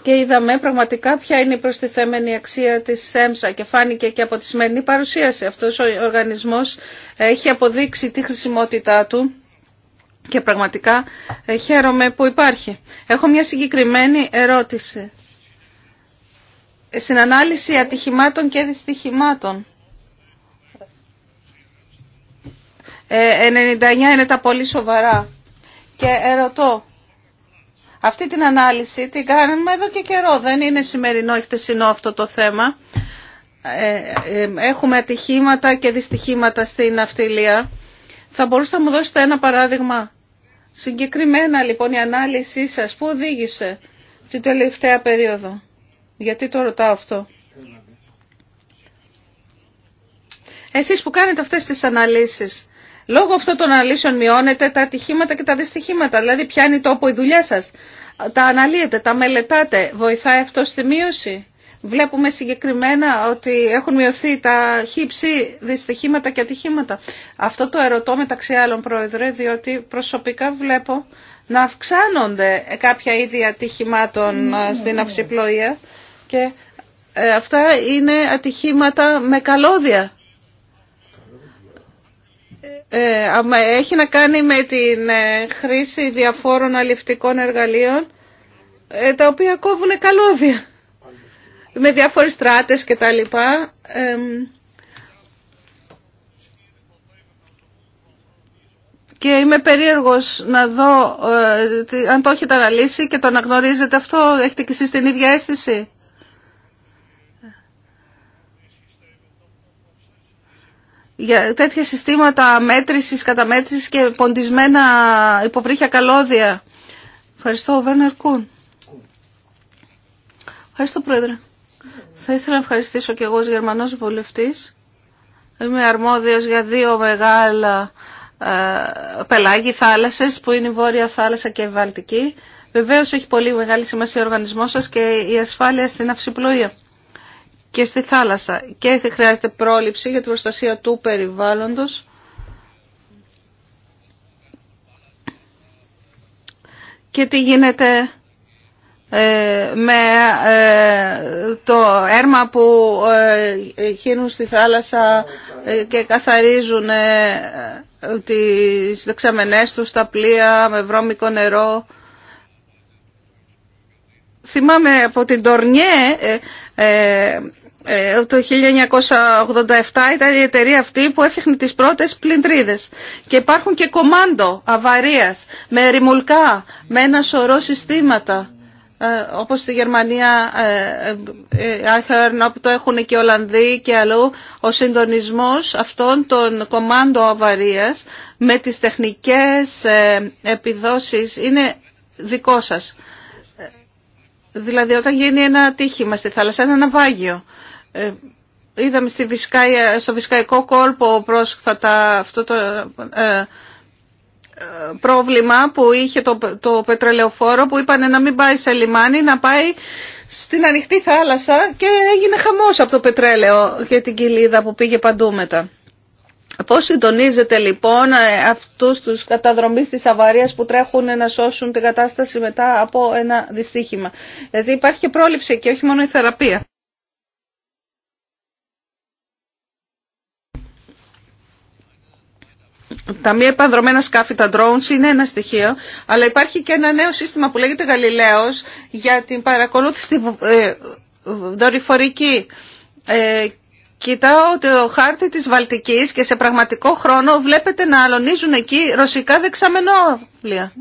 και είδαμε πραγματικά ποια είναι η προστιθέμενη αξία της ΕΜΣΑ και φάνηκε και από τη σημερινή παρουσίαση. Αυτός ο οργανισμός έχει αποδείξει τη χρησιμότητά του και πραγματικά ε, χαίρομαι που υπάρχει. Έχω μια συγκεκριμένη ερώτηση. Στην ανάλυση ατυχημάτων και δυστυχημάτων. 99 ε, είναι τα πολύ σοβαρά. Και ερωτώ, αυτή την ανάλυση την κάνουμε εδώ και καιρό. Δεν είναι σημερινό, η χτεσινό αυτό το θέμα. Ε, έχουμε ατυχήματα και δυστυχήματα στην αυτιλία. Θα μπορούσατε να μου δώσετε ένα παράδειγμα Συγκεκριμένα λοιπόν η ανάλυση σας που οδήγησε την τελευταία περίοδο. Γιατί το ρωτάω αυτό. Εσείς που κάνετε αυτές τις αναλύσεις, λόγω αυτών των αναλύσεων μειώνετε τα ατυχήματα και τα δυστυχήματα, δηλαδή πιάνει τόπο η δουλειά σας. Τα αναλύετε, τα μελετάτε, βοηθάει αυτό στη μείωση. Βλέπουμε συγκεκριμένα ότι έχουν μειωθεί τα χύψη δυστυχήματα και ατυχήματα. Αυτό το ερωτώ μεταξύ άλλων, Πρόεδρε, διότι προσωπικά βλέπω να αυξάνονται κάποια είδη ατυχημάτων ναι, ε, ναι, στην ναι. αυσιπλοεία και ε, αυτά είναι ατυχήματα με καλώδια. Ε, έχει να κάνει με την χρήση διαφόρων αληφτικών εργαλείων τα οποία κόβουν καλώδια με διάφορες στράτες και τα λοιπά. και είμαι περίεργος να δω ε, αν το έχετε αναλύσει και το αναγνωρίζετε αυτό. Έχετε και εσείς την ίδια αίσθηση. για τέτοια συστήματα μέτρησης, καταμέτρησης και ποντισμένα υποβρύχια καλώδια. Ευχαριστώ, Βέρνερ Κούν. Ευχαριστώ, Πρόεδρε. Θα ήθελα να ευχαριστήσω και εγώ ως Γερμανός βουλευτής. Είμαι αρμόδιος για δύο μεγάλα ε, πελάγι θάλασσες που είναι η Βόρεια Θάλασσα και η Βαλτική. Βεβαίως έχει πολύ μεγάλη σημασία ο οργανισμός σας και η ασφάλεια στην αυσιπλοεία και στη θάλασσα. Και χρειάζεται πρόληψη για την προστασία του περιβάλλοντος. Και τι γίνεται ε, με ε, το έρμα που ε, χύνουν στη θάλασσα και καθαρίζουν τις δεξαμενές τους στα πλοία με βρώμικο νερό. Θυμάμαι από την Τορνιέ το 1987 ήταν η εταιρεία αυτή που έφτιαχνε τις πρώτες πλυντρίδες και υπάρχουν και κομμάντο αβαρίας με ρημουλκά, με ένα σωρό συστήματα ε, όπως στη Γερμανία ε, ε, το έχουν και οι Ολλανδοί και αλλού, ο συντονισμός αυτών των κομμάντων αβαρίας με τις τεχνικές επιδόσεις είναι δικό σας. Δηλαδή όταν γίνει ένα ατύχημα στη θάλασσα, ένα ναυάγιο, είδαμε στο Βισκαϊκό κόλπο πρόσφατα αυτό το πρόβλημα που είχε το, το πετρελαιοφόρο που είπανε να μην πάει σε λιμάνι, να πάει στην ανοιχτή θάλασσα και έγινε χαμός από το πετρέλαιο και την κοιλίδα που πήγε παντού μετά. Πώς συντονίζεται λοιπόν ε, αυτούς τους καταδρομείς της αβαρίας που τρέχουν να σώσουν την κατάσταση μετά από ένα δυστύχημα. Δηλαδή υπάρχει και πρόληψη και όχι μόνο η θεραπεία. τα μη επανδρομένα σκάφη, τα drones, είναι ένα στοιχείο, αλλά υπάρχει και ένα νέο σύστημα που λέγεται Γαλιλαίος για την παρακολούθηση ε, δορυφορική. Ε, κοιτάω ο χάρτη της Βαλτικής και σε πραγματικό χρόνο βλέπετε να αλωνίζουν εκεί ρωσικά δεξαμενόπλια.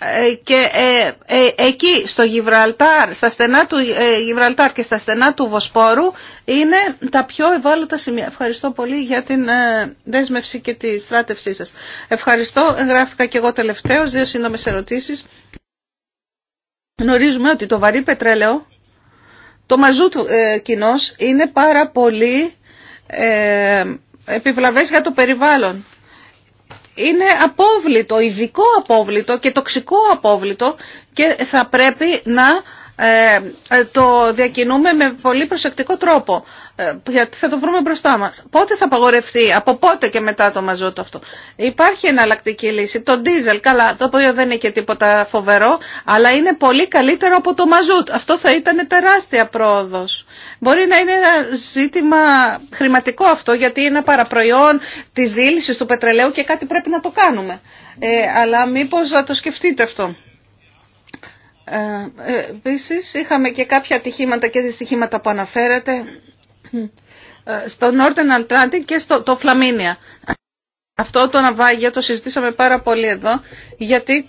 Ε, και ε, ε, εκεί στο Γιβραλτάρ, στα στενά του Γιβραλτάρ και στα στενά του Βοσπόρου είναι τα πιο ευάλωτα σημεία. Ευχαριστώ πολύ για την δέσμευση και τη στράτευσή σας. Ευχαριστώ. Γράφηκα και εγώ τελευταίως δύο σύντομες ερωτήσεις. Γνωρίζουμε ότι το βαρύ πετρέλαιο, το μαζού του κοινός είναι πάρα πολύ επιβλαβές για το περιβάλλον είναι απόβλητο, ειδικό απόβλητο και τοξικό απόβλητο και θα πρέπει να ε, ε, το διακινούμε με πολύ προσεκτικό τρόπο ε, γιατί θα το βρούμε μπροστά μας. Πότε θα απαγορευτεί, από πότε και μετά το μαζότο αυτό. Υπάρχει εναλλακτική λύση, το ντίζελ, καλά, το οποίο δεν είναι και τίποτα φοβερό, αλλά είναι πολύ καλύτερο από το μαζούτ. Αυτό θα ήταν τεράστια πρόοδος. Μπορεί να είναι ένα ζήτημα χρηματικό αυτό γιατί είναι ένα παραπροϊόν της δίλησης του πετρελαίου και κάτι πρέπει να το κάνουμε. Ε, αλλά μήπως να το σκεφτείτε αυτό. Ε, ε Επίση, είχαμε και κάποια ατυχήματα και δυστυχήματα που αναφέρατε ε, στο Northern Atlantic και στο το Φλαμίνια. Αυτό το ναυάγιο το συζητήσαμε πάρα πολύ εδώ, γιατί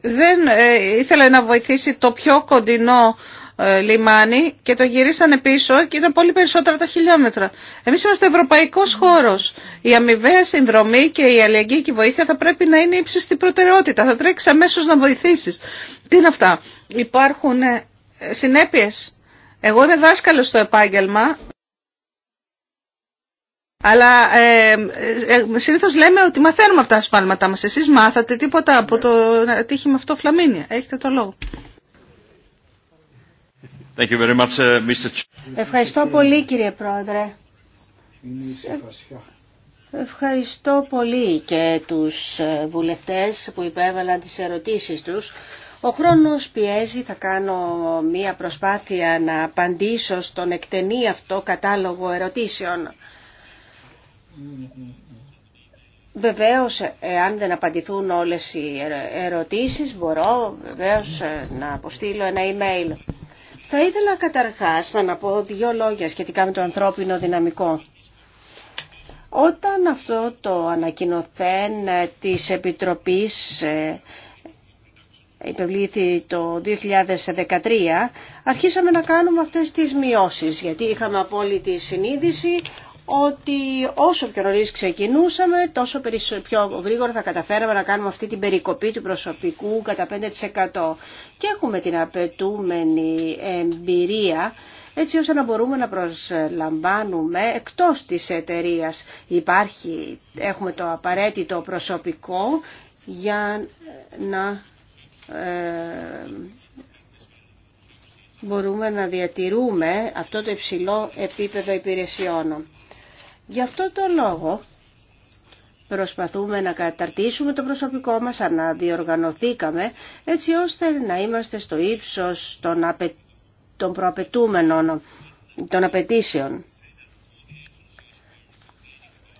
δεν ε, ήθελε να βοηθήσει το πιο κοντινό ε, λιμάνι και το γυρίσανε πίσω και ήταν πολύ περισσότερα τα χιλιόμετρα. Εμεί είμαστε ευρωπαϊκό χώρο. Η αμοιβαία συνδρομή και η αλληλεγγύη και η βοήθεια θα πρέπει να είναι ύψιστη προτεραιότητα. Θα τρέξει αμέσω να βοηθήσει. Τι είναι αυτά. Υπάρχουν ε, συνέπειε, Εγώ είμαι δάσκαλο στο επάγγελμα. Αλλά ε, ε, ε συνήθω λέμε ότι μαθαίνουμε αυτά τα σφάλματα μα. Εσεί μάθατε τίποτα από το ατύχημα αυτό Φλαμίνια. Έχετε το λόγο. Uh, Ευχαριστώ πολύ κύριε Πρόεδρε. Ευχαριστώ πολύ και τους ε, βουλευτές που υπέβαλαν τις ερωτήσεις τους. Ο χρόνος πιέζει, θα κάνω μία προσπάθεια να απαντήσω στον εκτενή αυτό κατάλογο ερωτήσεων. Βεβαίως, εάν δεν απαντηθούν όλες οι ερωτήσεις, μπορώ βεβαίως ε, να αποστείλω ένα email. Θα ήθελα καταρχάς να πω δύο λόγια σχετικά με το ανθρώπινο δυναμικό. Όταν αυτό το ανακοινωθέν της Επιτροπής ε, υπευλήθη το 2013, αρχίσαμε να κάνουμε αυτές τις μειώσεις, γιατί είχαμε απόλυτη συνείδηση ότι όσο πιο νωρίς ξεκινούσαμε, τόσο πιο γρήγορα θα καταφέραμε να κάνουμε αυτή την περικοπή του προσωπικού κατά 5%. Και έχουμε την απαιτούμενη εμπειρία έτσι ώστε να μπορούμε να προσλαμβάνουμε εκτός της εταιρεία. Υπάρχει, έχουμε το απαραίτητο προσωπικό για να ε, μπορούμε να διατηρούμε αυτό το υψηλό επίπεδο υπηρεσιών. Γι' αυτό το λόγο προσπαθούμε να καταρτήσουμε το προσωπικό μας, αναδιοργανωθήκαμε, έτσι ώστε να είμαστε στο ύψος των, απε... των προαπαιτούμενων, των απαιτήσεων.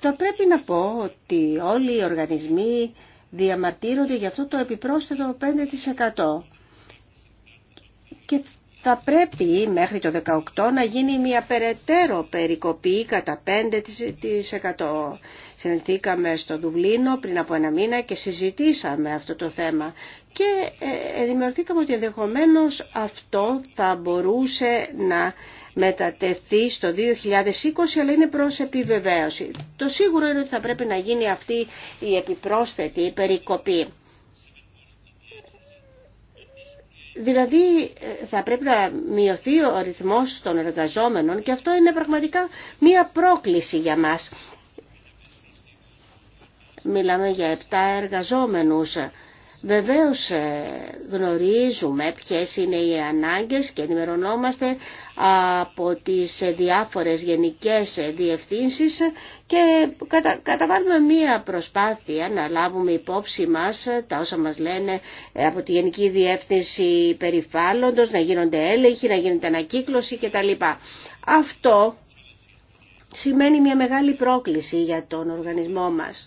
Θα πρέπει να πω ότι όλοι οι οργανισμοί διαμαρτύρονται για αυτό το επιπρόσθετο 5% και θα πρέπει μέχρι το 18 να γίνει μια περαιτέρω περικοπή κατά 5%. Συνεχθήκαμε στο Δουβλίνο πριν από ένα μήνα και συζητήσαμε αυτό το θέμα και ενημερωθήκαμε ε, ότι ενδεχομένω αυτό θα μπορούσε να μετατεθεί στο 2020 αλλά είναι προς επιβεβαίωση. Το σίγουρο είναι ότι θα πρέπει να γίνει αυτή η επιπρόσθετη περικοπή. Δηλαδή ε, θα πρέπει να μειωθεί ο ρυθμός των εργαζόμενων και αυτό είναι πραγματικά μία πρόκληση για μας. Μιλάμε για επτά εργαζόμενους Βεβαίως ε, γνωρίζουμε ποιες είναι οι ανάγκες και ενημερωνόμαστε από τις διάφορες γενικές διευθύνσεις και κατα, καταβάλουμε μία προσπάθεια να λάβουμε υπόψη μας τα όσα μας λένε ε, από τη Γενική Διεύθυνση Περιφάλλοντος, να γίνονται έλεγχοι, να γίνεται ανακύκλωση κτλ. Αυτό σημαίνει μια μεγάλη πρόκληση για τον οργανισμό μας.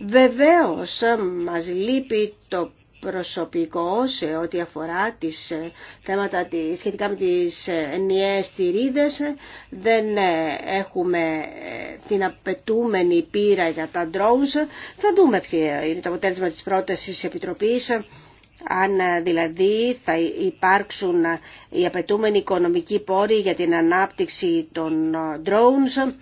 Βεβαίως μας λείπει το προσωπικό σε ό,τι αφορά τις ε, θέματα σχετικά με τις ε, ενιαίες θηρίδες. Δεν ε, έχουμε την απαιτούμενη πείρα για τα drones. Θα δούμε ποιο είναι το αποτέλεσμα της πρότασης της Επιτροπής. Αν δηλαδή θα υπάρξουν οι απαιτούμενοι οικονομικοί πόροι για την ανάπτυξη των drones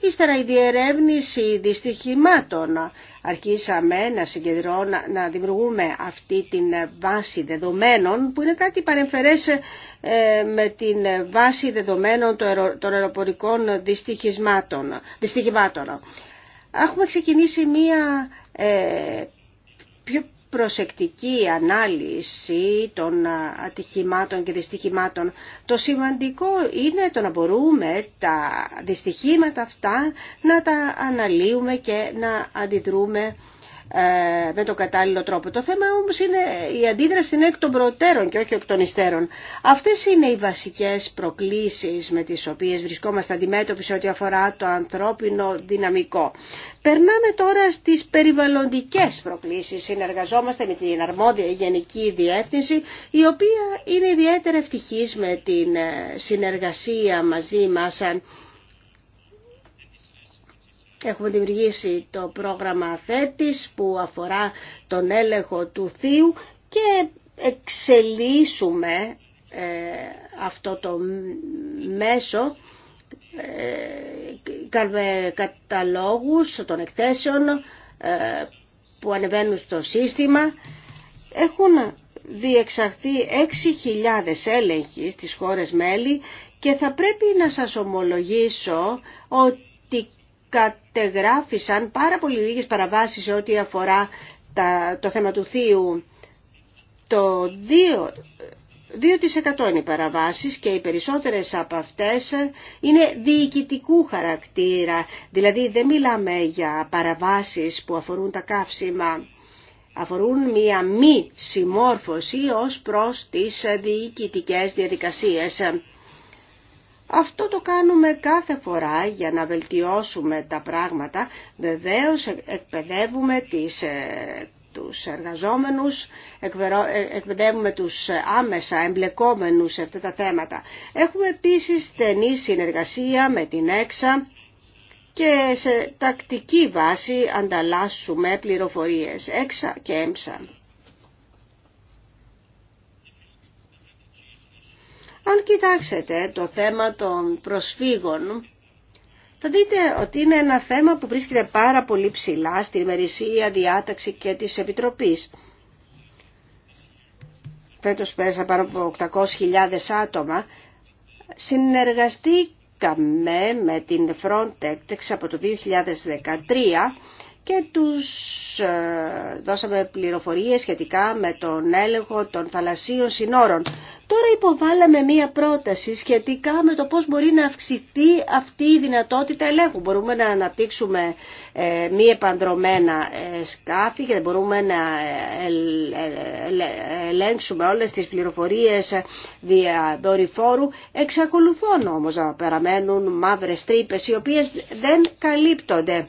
Ύστερα η διερεύνηση δυστυχημάτων. Αρχίσαμε να, συγκεντρώνουμε, να δημιουργούμε αυτή την βάση δεδομένων που είναι κάτι παρεμφερές ε, με την βάση δεδομένων των αεροπορικών δυστυχημάτων. Έχουμε ξεκινήσει μία ε, πιο προσεκτική ανάλυση των ατυχημάτων και δυστυχημάτων. Το σημαντικό είναι το να μπορούμε τα δυστυχήματα αυτά να τα αναλύουμε και να αντιδρούμε ε, με τον κατάλληλο τρόπο. Το θέμα όμως είναι η αντίδραση είναι εκ των προτέρων και όχι εκ των υστέρων. Αυτές είναι οι βασικές προκλήσεις με τις οποίες βρισκόμαστε αντιμέτωποι σε ό,τι αφορά το ανθρώπινο δυναμικό. Περνάμε τώρα στις περιβαλλοντικές προκλήσεις. Συνεργαζόμαστε με την αρμόδια γενική διεύθυνση, η οποία είναι ιδιαίτερα ευτυχής με την συνεργασία μαζί μας ε, Έχουμε δημιουργήσει το πρόγραμμα θέτης που αφορά τον έλεγχο του θείου και εξελίσσουμε ε, αυτό το μέσο ε, κάνουμε καταλόγους των εκθέσεων ε, που ανεβαίνουν στο σύστημα. Έχουν διεξαχθεί 6.000 έλεγχοι στις χώρες μέλη και θα πρέπει να σας ομολογήσω ότι κατεγράφησαν πάρα πολύ λίγες παραβάσεις σε ό,τι αφορά το θέμα του θείου. Το 2, 2% είναι οι παραβάσεις και οι περισσότερες από αυτές είναι διοικητικού χαρακτήρα. Δηλαδή δεν μιλάμε για παραβάσεις που αφορούν τα καύσιμα. Αφορούν μία μη συμμόρφωση ως προς τις διοικητικές διαδικασίες. Αυτό το κάνουμε κάθε φορά για να βελτιώσουμε τα πράγματα. Βεβαίως ε, εκπαιδεύουμε τις, ε, τους εργαζόμενους, ε, εκπαιδεύουμε τους άμεσα εμπλεκόμενους σε αυτά τα θέματα. Έχουμε επίσης στενή συνεργασία με την ΕΞΑ και σε τακτική βάση ανταλλάσσουμε πληροφορίες ΕΞΑ και ΕΜΣΑ. Αν κοιτάξετε το θέμα των προσφύγων, θα δείτε ότι είναι ένα θέμα που βρίσκεται πάρα πολύ ψηλά στη μερισία διάταξη και της Επιτροπής. Φέτος πέρασα πάνω από 800.000 άτομα. Συνεργαστήκαμε με την Frontex από το 2013 και τους ε, δώσαμε πληροφορίες σχετικά με τον έλεγχο των θαλασσίων συνόρων. Τώρα υποβάλαμε μία πρόταση σχετικά με το πώς μπορεί να αυξηθεί αυτή η δυνατότητα ελέγχου. Μπορούμε να αναπτύξουμε ε, μη επανδρομένα ε, σκάφη και μπορούμε να ελέγξουμε όλες τις πληροφορίες δια δορυφόρου. Εξακολουθούν όμως να παραμένουν μαύρες τρύπες οι οποίες δεν καλύπτονται.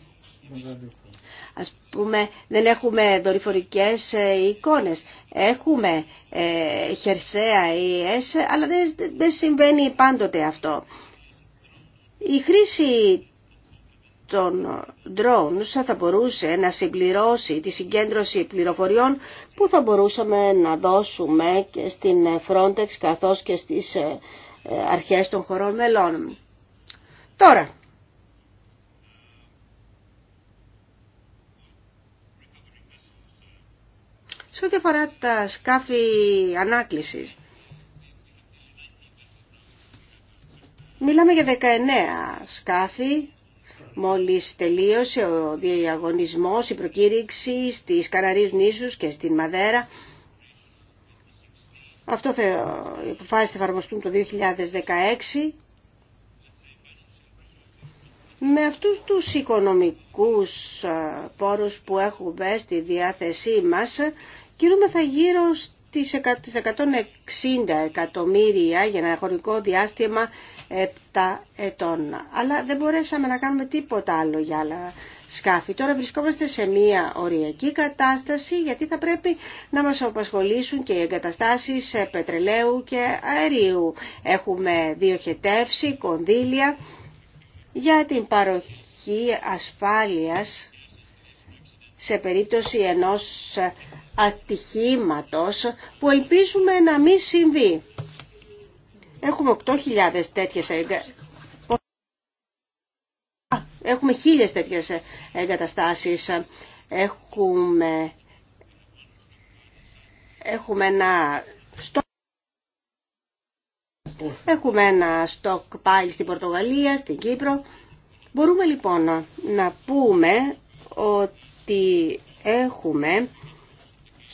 Ας πούμε δεν έχουμε δορυφορικές ε, εικόνες, έχουμε ε, χερσαία ή αλλά δεν, δεν συμβαίνει πάντοτε αυτό. Η χρήση των drones θα μπορούσε να συμπληρώσει τη συγκέντρωση πληροφοριών που θα μπορούσαμε να δώσουμε και στην Frontex καθώς και στις ε, ε, αρχές των χωρών μελών. Τώρα, Σε ό,τι αφορά τα σκάφη ανάκλησης, μιλάμε για 19 σκάφη. Μόλις τελείωσε ο διαγωνισμός, η προκήρυξη στις Καναρίους νήσους και στην Μαδέρα. Αυτό θα, υποφάσισε να εφαρμοστούν το 2016. Με αυτούς τους οικονομικούς πόρους που έχουμε στη διάθεσή μας κινούμεθα γύρω στις 160 εκατομμύρια για ένα χρονικό διάστημα 7 ετών. Αλλά δεν μπορέσαμε να κάνουμε τίποτα άλλο για άλλα σκάφη. Τώρα βρισκόμαστε σε μια οριακή κατάσταση γιατί θα πρέπει να μας απασχολήσουν και οι εγκαταστάσεις πετρελαίου και αερίου. Έχουμε διοχετεύσει κονδύλια για την παροχή ασφάλειας σε περίπτωση ενός ατυχήματος που ελπίζουμε να μην συμβεί. Έχουμε 8.000 τέτοιες Έχουμε χίλιες τέτοιες εγκαταστάσεις. Έχουμε, έχουμε ένα στο Έχουμε ένα στόκ πάλι στην Πορτογαλία, στην Κύπρο. Μπορούμε λοιπόν να πούμε ότι ότι έχουμε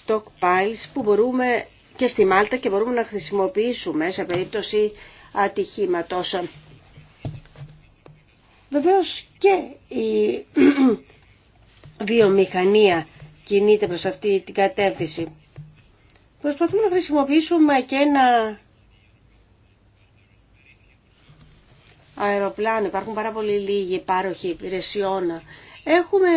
stockpiles που μπορούμε και στη Μάλτα και μπορούμε να χρησιμοποιήσουμε σε περίπτωση ατυχήματος. Βεβαίως και η βιομηχανία κινείται προς αυτή την κατεύθυνση. Προσπαθούμε να χρησιμοποιήσουμε και ένα αεροπλάνο. Υπάρχουν πάρα πολύ λίγοι πάροχοι υπηρεσιών Έχουμε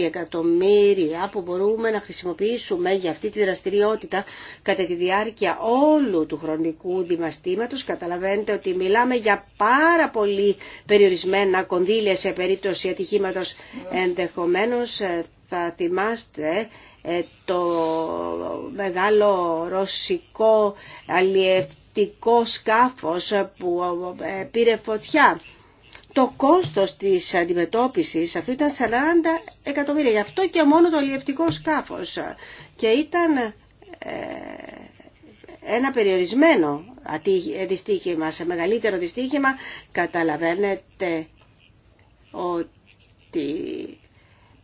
6 εκατομμύρια που μπορούμε να χρησιμοποιήσουμε για αυτή τη δραστηριότητα κατά τη διάρκεια όλου του χρονικού δημαστήματος. Καταλαβαίνετε ότι μιλάμε για πάρα πολύ περιορισμένα κονδύλια σε περίπτωση ατυχήματος ενδεχομένως ε, θα θυμάστε ε, το μεγάλο ρωσικό αλλιευτικό σκάφος που ε, πήρε φωτιά το κόστος της αντιμετώπισης αυτού ήταν 40 εκατομμύρια. Γι' αυτό και μόνο το λιευτικό σκάφος. Και ήταν ε, ένα περιορισμένο ε, δυστύχημα, σε μεγαλύτερο δυστύχημα. Καταλαβαίνετε ότι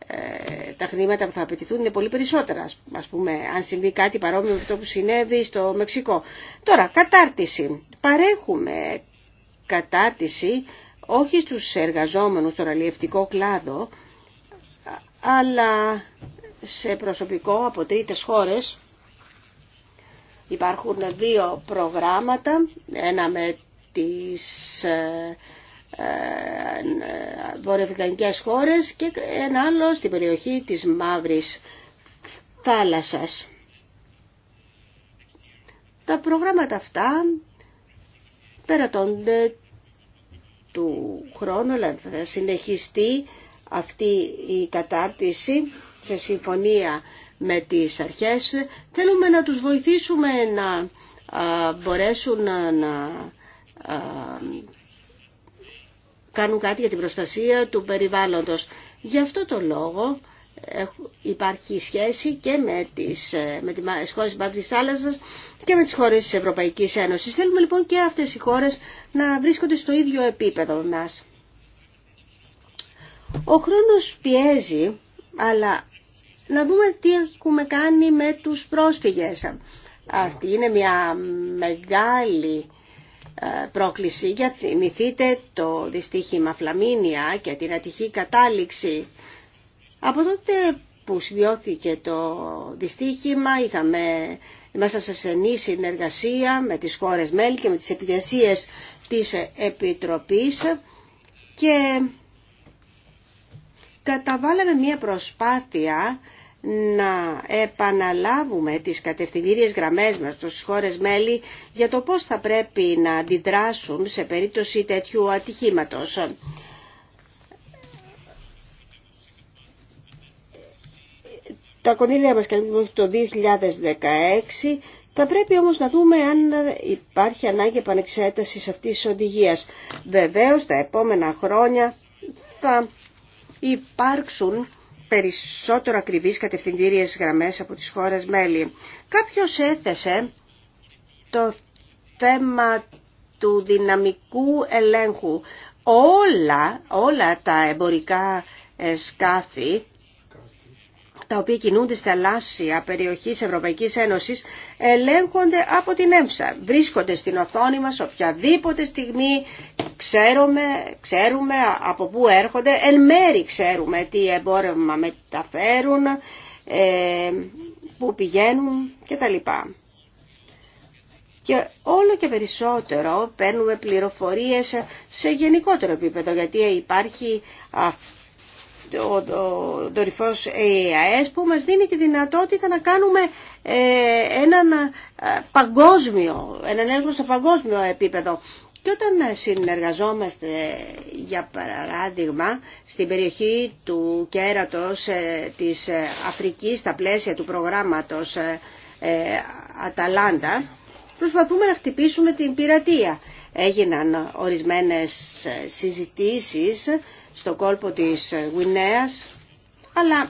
ε, τα χρήματα που θα απαιτηθούν είναι πολύ περισσότερα, ας πούμε, αν συμβεί κάτι παρόμοιο με αυτό που συνέβη στο Μεξικό. Τώρα, κατάρτιση. Παρέχουμε κατάρτιση όχι στους εργαζόμενους στον αλλιευτικό κλάδο, αλλά σε προσωπικό από τρίτες χώρες. Υπάρχουν δύο προγράμματα, ένα με τις ε, ε χώρες και ένα άλλο στην περιοχή της Μαύρης Θάλασσας. Τα προγράμματα αυτά περατώνται του χρόνου, αλλά θα συνεχιστεί αυτή η κατάρτιση σε συμφωνία με τις αρχές. Θέλουμε να τους βοηθήσουμε να μπορέσουν να, να κάνουν κάτι για την προστασία του περιβάλλοντος. Γι' αυτό το λόγο υπάρχει σχέση και με τις, ε, με τις χώρες της και με τις χώρες της Ευρωπαϊκής Ένωσης. Θέλουμε λοιπόν και αυτές οι χώρες να βρίσκονται στο ίδιο επίπεδο με μας. Ο χρόνος πιέζει, αλλά να δούμε τι έχουμε κάνει με τους πρόσφυγες. Αυτή είναι μια μεγάλη ε, πρόκληση. Για θυμηθείτε το δυστύχημα Φλαμίνια και την ατυχή κατάληξη από τότε που συμβιώθηκε το δυστύχημα είχαμε μέσα σε σενή συνεργασία με τις χώρες μέλη και με τις επιδεσίες της Επιτροπής και καταβάλαμε μία προσπάθεια να επαναλάβουμε τις κατευθυντήριες γραμμές μας στις χώρες μέλη για το πώς θα πρέπει να αντιδράσουν σε περίπτωση τέτοιου ατυχήματος. τα κονδύλια μας καλύπτουν λοιπόν το 2016, θα πρέπει όμως να δούμε αν υπάρχει ανάγκη επανεξέτασης αυτής της οδηγίας. Βεβαίως τα επόμενα χρόνια θα υπάρξουν περισσότερο ακριβείς κατευθυντήριες γραμμές από τις χώρες μέλη. Κάποιος έθεσε το θέμα του δυναμικού ελέγχου. Όλα, όλα τα εμπορικά ε, σκάφη τα οποία κινούνται στα θαλάσσια περιοχή της Ευρωπαϊκής Ένωσης ελέγχονται από την ΕΜΣΑ. Βρίσκονται στην οθόνη μας οποιαδήποτε στιγμή, ξέρουμε, ξέρουμε από πού έρχονται, εν μέρη ξέρουμε τι εμπόρευμα μεταφέρουν, ε, πού πηγαίνουν κτλ. Και όλο και περισσότερο παίρνουμε πληροφορίες σε γενικότερο επίπεδο, γιατί υπάρχει ο, ο δορυφόρος ΕΕΑΕΣ που μας δίνει τη δυνατότητα να κάνουμε ε, έναν ε, παγκόσμιο, έναν έργο σε παγκόσμιο επίπεδο. Και όταν συνεργαζόμαστε, για παράδειγμα, στην περιοχή του κέρατος ε, της Αφρικής στα πλαίσια του προγράμματος Αταλάντα, προσπαθούμε να χτυπήσουμε την πειρατεία. Έγιναν ορισμένες συζητήσεις στο κόλπο της Γουινέας, αλλά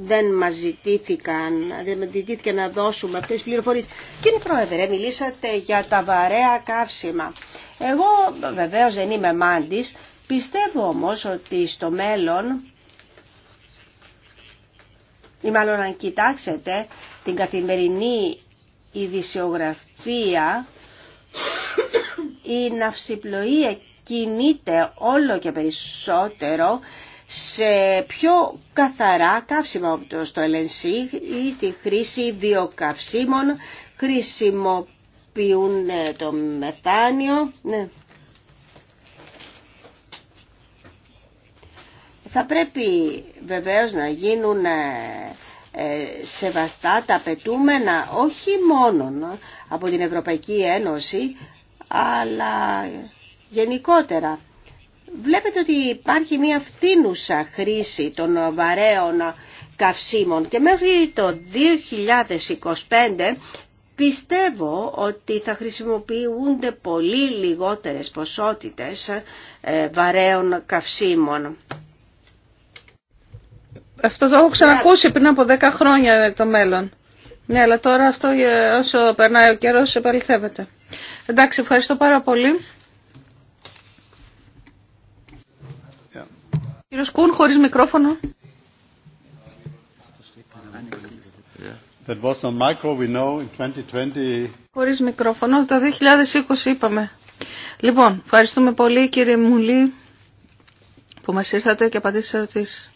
δεν μας ζητήθηκαν, δεν να δώσουμε αυτές τις πληροφορίες. Κύριε Πρόεδρε, μιλήσατε για τα βαρέα καύσιμα. Εγώ βεβαίως δεν είμαι μάντης, πιστεύω όμως ότι στο μέλλον, ή μάλλον αν κοιτάξετε την καθημερινή ειδησιογραφία, η ναυσιπλοεία κινείται όλο και περισσότερο σε πιο καθαρά καύσιμα στο το ή στη χρήση βιοκαυσίμων χρησιμοποιούν ε, το μεθάνιο. Ναι. Θα πρέπει βεβαίως να γίνουν ε, ε, σεβαστά τα πετούμενα όχι μόνο από την Ευρωπαϊκή Ένωση αλλά γενικότερα. Βλέπετε ότι υπάρχει μια φθήνουσα χρήση των βαρέων καυσίμων και μέχρι το 2025 πιστεύω ότι θα χρησιμοποιούνται πολύ λιγότερες ποσότητες ε, βαρέων καυσίμων. Αυτό το έχω ξανακούσει πριν από 10 χρόνια το μέλλον. Ναι, αλλά τώρα αυτό ε, όσο περνάει ο καιρός επαληθεύεται. Εντάξει, ευχαριστώ πάρα πολύ. Κύριος Κούν, χωρίς μικρόφωνο. Χωρίς μικρόφωνο, το 2020 είπαμε. Λοιπόν, ευχαριστούμε πολύ κύριε Μουλή που μας ήρθατε και απαντήσατε ερωτήσεις.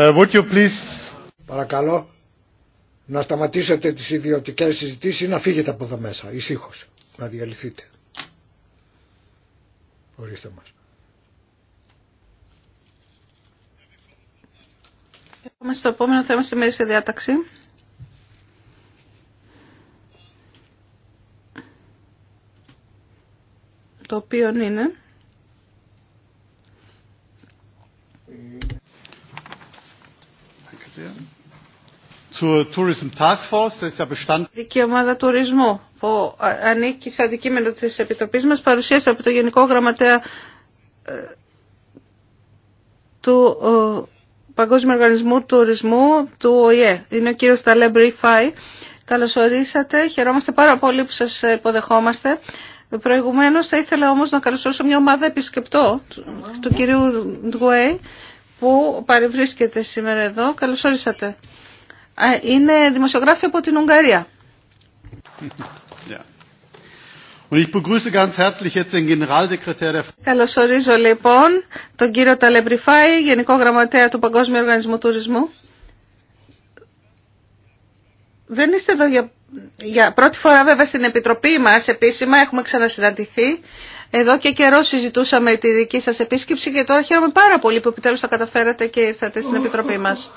Ε, would please... Παρακαλώ να σταματήσετε τις ιδιωτικές συζητήσεις ή να φύγετε από εδώ μέσα, ησύχως, να διαλυθείτε. Ορίστε μας. Πάμε στο επόμενο θέμα στη μέση διάταξη. Το οποίο είναι... Δικαιομάδα Δική ομάδα τουρισμού που ανήκει σε αντικείμενο της Επιτροπής μας παρουσίασε από το Γενικό Γραμματέα ε, του ε, Παγκόσμιου Οργανισμού Τουρισμού του ΟΗΕ. Είναι ο κύριος Ταλέ Μπριφάη. Καλώς ορίσατε. Χαιρόμαστε πάρα πολύ που σας υποδεχόμαστε. Προηγουμένως θα ήθελα όμως να καλωσορίσω μια ομάδα επισκεπτό του κυρίου Ντουέι που παρευρίσκεται σήμερα εδώ. Καλώς ορίσατε είναι δημοσιογράφη από την Ουγγαρία. Καλωσορίζω λοιπόν τον κύριο Ταλεμπριφάη, Γενικό Γραμματέα του Παγκόσμιου Οργανισμού Τουρισμού. Δεν είστε εδώ για, για πρώτη φορά βέβαια στην Επιτροπή μας επίσημα, έχουμε ξανασυναντηθεί. Εδώ και καιρό συζητούσαμε τη δική σας επίσκεψη και τώρα χαίρομαι πάρα πολύ που επιτέλους τα καταφέρατε και ήρθατε στην Επιτροπή μας.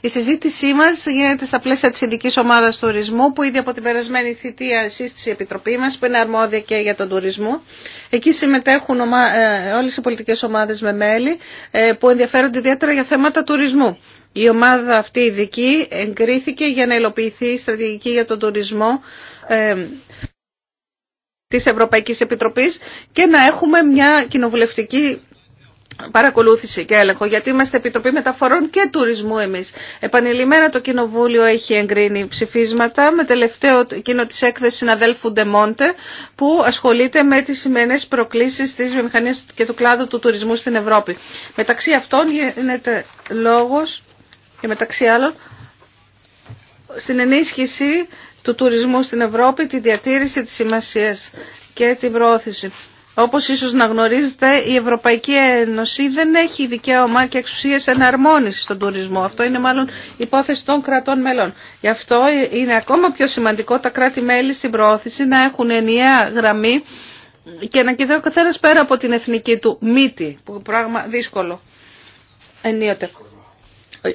Η συζήτησή μας γίνεται στα πλαίσια της ειδική ομάδας τουρισμού που ήδη από την περασμένη θητεία εσείς η Επιτροπή μας που είναι αρμόδια και για τον τουρισμό. Εκεί συμμετέχουν ε, όλες οι πολιτικές ομάδες με μέλη ε, που ενδιαφέρονται ιδιαίτερα για θέματα τουρισμού. Η ομάδα αυτή ειδική εγκρίθηκε για να υλοποιηθεί η στρατηγική για τον τουρισμό ε, της Ευρωπαϊκής Επιτροπής και να έχουμε μια κοινοβουλευτική παρακολούθηση και έλεγχο, γιατί είμαστε Επιτροπή Μεταφορών και Τουρισμού εμείς. Επανειλημμένα το Κοινοβούλιο έχει εγκρίνει ψηφίσματα με τελευταίο εκείνο της έκθεσης συναδέλφου Ντεμόντε που ασχολείται με τις σημερινές προκλήσεις της βιομηχανίας και του κλάδου του τουρισμού στην Ευρώπη. Μεταξύ αυτών γίνεται λόγος και μεταξύ άλλων στην ενίσχυση του τουρισμού στην Ευρώπη, τη διατήρηση της σημασίας και την προώθηση. Όπως ίσως να γνωρίζετε, η Ευρωπαϊκή Ένωση δεν έχει δικαίωμα και εξουσίες εναρμόνισης στον τουρισμό. Αυτό είναι μάλλον υπόθεση των κρατών μελών. Γι' αυτό είναι ακόμα πιο σημαντικό τα κράτη-μέλη στην προώθηση να έχουν ενιαία γραμμή και να κοιτάει ο πέρα από την εθνική του μύτη, που πράγμα δύσκολο ενίοτε.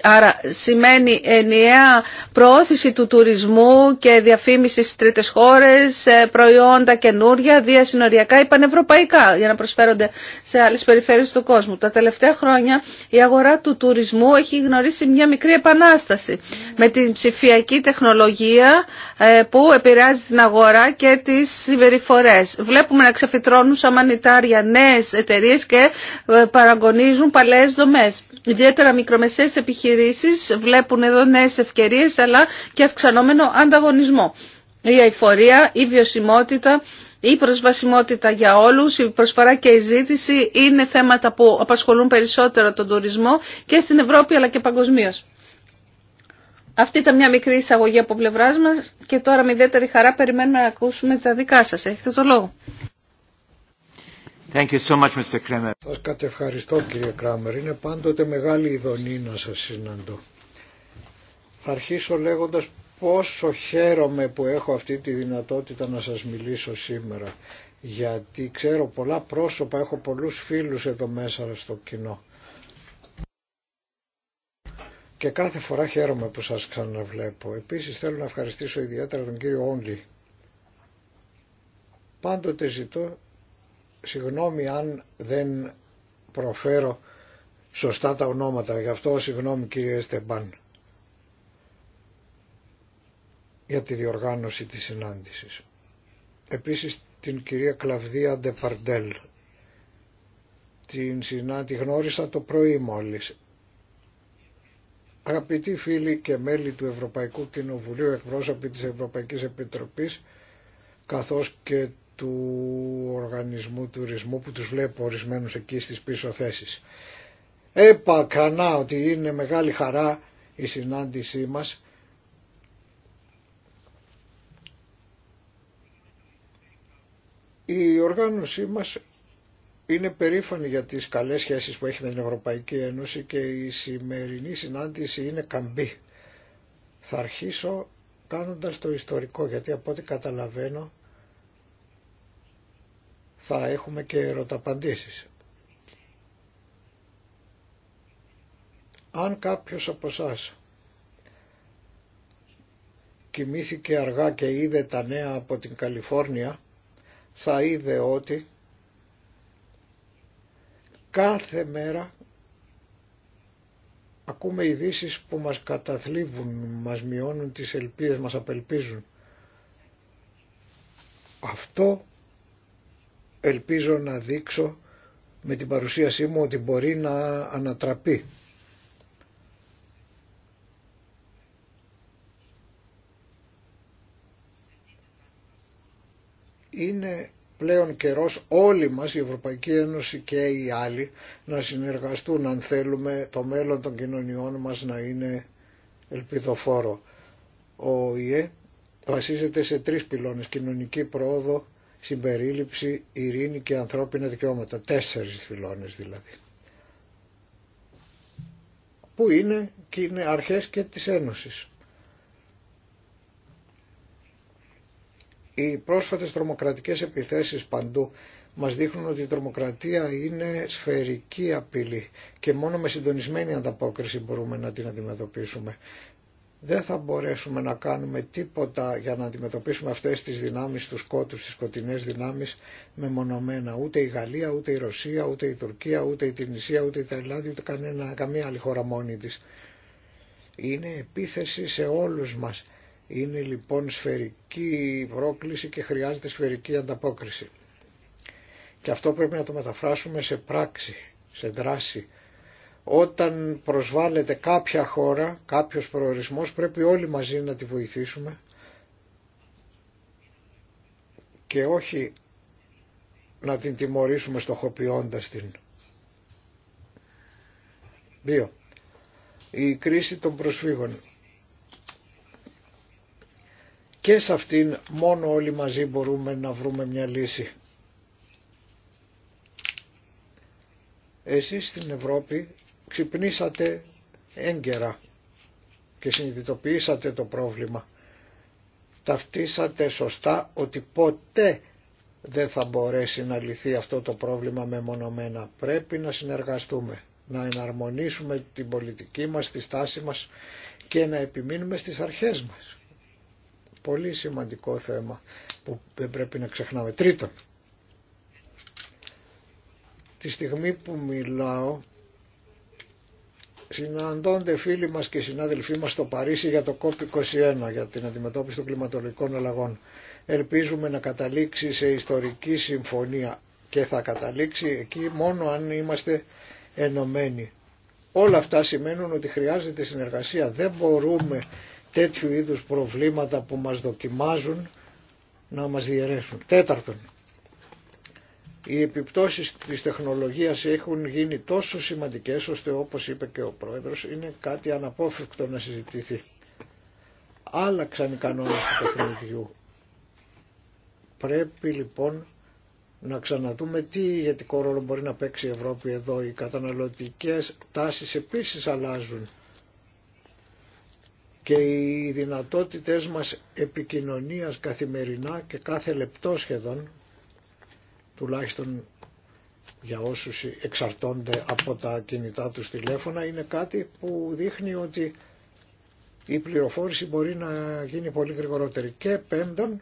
Άρα σημαίνει ενιαία προώθηση του τουρισμού και διαφήμιση στις τρίτες χώρες, ε, προϊόντα καινούρια, διασυνοριακά ή πανευρωπαϊκά για να προσφέρονται σε άλλες περιφέρειες του κόσμου. Τα τελευταία χρόνια η αγορά του τουρισμού έχει γνωρίσει μια μικρή επανάσταση με την ψηφιακή τεχνολογία ε, που επηρεάζει την αγορά και τις συμπεριφορές. Βλέπουμε να ξεφυτρώνουν σαν μανιτάρια νέες εταιρείες και ε, παραγωνίζουν παλαιές δομές. Ιδιαίτερα μικρομεσαίες επιχειρήσεις βλέπουν εδώ νέες ευκαιρίες αλλά και αυξανόμενο ανταγωνισμό. Η αηφορία, η βιωσιμότητα, η προσβασιμότητα για όλους, η προσφορά και η ζήτηση είναι θέματα που απασχολούν περισσότερο τον τουρισμό και στην Ευρώπη αλλά και παγκοσμίω. Αυτή ήταν μια μικρή εισαγωγή από πλευρά μα και τώρα με ιδιαίτερη χαρά περιμένουμε να ακούσουμε τα δικά σα. Έχετε το λόγο. Thank you Σας κατευχαριστώ κύριε Κράμερ. Είναι πάντοτε μεγάλη ειδονή να σας συναντώ. Θα αρχίσω λέγοντας πόσο χαίρομαι που έχω αυτή τη δυνατότητα να σας μιλήσω σήμερα. Γιατί ξέρω πολλά πρόσωπα, έχω πολλούς φίλους εδώ μέσα στο κοινό. Και κάθε φορά χαίρομαι που σας ξαναβλέπω. Επίσης θέλω να ευχαριστήσω ιδιαίτερα τον κύριο Όνλη. Πάντοτε ζητώ Συγγνώμη αν δεν προφέρω σωστά τα ονόματα, γι' αυτό συγγνώμη κύριε Στεμπάν για τη διοργάνωση της συνάντησης. Επίσης την κυρία Κλαβδία Ντεπαρντέλ. Την συνάντη γνώρισα το πρωί μόλις. Αγαπητοί φίλοι και μέλη του Ευρωπαϊκού Κοινοβουλίου, εκπρόσωποι της Ευρωπαϊκής Επιτροπής, καθώς και του οργανισμού τουρισμού που τους βλέπω ορισμένου εκεί στις πίσω θέσεις. κανά ότι είναι μεγάλη χαρά η συνάντησή μας Η οργάνωσή μας είναι περήφανη για τις καλές σχέσεις που έχει με την Ευρωπαϊκή Ένωση και η σημερινή συνάντηση είναι καμπή. Θα αρχίσω κάνοντας το ιστορικό γιατί από ό,τι καταλαβαίνω θα έχουμε και ερωταπαντήσεις. Αν κάποιος από εσά κοιμήθηκε αργά και είδε τα νέα από την Καλιφόρνια, θα είδε ότι κάθε μέρα ακούμε ειδήσει που μας καταθλίβουν, μας μειώνουν τις ελπίδες, μας απελπίζουν. Αυτό ελπίζω να δείξω με την παρουσίασή μου ότι μπορεί να ανατραπεί. Είναι πλέον καιρός όλοι μας, η Ευρωπαϊκή Ένωση και οι άλλοι, να συνεργαστούν αν θέλουμε το μέλλον των κοινωνιών μας να είναι ελπιδοφόρο. Ο ΙΕ βασίζεται σε τρεις πυλώνες, κοινωνική πρόοδο, συμπερίληψη, ειρήνη και ανθρώπινα δικαιώματα. Τέσσερις θυλώνες δηλαδή. Που είναι και είναι αρχές και της Ένωσης. Οι πρόσφατες τρομοκρατικές επιθέσεις παντού μας δείχνουν ότι η τρομοκρατία είναι σφαιρική απειλή και μόνο με συντονισμένη ανταπόκριση μπορούμε να την αντιμετωπίσουμε δεν θα μπορέσουμε να κάνουμε τίποτα για να αντιμετωπίσουμε αυτές τις δυνάμεις, τους σκότους, τις σκοτεινές δυνάμεις μεμονωμένα. Ούτε η Γαλλία, ούτε η Ρωσία, ούτε η Τουρκία, ούτε η Τινησία, ούτε η Ταϊλάνδη, ούτε κανένα, καμία άλλη χώρα μόνη της. Είναι επίθεση σε όλους μας. Είναι λοιπόν σφαιρική πρόκληση και χρειάζεται σφαιρική ανταπόκριση. Και αυτό πρέπει να το μεταφράσουμε σε πράξη, σε δράση όταν προσβάλλεται κάποια χώρα, κάποιος προορισμός, πρέπει όλοι μαζί να τη βοηθήσουμε και όχι να την τιμωρήσουμε στοχοποιώντας την. 2. Η κρίση των προσφύγων. Και σε αυτήν μόνο όλοι μαζί μπορούμε να βρούμε μια λύση. Εσείς στην Ευρώπη ξυπνήσατε έγκαιρα και συνειδητοποιήσατε το πρόβλημα. Ταυτίσατε σωστά ότι ποτέ δεν θα μπορέσει να λυθεί αυτό το πρόβλημα μεμονωμένα. Πρέπει να συνεργαστούμε, να εναρμονίσουμε την πολιτική μας, τη στάση μας και να επιμείνουμε στις αρχές μας. Πολύ σημαντικό θέμα που δεν πρέπει να ξεχνάμε. Τρίτον, τη στιγμή που μιλάω συναντώνται φίλοι μας και συνάδελφοί μας στο Παρίσι για το COP21 για την αντιμετώπιση των κλιματολογικών αλλαγών. Ελπίζουμε να καταλήξει σε ιστορική συμφωνία και θα καταλήξει εκεί μόνο αν είμαστε ενωμένοι. Όλα αυτά σημαίνουν ότι χρειάζεται συνεργασία. Δεν μπορούμε τέτοιου είδους προβλήματα που μας δοκιμάζουν να μας διαιρέσουν. Τέταρτον, οι επιπτώσεις της τεχνολογίας έχουν γίνει τόσο σημαντικές ώστε όπως είπε και ο πρόεδρος είναι κάτι αναπόφευκτο να συζητηθεί. Άλλαξαν οι κανόνες του παιχνιδιού. Πρέπει λοιπόν να ξαναδούμε τι ηγετικό ρόλο μπορεί να παίξει η Ευρώπη εδώ. Οι καταναλωτικές τάσεις επίσης αλλάζουν και οι δυνατότητες μας επικοινωνίας καθημερινά και κάθε λεπτό σχεδόν τουλάχιστον για όσους εξαρτώνται από τα κινητά τους τηλέφωνα είναι κάτι που δείχνει ότι η πληροφόρηση μπορεί να γίνει πολύ γρηγορότερη. Και πέμπτον,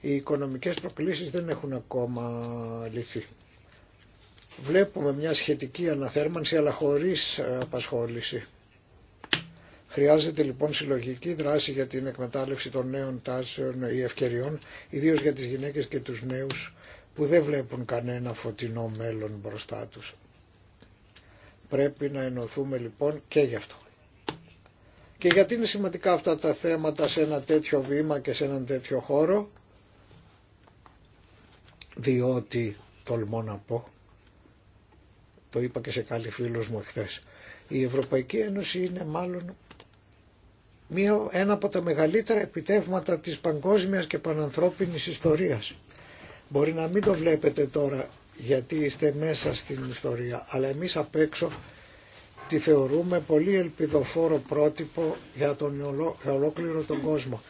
οι οικονομικές προκλήσεις δεν έχουν ακόμα λυθεί. Βλέπουμε μια σχετική αναθέρμανση αλλά χωρίς ε, απασχόληση. Χρειάζεται λοιπόν συλλογική δράση για την εκμετάλλευση των νέων τάσεων ή ευκαιριών, ιδίως για τις γυναίκες και τους νέους που δεν βλέπουν κανένα φωτεινό μέλλον μπροστά τους. Πρέπει να ενωθούμε λοιπόν και γι' αυτό. Και γιατί είναι σημαντικά αυτά τα θέματα σε ένα τέτοιο βήμα και σε έναν τέτοιο χώρο. Διότι, τολμώ να πω, το είπα και σε καλή φίλος μου εχθές, η Ευρωπαϊκή Ένωση είναι μάλλον μία, ένα από τα μεγαλύτερα επιτεύγματα της παγκόσμιας και πανανθρώπινης ιστορίας. Μπορεί να μην το βλέπετε τώρα γιατί είστε μέσα στην ιστορία, αλλά εμείς απ' έξω τη θεωρούμε πολύ ελπιδοφόρο πρότυπο για, τον για ολόκληρο τον κόσμο.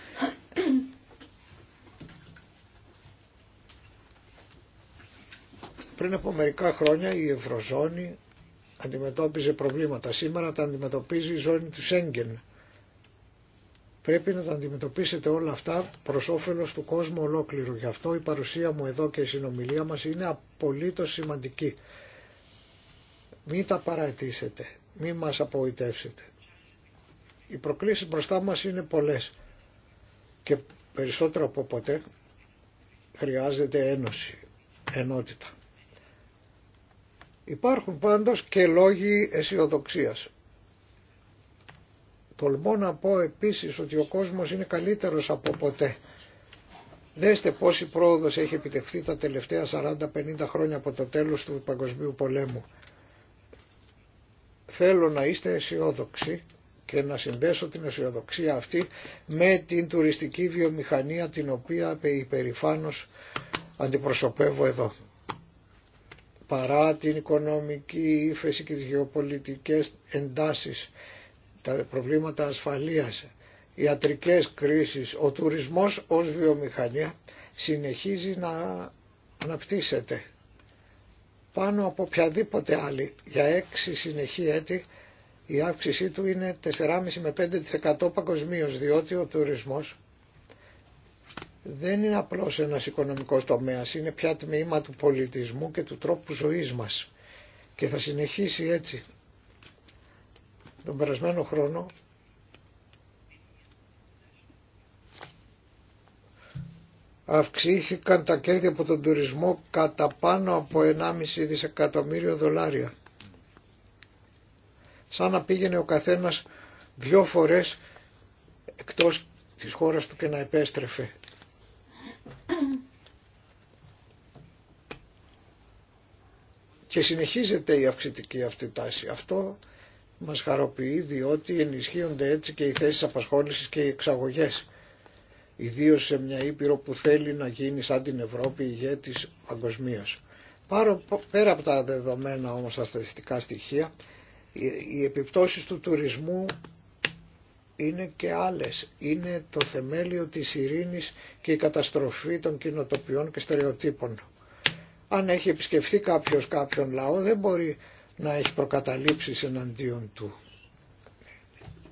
Πριν από μερικά χρόνια η Ευρωζώνη αντιμετώπιζε προβλήματα. Σήμερα τα αντιμετωπίζει η ζώνη του Σέγγεν. Πρέπει να τα αντιμετωπίσετε όλα αυτά προς όφελος του κόσμου ολόκληρου. Γι' αυτό η παρουσία μου εδώ και η συνομιλία μας είναι απολύτως σημαντική. Μην τα παρατήσετε, μην μας απογοητεύσετε. Οι προκλήσει μπροστά μας είναι πολλές και περισσότερο από ποτέ χρειάζεται ένωση, ενότητα. Υπάρχουν πάντως και λόγοι αισιοδοξία. Τολμώ να πω επίσης ότι ο κόσμος είναι καλύτερος από ποτέ. Δέστε πόση πρόοδος έχει επιτευχθεί τα τελευταία 40-50 χρόνια από το τέλος του Παγκοσμίου Πολέμου. Θέλω να είστε αισιόδοξοι και να συνδέσω την αισιοδοξία αυτή με την τουριστική βιομηχανία την οποία υπερηφάνως αντιπροσωπεύω εδώ. Παρά την οικονομική ύφεση και τις γεωπολιτικές εντάσεις τα προβλήματα ασφαλείας, ιατρικές κρίσεις, ο τουρισμός ως βιομηχανία συνεχίζει να αναπτύσσεται. Πάνω από οποιαδήποτε άλλη, για έξι συνεχή έτη, η αύξησή του είναι 4,5 με 5% παγκοσμίω, διότι ο τουρισμός δεν είναι απλώς ένας οικονομικός τομέας, είναι πια τμήμα του πολιτισμού και του τρόπου ζωής μας. Και θα συνεχίσει έτσι τον περασμένο χρόνο αυξήθηκαν τα κέρδη από τον τουρισμό κατά πάνω από 1,5 δισεκατομμύριο δολάρια. Σαν να πήγαινε ο καθένας δυο φορές εκτός της χώρας του και να επέστρεφε. Και συνεχίζεται η αυξητική αυτή τάση. Αυτό μας χαροποιεί διότι ενισχύονται έτσι και οι θέσεις απασχόλησης και οι εξαγωγές. Ιδίως σε μια Ήπειρο που θέλει να γίνει σαν την Ευρώπη ηγέτης παγκοσμίω. Πέρα από τα δεδομένα όμως τα στατιστικά στοιχεία, οι επιπτώσεις του τουρισμού είναι και άλλες. Είναι το θεμέλιο της ειρήνης και η καταστροφή των κοινοτοπιών και στερεοτύπων. Αν έχει επισκεφθεί κάποιος κάποιον λαό δεν μπορεί να έχει προκαταλήψεις εναντίον του.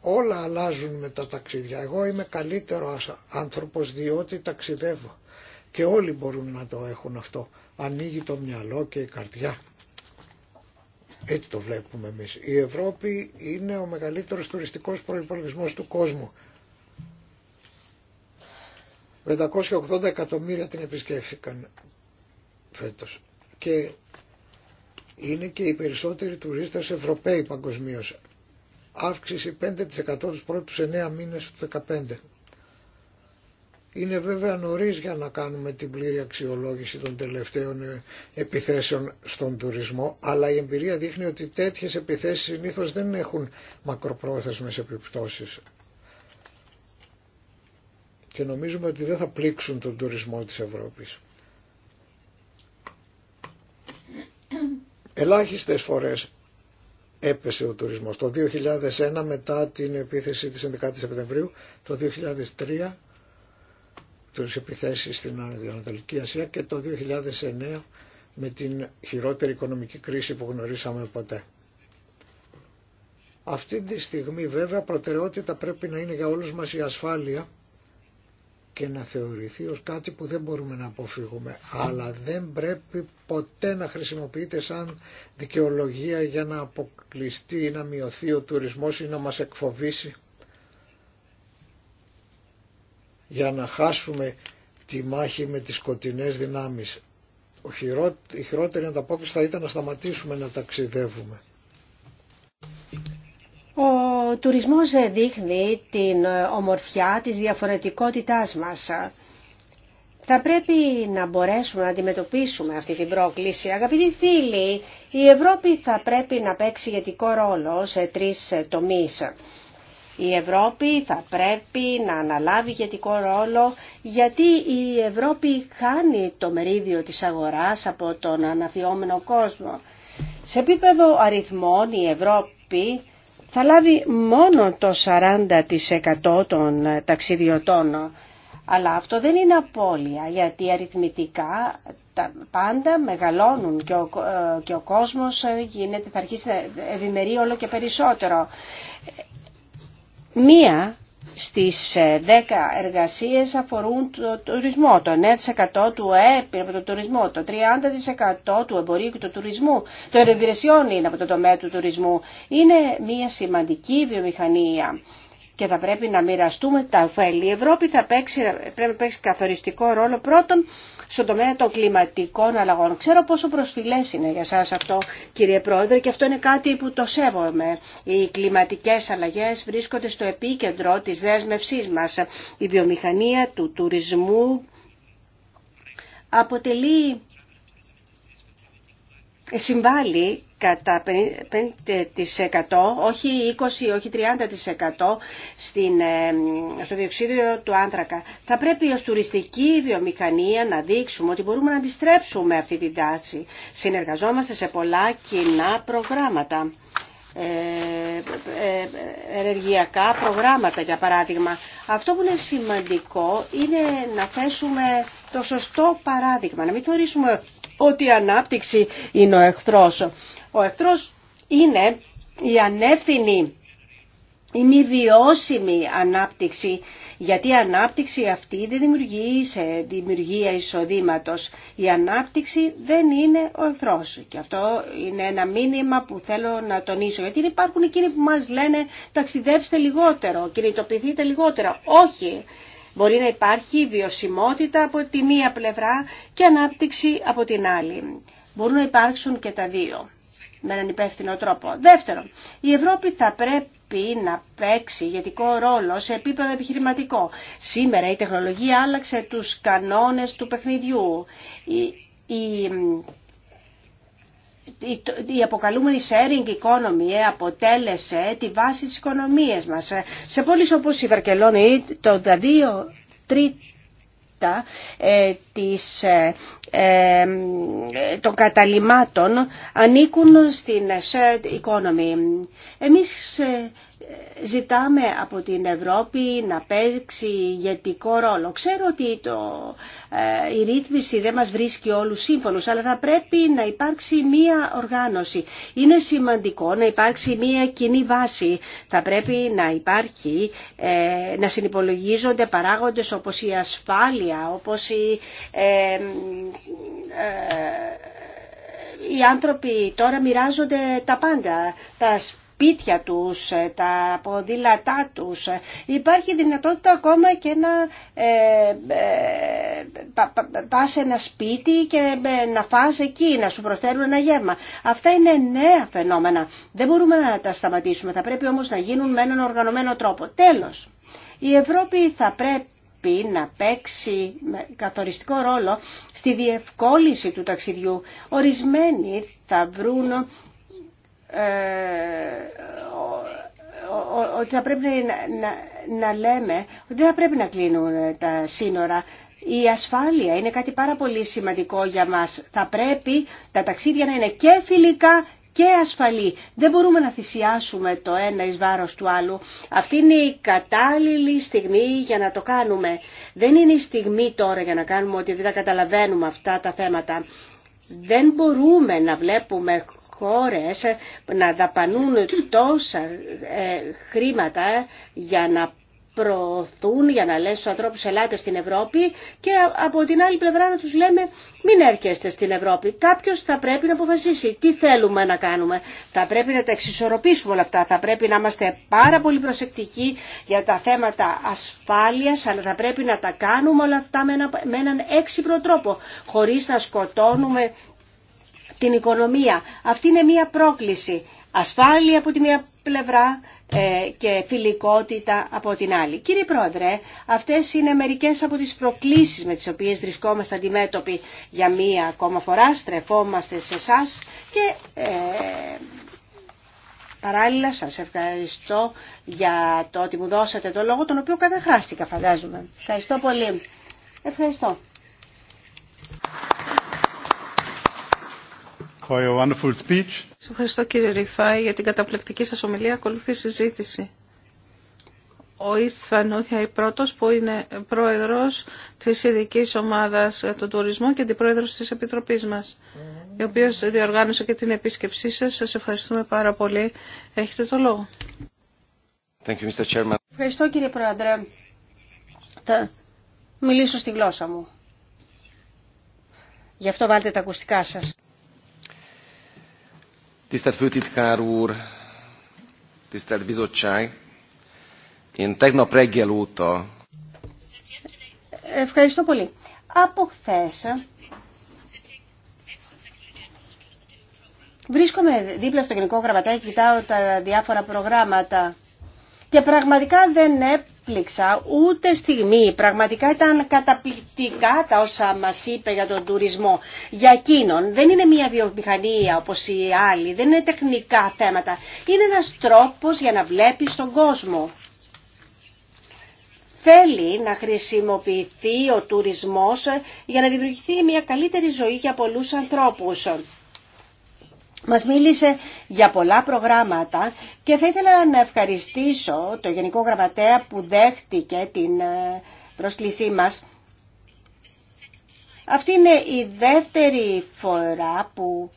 Όλα αλλάζουν με τα ταξίδια. Εγώ είμαι καλύτερο άνθρωπος διότι ταξιδεύω και όλοι μπορούν να το έχουν αυτό. Ανοίγει το μυαλό και η καρδιά. Έτσι το βλέπουμε εμείς. Η Ευρώπη είναι ο μεγαλύτερος τουριστικός προϋπολογισμός του κόσμου. 580 εκατομμύρια την επισκέφθηκαν φέτος είναι και οι περισσότεροι τουρίστες Ευρωπαίοι παγκοσμίω. Αύξηση 5% τους πρώτους 9 μήνες του 2015. Είναι βέβαια νωρίς για να κάνουμε την πλήρη αξιολόγηση των τελευταίων ε, επιθέσεων στον τουρισμό, αλλά η εμπειρία δείχνει ότι τέτοιες επιθέσεις συνήθως δεν έχουν μακροπρόθεσμες επιπτώσεις. Και νομίζουμε ότι δεν θα πλήξουν τον τουρισμό της Ευρώπης. Ελάχιστες φορές έπεσε ο τουρισμός. Το 2001 μετά την επίθεση της 11 Σεπτεμβρίου, το 2003 τους επιθέσεις στην Ανατολική Ασία και το 2009 με την χειρότερη οικονομική κρίση που γνωρίσαμε ποτέ. Αυτή τη στιγμή βέβαια προτεραιότητα πρέπει να είναι για όλους μας η ασφάλεια και να θεωρηθεί ως κάτι που δεν μπορούμε να αποφύγουμε αλλά δεν πρέπει ποτέ να χρησιμοποιείται σαν δικαιολογία για να αποκλειστεί ή να μειωθεί ο τουρισμός ή να μας εκφοβήσει για να χάσουμε τη μάχη με τις σκοτεινές δυνάμεις. Ο η χειρότερη ανταπόκριση θα ήταν να σταματήσουμε να ταξιδεύουμε. Ο τουρισμός ε, δείχνει την ε, ομορφιά της διαφορετικότητάς μας. Θα πρέπει να μπορέσουμε να αντιμετωπίσουμε αυτή την πρόκληση. Αγαπητοί φίλοι, η Ευρώπη θα πρέπει να παίξει ηγετικό ρόλο σε τρεις ε, τομείς. Η Ευρώπη θα πρέπει να αναλάβει ηγετικό ρόλο γιατί η Ευρώπη χάνει το μερίδιο της αγοράς από τον αναφιόμενο κόσμο. Σε επίπεδο αριθμών η Ευρώπη θα λάβει μόνο το 40% των ε, ταξιδιωτών. Αλλά αυτό δεν είναι απώλεια, γιατί αριθμητικά πάντα μεγαλώνουν και ο, ε, και ο κόσμος ε, γίνεται, θα αρχίσει να ευημερεί όλο και περισσότερο. Μία στις 10 ε, εργασίες αφορούν το τουρισμό, το 9% του ΕΕΠ από το τουρισμό, το 30% του εμπορίου και του τουρισμού, το υπηρεσιών είναι από το τομέα του τουρισμού. Είναι μια σημαντική βιομηχανία και θα πρέπει να μοιραστούμε τα ωφέλη. Η Ευρώπη θα παίξει, πρέπει να παίξει καθοριστικό ρόλο πρώτον στον τομέα των κλιματικών αλλαγών. Ξέρω πόσο προσφυλέ είναι για εσά αυτό κύριε Πρόεδρε και αυτό είναι κάτι που το σέβομαι. Οι κλιματικές αλλαγέ βρίσκονται στο επίκεντρο της δέσμευσής μας. Η βιομηχανία του τουρισμού αποτελεί συμβάλλει κατά 5%, όχι 20, όχι 30% στην, ε, στο διοξίδιο του άνθρακα. Θα πρέπει ως τουριστική βιομηχανία να δείξουμε ότι μπορούμε να αντιστρέψουμε αυτή την τάση. Συνεργαζόμαστε σε πολλά κοινά προγράμματα. Ε, ε ενεργειακά προγράμματα για παράδειγμα. Αυτό που είναι σημαντικό είναι να θέσουμε το σωστό παράδειγμα, να μην θεωρήσουμε ότι η ανάπτυξη είναι ο εχθρός. Ο εχθρό είναι η ανεύθυνη, η μη βιώσιμη ανάπτυξη, γιατί η ανάπτυξη αυτή δεν δημιουργεί σε δημιουργία εισοδήματος. Η ανάπτυξη δεν είναι ο εχθρός. Και αυτό είναι ένα μήνυμα που θέλω να τονίσω, γιατί υπάρχουν εκείνοι που μας λένε ταξιδέψτε λιγότερο, κινητοποιηθείτε λιγότερο. Όχι, Μπορεί να υπάρχει βιωσιμότητα από τη μία πλευρά και ανάπτυξη από την άλλη. Μπορούν να υπάρξουν και τα δύο με έναν υπεύθυνο τρόπο. Δεύτερον, η Ευρώπη θα πρέπει να παίξει ηγετικό ρόλο σε επίπεδο επιχειρηματικό. Σήμερα η τεχνολογία άλλαξε τους κανόνες του παιχνιδιού. Η, η, η αποκαλούμενη sharing economy ε, αποτέλεσε τη βάση της οικονομίας μας. Ε, σε πόλεις όπως η Βαρκελόνη, το 2 ε, της, ε, ε, των καταλήμματων ανήκουν στην shared economy. Εμείς ζητάμε από την Ευρώπη να παίξει ηγετικό ρόλο. Ξέρω ότι το, ε, η ρύθμιση δεν μας βρίσκει όλους σύμφωνους, αλλά θα πρέπει να υπάρξει μία οργάνωση. Είναι σημαντικό να υπάρξει μία κοινή βάση. Θα πρέπει να υπάρχει, ε, να συνυπολογίζονται παράγοντες όπως η ασφάλεια, όπως η... Ε, οι άνθρωποι τώρα μοιράζονται τα πάντα, τα σπίτια τους, ε, τα ποδήλατά τους. Ε, υπάρχει δυνατότητα ακόμα και να ε, ε, πα, σε ένα σπίτι και ε, να φας εκεί, να σου προσφέρουν ένα γεύμα. Αυτά είναι νέα φαινόμενα. Δεν μπορούμε να τα σταματήσουμε. Θα πρέπει όμως να γίνουν με έναν οργανωμένο τρόπο. Τέλος, η Ευρώπη θα πρέπει να παίξει καθοριστικό ρόλο στη διευκόλυνση του ταξιδιού. Ορισμένοι θα βρουν ε, ότι θα πρέπει να λέμε ότι δεν θα πρέπει να κλείνουν τα σύνορα. Η ασφάλεια είναι κάτι πάρα πολύ σημαντικό για μας. Θα πρέπει τα ταξίδια να είναι και φιλικά και ασφαλή. Δεν μπορούμε να θυσιάσουμε το ένα εις βάρος του άλλου. Αυτή είναι η κατάλληλη στιγμή για να το κάνουμε. Δεν είναι η στιγμή τώρα για να κάνουμε ότι δεν τα καταλαβαίνουμε αυτά τα θέματα. Δεν μπορούμε να βλέπουμε χώρες να δαπανούν τόσα ε, χρήματα για να προωθούν για να λένε στους ανθρώπους ελάτε στην Ευρώπη και από την άλλη πλευρά να τους λέμε μην έρχεστε στην Ευρώπη. Κάποιος θα πρέπει να αποφασίσει τι θέλουμε να κάνουμε. Θα πρέπει να τα εξισορροπήσουμε όλα αυτά. Θα πρέπει να είμαστε πάρα πολύ προσεκτικοί για τα θέματα ασφάλειας αλλά θα πρέπει να τα κάνουμε όλα αυτά με, έναν έξυπνο τρόπο χωρίς να σκοτώνουμε την οικονομία. Αυτή είναι μία πρόκληση. Ασφάλεια από τη μία πλευρά ε, και φιλικότητα από την άλλη. Κύριε Πρόεδρε, αυτές είναι μερικές από τις προκλήσεις με τις οποίες βρισκόμαστε αντιμέτωποι για μία ακόμα φορά. Στρεφόμαστε σε εσά και ε, παράλληλα σας ευχαριστώ για το ότι μου δώσατε το λόγο, τον οποίο καταχράστηκα φαντάζομαι. Ευχαριστώ πολύ. Ευχαριστώ. for Σας ευχαριστώ κύριε Ριφάη για την καταπληκτική σας ομιλία. Ακολουθεί συζήτηση. Ο Ιστφαν η πρώτος που είναι πρόεδρος της ειδική ομάδας του τουρισμού και αντιπρόεδρος της Επιτροπής μας, η οποία διοργάνωσε και την επίσκεψή σας. Σας ευχαριστούμε πάρα πολύ. Έχετε το λόγο. Thank you, Ευχαριστώ κύριε Πρόεδρε. Θα μιλήσω στη γλώσσα μου. Γι' αυτό βάλτε τα ακουστικά σας. Ευχαριστώ πολύ. Από χθε βρίσκομαι δίπλα στο Γενικό Γραμματέα και κοιτάω τα διάφορα προγράμματα και πραγματικά δεν ούτε στιγμή. Πραγματικά ήταν καταπληκτικά τα όσα μας είπε για τον τουρισμό. Για εκείνον δεν είναι μια βιομηχανία όπως οι άλλοι, δεν είναι τεχνικά θέματα. Είναι ένας τρόπος για να βλέπει τον κόσμο. Θέλει να χρησιμοποιηθεί ο τουρισμός για να δημιουργηθεί μια καλύτερη ζωή για πολλούς ανθρώπους. Μας μίλησε για πολλά προγράμματα και θα ήθελα να ευχαριστήσω το Γενικό Γραμματέα που δέχτηκε την ε, πρόσκλησή μας. Αυτή είναι η δεύτερη φορά που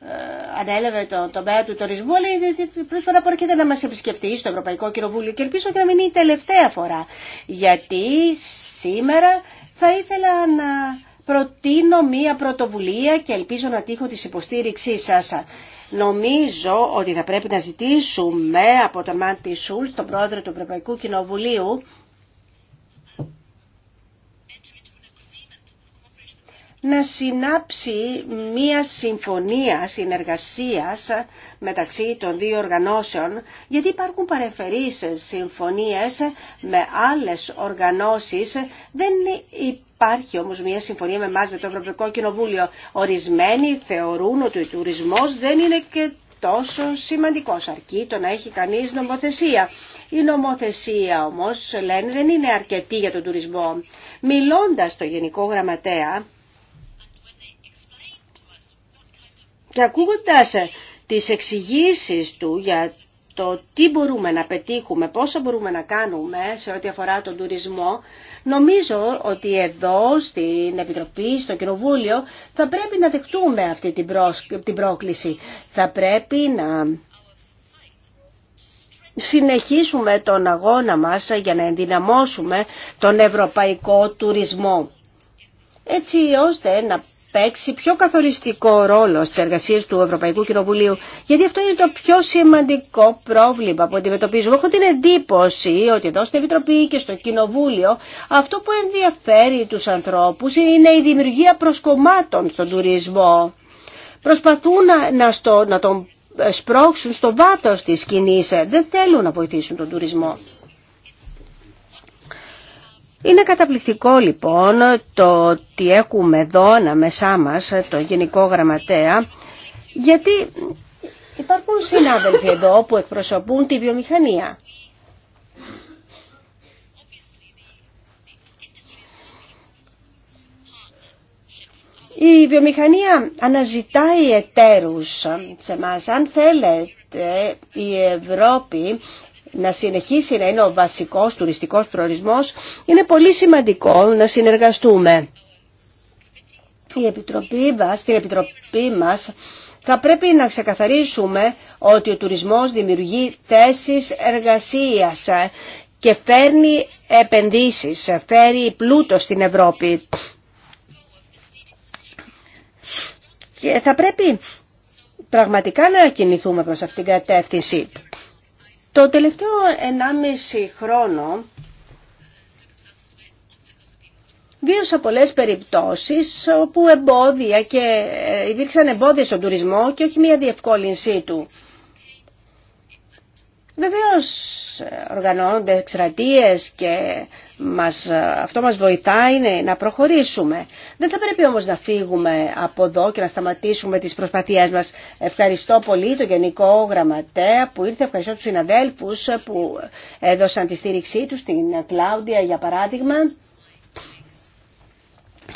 ε, ανέλαβε το τομέα του τουρισμού, αλλά η πρώτη φορά που έρχεται να μας επισκεφτεί στο Ευρωπαϊκό Κοινοβούλιο και ελπίζω να μην είναι η τελευταία φορά, γιατί σήμερα θα ήθελα να προτείνω μία πρωτοβουλία και ελπίζω να τύχω τη υποστήριξή σας. Νομίζω ότι θα πρέπει να ζητήσουμε από τον Μάντι Σούλ, τον πρόεδρο του Ευρωπαϊκού Κοινοβουλίου, να συνάψει μία συμφωνία συνεργασίας μεταξύ των δύο οργανώσεων, γιατί υπάρχουν παρεφερείς συμφωνίες με άλλες οργανώσεις, δεν υπάρχει όμως μια συμφωνία με εμάς, με το Ευρωπαϊκό Κοινοβούλιο. Ορισμένοι θεωρούν ότι ο τουρισμός δεν είναι και τόσο σημαντικός. Αρκεί το να έχει κανείς νομοθεσία. Η νομοθεσία όμως, λένε, δεν είναι αρκετή για τον τουρισμό. Μιλώντας στο Γενικό Γραμματέα και ακούγοντας ε, τις εξηγήσει του για το τι μπορούμε να πετύχουμε, πόσα μπορούμε να κάνουμε σε ό,τι αφορά τον τουρισμό, Νομίζω ότι εδώ στην Επιτροπή, στο Κοινοβούλιο, θα πρέπει να δεχτούμε αυτή την πρόκληση. Θα πρέπει να συνεχίσουμε τον αγώνα μας για να ενδυναμώσουμε τον ευρωπαϊκό τουρισμό έτσι ώστε να παίξει πιο καθοριστικό ρόλο στις εργασίες του Ευρωπαϊκού Κοινοβουλίου, γιατί αυτό είναι το πιο σημαντικό πρόβλημα που αντιμετωπίζουμε. Έχω την εντύπωση ότι εδώ στην Επιτροπή και στο Κοινοβούλιο αυτό που ενδιαφέρει τους ανθρώπους είναι η δημιουργία προσκομμάτων στον τουρισμό. Προσπαθούν να, να, στο, να τον σπρώξουν στο βάθος της σκηνής. δεν θέλουν να βοηθήσουν τον τουρισμό. Είναι καταπληκτικό λοιπόν το ότι έχουμε εδώ μεσά μας το Γενικό Γραμματέα γιατί υπάρχουν συνάδελφοι εδώ που εκπροσωπούν τη βιομηχανία. Η βιομηχανία αναζητάει εταίρους σε μας. Αν θέλετε η Ευρώπη να συνεχίσει να είναι ο βασικός τουριστικός προορισμός, είναι πολύ σημαντικό να συνεργαστούμε. Η Επιτροπή μας, στην Επιτροπή μας θα πρέπει να ξεκαθαρίσουμε ότι ο τουρισμός δημιουργεί θέσεις εργασίας και φέρνει επενδύσεις, φέρει πλούτο στην Ευρώπη. Και θα πρέπει πραγματικά να κινηθούμε προς αυτήν την κατεύθυνση. Το τελευταίο 1,5 χρόνο βίωσα πολλές περιπτώσεις όπου εμπόδια και ε, υπήρξαν εμπόδια στον τουρισμό και όχι μία διευκόλυνσή του. Βεβαίως ε, οργανώνονται εξρατείες και μας, αυτό μας βοηθάει να προχωρήσουμε. Δεν θα πρέπει όμως να φύγουμε από εδώ και να σταματήσουμε τις προσπαθίες μας. Ευχαριστώ πολύ τον Γενικό Γραμματέα που ήρθε, ευχαριστώ τους συναδέλφους που έδωσαν τη στήριξή τους, την Κλάουντια για παράδειγμα,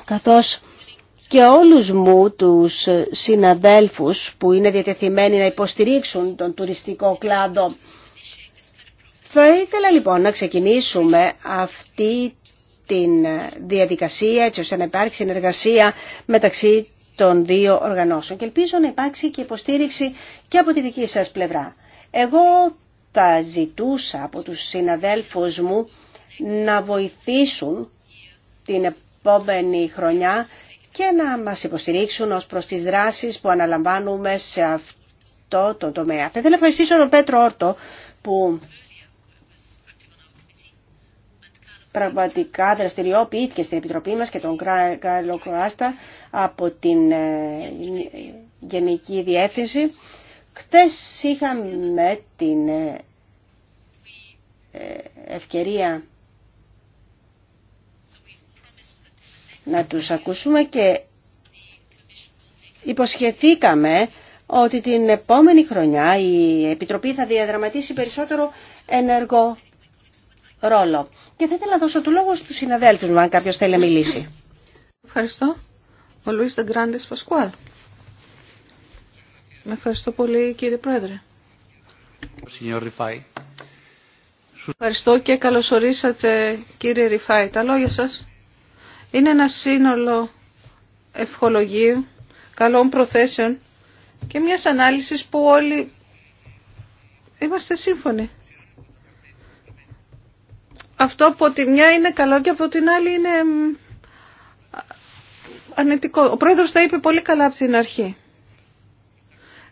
καθώς και όλους μου τους συναδέλφους που είναι διατεθειμένοι να υποστηρίξουν τον τουριστικό κλάδο. Θα ήθελα λοιπόν να ξεκινήσουμε αυτή την διαδικασία έτσι ώστε να υπάρξει συνεργασία μεταξύ των δύο οργανώσεων και ελπίζω να υπάρξει και υποστήριξη και από τη δική σας πλευρά. Εγώ θα ζητούσα από τους συναδέλφους μου να βοηθήσουν την επόμενη χρονιά και να μας υποστηρίξουν ως προς τις δράσεις που αναλαμβάνουμε σε αυτό το τομέα. Θα ήθελα να ευχαριστήσω τον Πέτρο Όρτο που πραγματικά δραστηριοποιήθηκε στην Επιτροπή μας και τον Κάλλο Κροάστα από την ε, Γενική Διεύθυνση. Χθε είχαμε την ε, ε, ευκαιρία να τους ακούσουμε και υποσχεθήκαμε ότι την επόμενη χρονιά η Επιτροπή θα διαδραματίσει περισσότερο ενεργό ρόλο. Και θα ήθελα να δώσω του λόγο στου συναδέλφου, μου, αν κάποιο θέλει να μιλήσει. Ευχαριστώ. Ο Λουίς Δεγκράντε Πασκουάλ. Ευχαριστώ πολύ κύριε Πρόεδρε. Ευχαριστώ και καλωσορίσατε κύριε Ριφάη. Τα λόγια σας είναι ένα σύνολο ευχολογίου, καλών προθέσεων και μιας ανάλυσης που όλοι είμαστε σύμφωνοι αυτό από τη μια είναι καλό και από την άλλη είναι ανετικό. Ο πρόεδρος τα είπε πολύ καλά από την αρχή.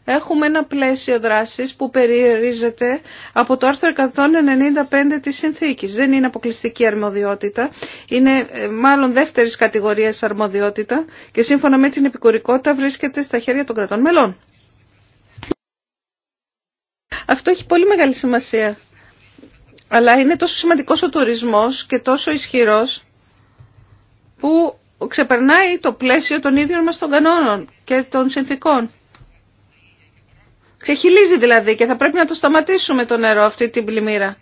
Έχουμε ένα πλαίσιο δράσης που περιορίζεται από το άρθρο 195 της συνθήκης. Δεν είναι αποκλειστική αρμοδιότητα, είναι ε, μάλλον δεύτερης κατηγορίας αρμοδιότητα και σύμφωνα με την επικουρικότητα βρίσκεται στα χέρια των κρατών μελών. Αυτό έχει πολύ μεγάλη σημασία αλλά είναι τόσο σημαντικός ο τουρισμός και τόσο ισχυρός που ξεπερνάει το πλαίσιο των ίδιων μας των κανόνων και των συνθήκων. Ξεχυλίζει δηλαδή και θα πρέπει να το σταματήσουμε το νερό αυτή την πλημμύρα.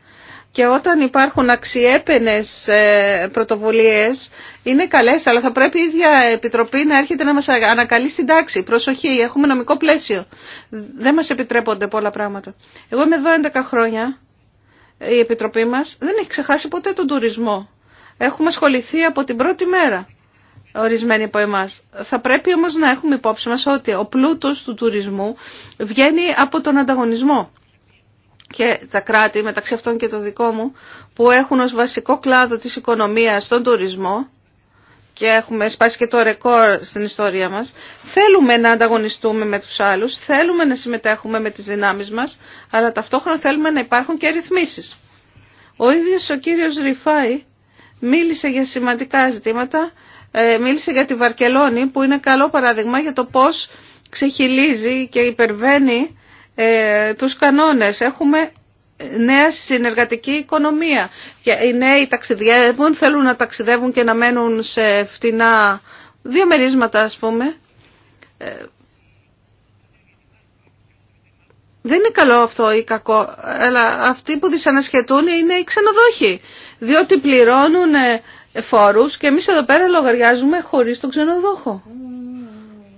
Και όταν υπάρχουν αξιέπαινες ε, πρωτοβουλίες, είναι καλές, αλλά θα πρέπει η ίδια Επιτροπή να έρχεται να μας ανακαλεί στην τάξη. Προσοχή, έχουμε νομικό πλαίσιο. Δεν μας επιτρέπονται πολλά πράγματα. Εγώ είμαι εδώ 11 χρόνια η Επιτροπή μας δεν έχει ξεχάσει ποτέ τον τουρισμό. Έχουμε ασχοληθεί από την πρώτη μέρα ορισμένοι από εμάς. Θα πρέπει όμως να έχουμε υπόψη μας ότι ο πλούτος του τουρισμού βγαίνει από τον ανταγωνισμό. Και τα κράτη μεταξύ αυτών και το δικό μου που έχουν ως βασικό κλάδο της οικονομίας τον τουρισμό και έχουμε σπάσει και το ρεκόρ στην ιστορία μας. Θέλουμε να ανταγωνιστούμε με τους άλλους, θέλουμε να συμμετέχουμε με τις δυνάμεις μας, αλλά ταυτόχρονα θέλουμε να υπάρχουν και ρυθμίσεις. Ο ίδιος ο κύριος Ριφάη μίλησε για σημαντικά ζητήματα, ε, μίλησε για τη Βαρκελόνη που είναι καλό παράδειγμα για το πώς ξεχυλίζει και υπερβαίνει ε, τους κανόνες. Έχουμε νέα συνεργατική οικονομία. Οι νέοι ταξιδεύουν, θέλουν να ταξιδεύουν και να μένουν σε φτηνά διαμερίσματα ας πούμε. Ε, δεν είναι καλό αυτό ή κακό, αλλά αυτοί που δυσανασχετούν είναι οι ξενοδόχοι, διότι πληρώνουν ε, φόρους και εμείς εδώ πέρα λογαριάζουμε χωρίς τον ξενοδόχο. Mm.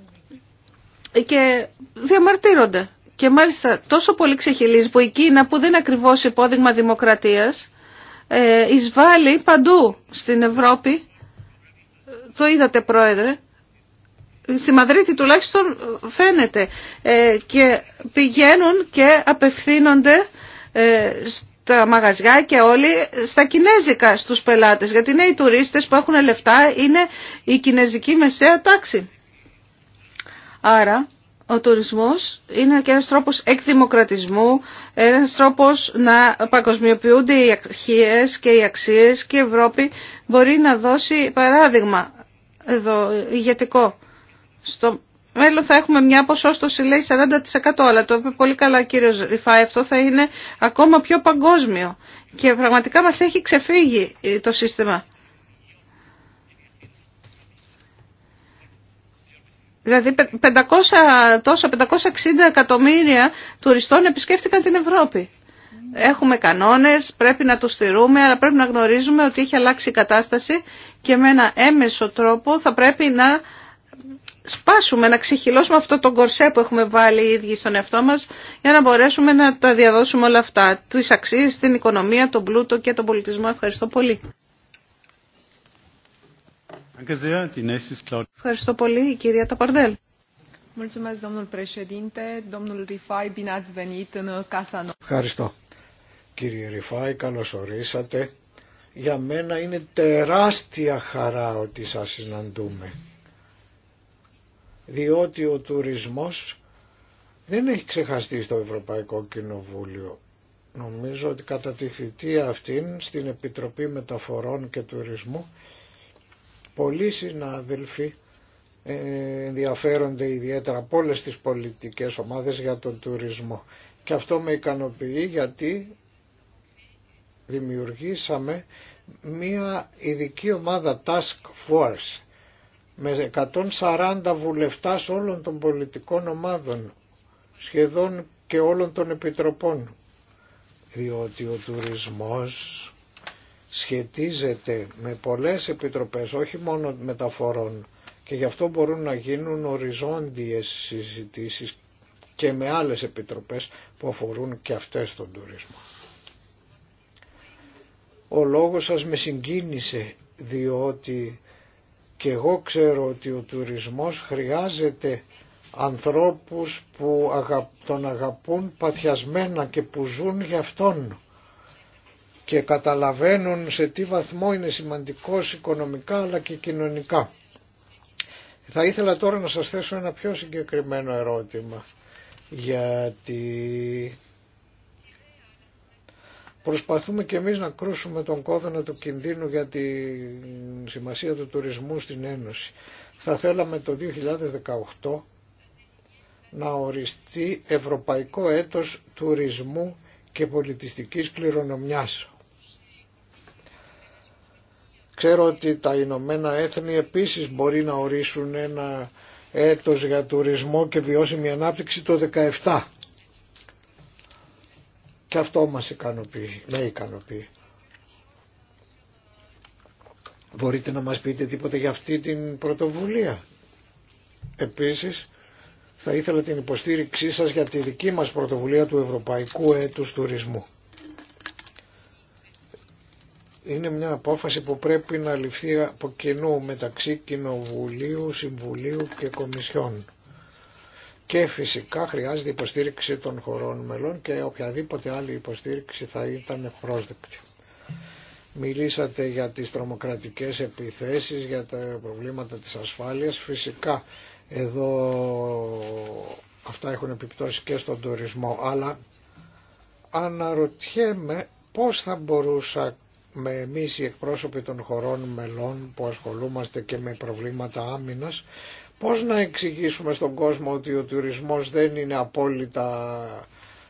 Και διαμαρτύρονται. Και μάλιστα τόσο πολύ ξεχυλίζει που η Κίνα που δεν είναι ακριβώς υπόδειγμα δημοκρατίας ε, εισβάλλει παντού στην Ευρώπη. Το είδατε πρόεδρε. Στη Μαδρίτη τουλάχιστον φαίνεται ε, και πηγαίνουν και απευθύνονται ε, στα μαγαζιά και όλοι στα κινέζικα στους πελάτες γιατί είναι οι τουρίστες που έχουν λεφτά είναι η κινέζικη μεσαία τάξη. Άρα ο τουρισμός είναι και ένας τρόπος εκδημοκρατισμού, ένας τρόπος να παγκοσμιοποιούνται οι αρχίες και οι αξίες και η Ευρώπη μπορεί να δώσει παράδειγμα εδώ ηγετικό. Στο μέλλον θα έχουμε μια ποσόστοση λέει 40% αλλά το είπε πολύ καλά κύριος Ριφάη αυτό θα είναι ακόμα πιο παγκόσμιο και πραγματικά μας έχει ξεφύγει το σύστημα. Δηλαδή 500, τόσο 560 εκατομμύρια τουριστών επισκέφτηκαν την Ευρώπη. Έχουμε κανόνες, πρέπει να τους στηρούμε, αλλά πρέπει να γνωρίζουμε ότι έχει αλλάξει η κατάσταση και με ένα έμεσο τρόπο θα πρέπει να σπάσουμε, να ξεχυλώσουμε αυτό το κορσέ που έχουμε βάλει οι ίδιοι στον εαυτό μας για να μπορέσουμε να τα διαδώσουμε όλα αυτά, τις αξίες, την οικονομία, τον πλούτο και τον πολιτισμό. Ευχαριστώ πολύ. Ευχαριστώ πολύ, η κυρία Ταπαρδέλ. Ευχαριστώ. Κύριε Ριφάη, καλώς ορίσατε. Για μένα είναι τεράστια χαρά ότι σας συναντούμε. Διότι ο τουρισμός δεν έχει ξεχαστεί στο Ευρωπαϊκό Κοινοβούλιο. Νομίζω ότι κατά τη θητεία αυτήν στην Επιτροπή Μεταφορών και Τουρισμού Πολλοί συνάδελφοι ε, ενδιαφέρονται ιδιαίτερα από όλες τις πολιτικές ομάδες για τον τουρισμό. Και αυτό με ικανοποιεί γιατί δημιουργήσαμε μία ειδική ομάδα Task Force με 140 βουλευτάς όλων των πολιτικών ομάδων σχεδόν και όλων των επιτροπών διότι ο τουρισμός σχετίζεται με πολλές επιτροπές, όχι μόνο μεταφορών και γι' αυτό μπορούν να γίνουν οριζόντιες συζητήσεις και με άλλες επιτροπές που αφορούν και αυτές τον τουρισμό. Ο λόγος σας με συγκίνησε διότι και εγώ ξέρω ότι ο τουρισμός χρειάζεται ανθρώπους που τον αγαπούν παθιασμένα και που ζουν γι' αυτόν και καταλαβαίνουν σε τι βαθμό είναι σημαντικός οικονομικά αλλά και κοινωνικά. Θα ήθελα τώρα να σας θέσω ένα πιο συγκεκριμένο ερώτημα γιατί προσπαθούμε και εμείς να κρούσουμε τον κόδωνα του κινδύνου για τη σημασία του τουρισμού στην Ένωση. Θα θέλαμε το 2018 να οριστεί Ευρωπαϊκό Έτος Τουρισμού και Πολιτιστικής Κληρονομιάς. Ξέρω ότι τα Ηνωμένα Έθνη επίσης μπορεί να ορίσουν ένα έτος για τουρισμό και βιώσιμη ανάπτυξη το 17. Και αυτό μας ικανοποιεί, με ικανοποιεί. Μπορείτε να μας πείτε τίποτα για αυτή την πρωτοβουλία. Επίσης, θα ήθελα την υποστήριξή σας για τη δική μας πρωτοβουλία του Ευρωπαϊκού Έτους Τουρισμού είναι μια απόφαση που πρέπει να ληφθεί από κοινού μεταξύ Κοινοβουλίου, Συμβουλίου και Κομισιών. Και φυσικά χρειάζεται υποστήριξη των χωρών μελών και οποιαδήποτε άλλη υποστήριξη θα ήταν πρόσδεκτη. Μιλήσατε για τις τρομοκρατικές επιθέσεις, για τα προβλήματα της ασφάλειας. Φυσικά εδώ αυτά έχουν επιπτώσει και στον τουρισμό, αλλά αναρωτιέμαι πώς θα μπορούσα με εμείς οι εκπρόσωποι των χωρών μελών που ασχολούμαστε και με προβλήματα άμυνας, πώς να εξηγήσουμε στον κόσμο ότι ο τουρισμός δεν είναι απόλυτα,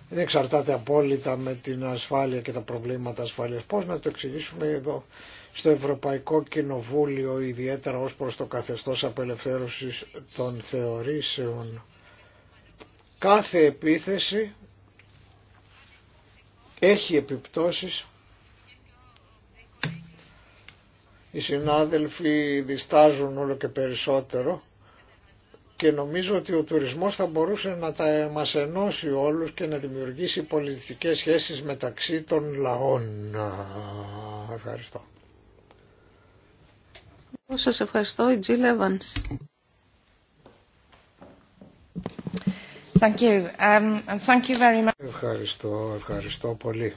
δεν εξαρτάται απόλυτα με την ασφάλεια και τα προβλήματα ασφάλειας. Πώς να το εξηγήσουμε εδώ στο Ευρωπαϊκό Κοινοβούλιο, ιδιαίτερα ως προς το καθεστώς απελευθέρωσης των θεωρήσεων. Κάθε επίθεση έχει επιπτώσεις Οι συνάδελφοι διστάζουν όλο και περισσότερο και νομίζω ότι ο τουρισμός θα μπορούσε να τα μας ενώσει όλους και να δημιουργήσει πολιτιστικές σχέσεις μεταξύ των λαών. Ευχαριστώ. Σας ευχαριστώ, η Jill Thank you. Um, and thank you Ευχαριστώ, ευχαριστώ πολύ.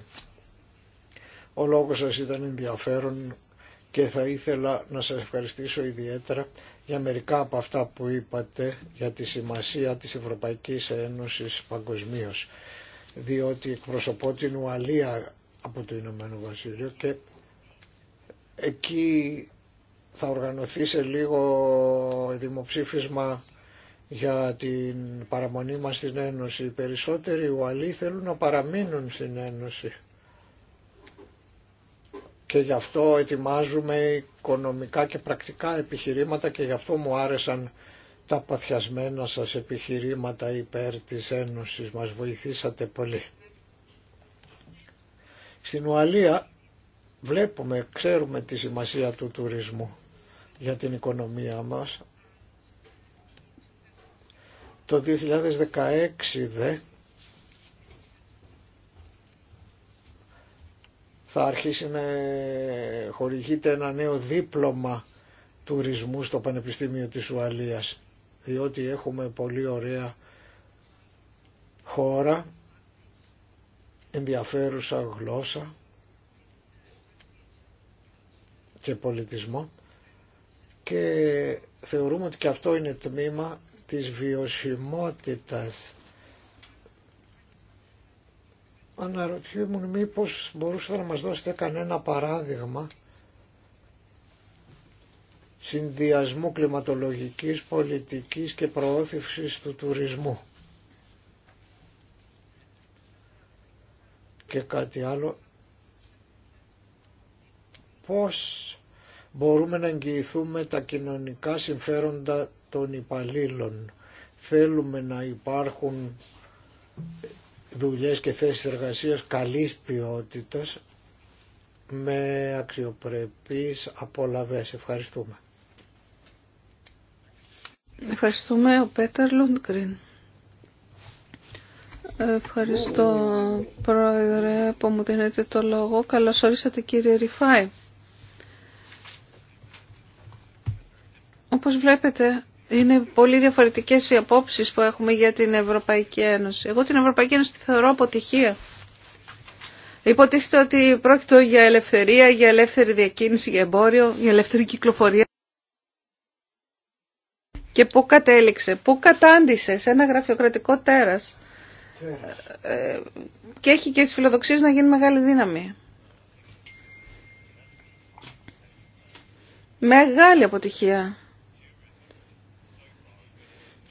Ο λόγος σας ήταν ενδιαφέρον και θα ήθελα να σας ευχαριστήσω ιδιαίτερα για μερικά από αυτά που είπατε για τη σημασία της Ευρωπαϊκής Ένωσης παγκοσμίω, διότι εκπροσωπώ την Ουαλία από το Ηνωμένο Βασίλειο και εκεί θα οργανωθεί σε λίγο δημοψήφισμα για την παραμονή μας στην Ένωση. Οι περισσότεροι Ουαλοί θέλουν να παραμείνουν στην Ένωση και γι' αυτό ετοιμάζουμε οικονομικά και πρακτικά επιχειρήματα και γι' αυτό μου άρεσαν τα παθιασμένα σας επιχειρήματα υπέρ της Ένωσης. Μας βοηθήσατε πολύ. Στην Ουαλία βλέπουμε, ξέρουμε τη σημασία του τουρισμού για την οικονομία μας. Το 2016 δε θα αρχίσει να χορηγείται ένα νέο δίπλωμα τουρισμού στο Πανεπιστήμιο της Ουαλίας διότι έχουμε πολύ ωραία χώρα ενδιαφέρουσα γλώσσα και πολιτισμό και θεωρούμε ότι και αυτό είναι τμήμα της βιωσιμότητας αναρωτιόμουν μήπως μπορούσατε να μας δώσετε κανένα παράδειγμα συνδυασμού κλιματολογικής, πολιτικής και προώθησης του τουρισμού. Και κάτι άλλο, πώς μπορούμε να εγγυηθούμε τα κοινωνικά συμφέροντα των υπαλλήλων. Θέλουμε να υπάρχουν δουλειές και θέσεις εργασίας καλής ποιότητας με αξιοπρεπείς απολαβές. Ευχαριστούμε. Ευχαριστούμε ο Πέτερ Λούντγκριν. Ευχαριστώ πρόεδρε που μου δίνετε το λόγο. Καλώς όρισατε κύριε Ριφάη. Όπως βλέπετε είναι πολύ διαφορετικές οι απόψεις που έχουμε για την Ευρωπαϊκή Ένωση. Εγώ την Ευρωπαϊκή Ένωση τη θεωρώ αποτυχία. Υποτίθεται ότι πρόκειται για ελευθερία, για ελεύθερη διακίνηση, για εμπόριο, για ελεύθερη κυκλοφορία. Και πού κατέληξε, πού κατάντησε σε ένα γραφειοκρατικό τέρας. Ε, και έχει και τις φιλοδοξίες να γίνει μεγάλη δύναμη. Μεγάλη αποτυχία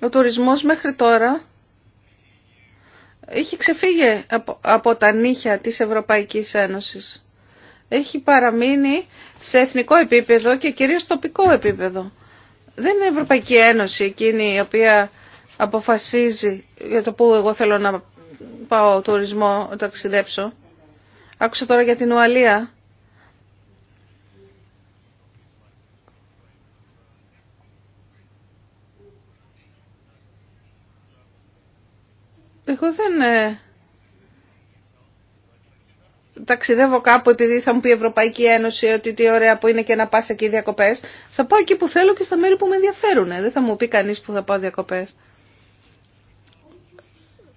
ο τουρισμός μέχρι τώρα έχει ξεφύγει από τα νύχια της Ευρωπαϊκής Ένωσης. Έχει παραμείνει σε εθνικό επίπεδο και κυρίως τοπικό επίπεδο. Δεν είναι η Ευρωπαϊκή Ένωση εκείνη η οποία αποφασίζει για το που εγώ θέλω να πάω τουρισμό, να ταξιδέψω. Άκουσα τώρα για την Ουαλία Εγώ δεν ε, ταξιδεύω κάπου επειδή θα μου πει η Ευρωπαϊκή Ένωση ότι τι ωραία που είναι και να πας εκεί διακοπές. Θα πάω εκεί που θέλω και στα μέρη που με ενδιαφέρουν. Ε, δεν θα μου πει κανείς που θα πάω διακοπές.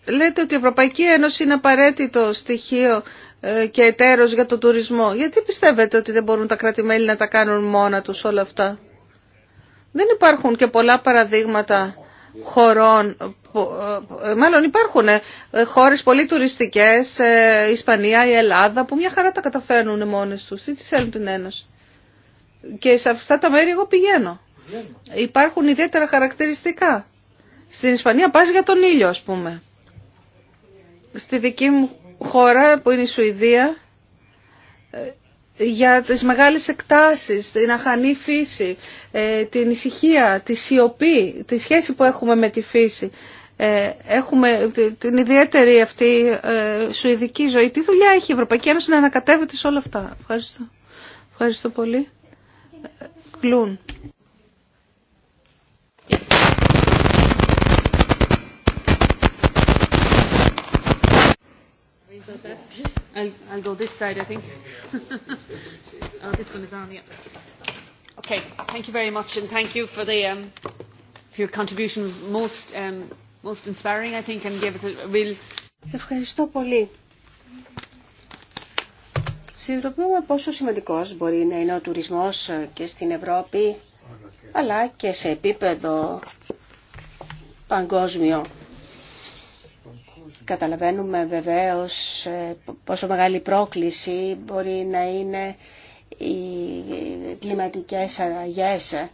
Λέτε ότι η Ευρωπαϊκή Ένωση είναι απαραίτητο στοιχείο ε, και εταίρος για τον τουρισμό. Γιατί πιστεύετε ότι δεν μπορούν τα κρατη να τα κάνουν μόνα τους όλα αυτά. Δεν υπάρχουν και πολλά παραδείγματα χωρών ε, μάλλον υπάρχουν ε, χώρες πολύ τουριστικές, η ε, Ισπανία, η Ελλάδα, που μια χαρά τα καταφέρνουν μόνες τους. Τι θέλουν την Ένωση. Και σε αυτά τα μέρη εγώ πηγαίνω. Υπάρχουν ιδιαίτερα χαρακτηριστικά. Στην Ισπανία πας για τον ήλιο, ας πούμε. Στη δική μου χώρα, που είναι η Σουηδία, για τις μεγάλες εκτάσεις, την αχανή φύση, την ησυχία, τη σιωπή, τη σχέση που έχουμε με τη φύση. Ε, έχουμε ε, την ιδιαίτερη αυτή ε, σουηδική ζωή. Τι δουλειά έχει η Ευρωπαϊκή Ένωση να ανακατεύεται σε όλα αυτά. Ευχαριστώ. Ευχαριστώ πολύ. Κλούν. I'll go this side, I think. oh, this one is on, yeah. Okay, thank you very much, and thank you for the um, for your contribution. Most um, Ευχαριστώ πολύ. Συνειδητοποιούμε πόσο σημαντικός μπορεί να είναι ο τουρισμός ε, και στην Ευρώπη, αλλά και σε επίπεδο παγκόσμιο. Καταλαβαίνουμε βεβαίως ε, πόσο μεγάλη πρόκληση μπορεί να είναι οι κλιματικές αλλαγές ε,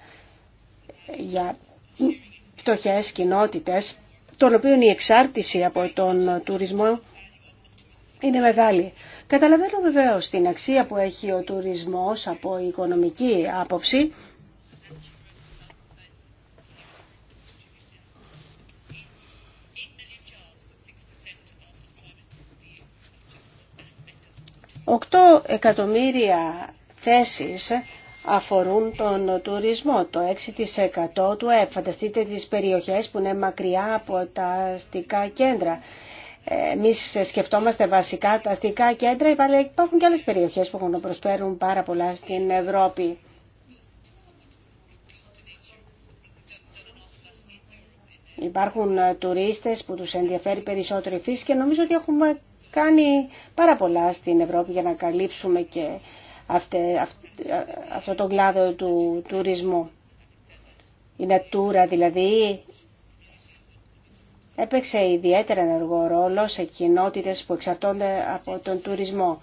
για φτωχές κοινότητες των οποίων η εξάρτηση από τον τουρισμό είναι μεγάλη. Καταλαβαίνω βεβαίω την αξία που έχει ο τουρισμός από οικονομική άποψη, Οκτώ εκατομμύρια θέσεις αφορούν τον τουρισμό, το 6% του ΕΠ. Φανταστείτε τις περιοχές που είναι μακριά από τα αστικά κέντρα. Εμεί σκεφτόμαστε βασικά τα αστικά κέντρα, υπάρχουν και άλλες περιοχές που έχουν να προσφέρουν πάρα πολλά στην Ευρώπη. Υπάρχουν ε, τουρίστες που τους ενδιαφέρει περισσότερο η φύση και νομίζω ότι έχουμε κάνει πάρα πολλά στην Ευρώπη για να καλύψουμε και αυτέ, αυτό το κλάδο του τουρισμού. Η Natura δηλαδή έπαιξε ιδιαίτερα ενεργό ρόλο σε κοινότητες που εξαρτώνται από τον τουρισμό.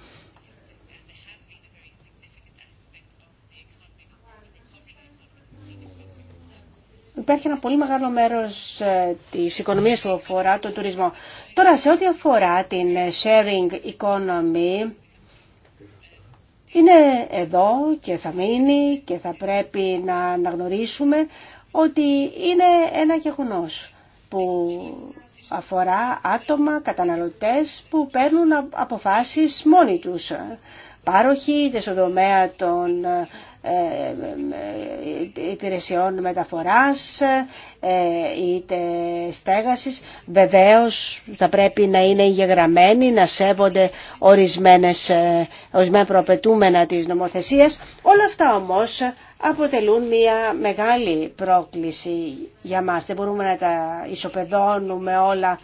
Υπάρχει ένα πολύ μεγάλο μέρος ε, της οικονομίας που αφορά τον τουρισμό. Τώρα, σε ό,τι αφορά την sharing economy, είναι εδώ και θα μείνει και θα πρέπει να αναγνωρίσουμε ότι είναι ένα γεγονός που αφορά άτομα, καταναλωτές που παίρνουν αποφάσεις μόνοι τους. Πάροχοι στον των ε, ε, ε, υπηρεσιών μεταφοράς είτε στέγασης. Βεβαίως θα πρέπει να είναι εγγεγραμμένοι, να σέβονται ορισμένες, ορισμένα προπετούμενα της νομοθεσίας. Όλα αυτά όμως αποτελούν μια μεγάλη πρόκληση για μας. Δεν μπορούμε να τα ισοπεδώνουμε όλα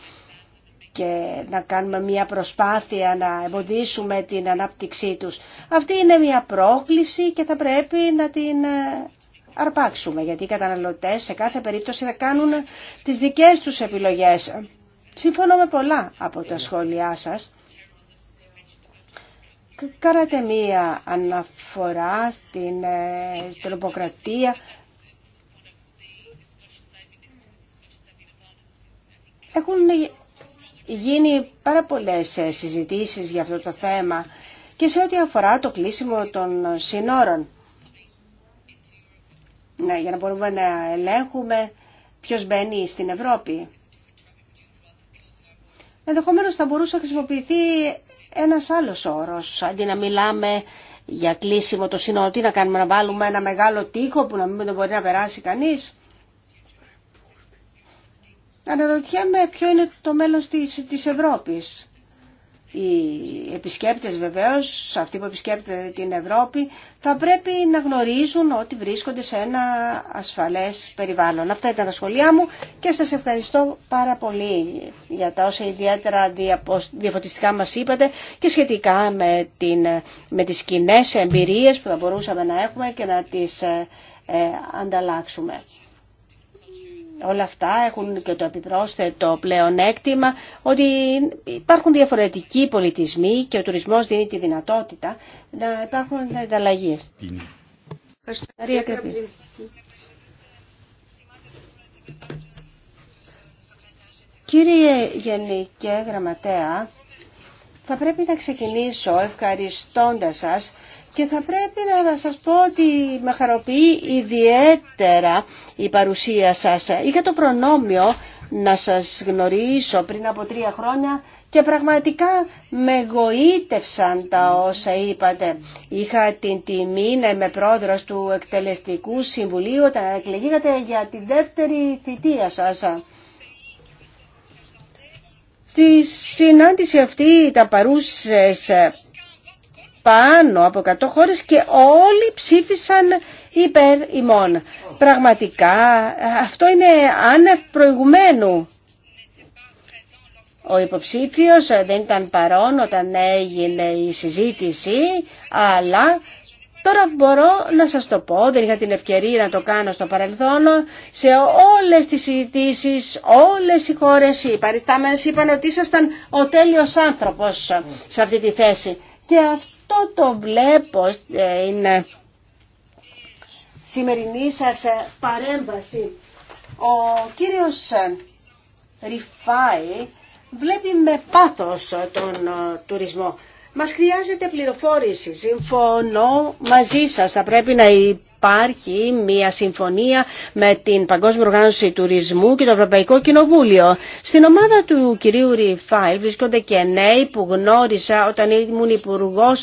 και να κάνουμε μια προσπάθεια να εμποδίσουμε την ανάπτυξή τους. Αυτή είναι μια πρόκληση και θα πρέπει να την ε, αρπάξουμε, γιατί οι καταναλωτές σε κάθε περίπτωση θα κάνουν τις δικές τους επιλογές. Συμφωνώ με πολλά από τα σχόλιά σας. Κάνατε μία αναφορά στην ε, τροποκρατία. Έχουν γίνει πάρα πολλές ε, συζητήσεις για αυτό το θέμα και σε ό,τι αφορά το κλείσιμο των συνόρων. Ναι, για να μπορούμε να ελέγχουμε ποιος μπαίνει στην Ευρώπη. Ενδεχομένως θα μπορούσε να χρησιμοποιηθεί ένας άλλος όρος, αντί να μιλάμε για κλείσιμο το σύνολο, τι να κάνουμε, να βάλουμε ένα μεγάλο τείχο που να μην μπορεί να περάσει κανείς. Αναρωτιέμαι ποιο είναι το μέλλον της, της Ευρώπης. Οι επισκέπτες βεβαίως, αυτοί που επισκέπτεται την Ευρώπη, θα πρέπει να γνωρίζουν ότι βρίσκονται σε ένα ασφαλές περιβάλλον. Αυτά ήταν τα σχολιά μου και σας ευχαριστώ πάρα πολύ για τα όσα ιδιαίτερα διαφωτιστικά μας είπατε και σχετικά με, την, με τις κοινέ εμπειρίες που θα μπορούσαμε να έχουμε και να τις ε, ε, ανταλλάξουμε όλα αυτά έχουν και το επιπρόσθετο πλεονέκτημα ότι υπάρχουν διαφορετικοί πολιτισμοί και ο τουρισμός δίνει τη δυνατότητα να υπάρχουν ανταλλαγέ. Κύριε Γενική Γραμματέα, θα πρέπει να ξεκινήσω ευχαριστώντας σας και θα πρέπει να σας πω ότι με χαροποιεί ιδιαίτερα η παρουσία σας. Είχα το προνόμιο να σας γνωρίσω πριν από τρία χρόνια και πραγματικά με γοήτευσαν τα όσα είπατε. Είχα την τιμή να είμαι πρόεδρος του Εκτελεστικού Συμβουλίου όταν εκλεγήκατε για τη δεύτερη θητεία σας. Στη συνάντηση αυτή τα παρούσες πάνω από 100 χώρες και όλοι ψήφισαν υπέρ ημών. Πραγματικά αυτό είναι άνευ προηγουμένου. Ο υποψήφιος δεν ήταν παρόν όταν έγινε η συζήτηση, αλλά Τώρα μπορώ να σας το πω, δεν είχα την ευκαιρία να το κάνω στο παρελθόν, σε όλες τις συζητήσει, όλες οι χώρες, οι παριστάμενες είπαν ότι ήσασταν ο τέλειος άνθρωπος σε αυτή τη θέση. Αυτό το βλέπω στην ε, ε, σημερινή σας ε, παρέμβαση. Ο κύριος Ριφάη βλέπει με πάθος τον τουρισμό. Μας χρειάζεται πληροφόρηση. Συμφωνώ μαζί σας. Θα πρέπει να υπάρχει μια συμφωνία με την Παγκόσμια Οργάνωση Τουρισμού και το Ευρωπαϊκό Κοινοβούλιο. Στην ομάδα του κυρίου Ριφάιλ βρίσκονται και νέοι που γνώρισα όταν ήμουν υπουργό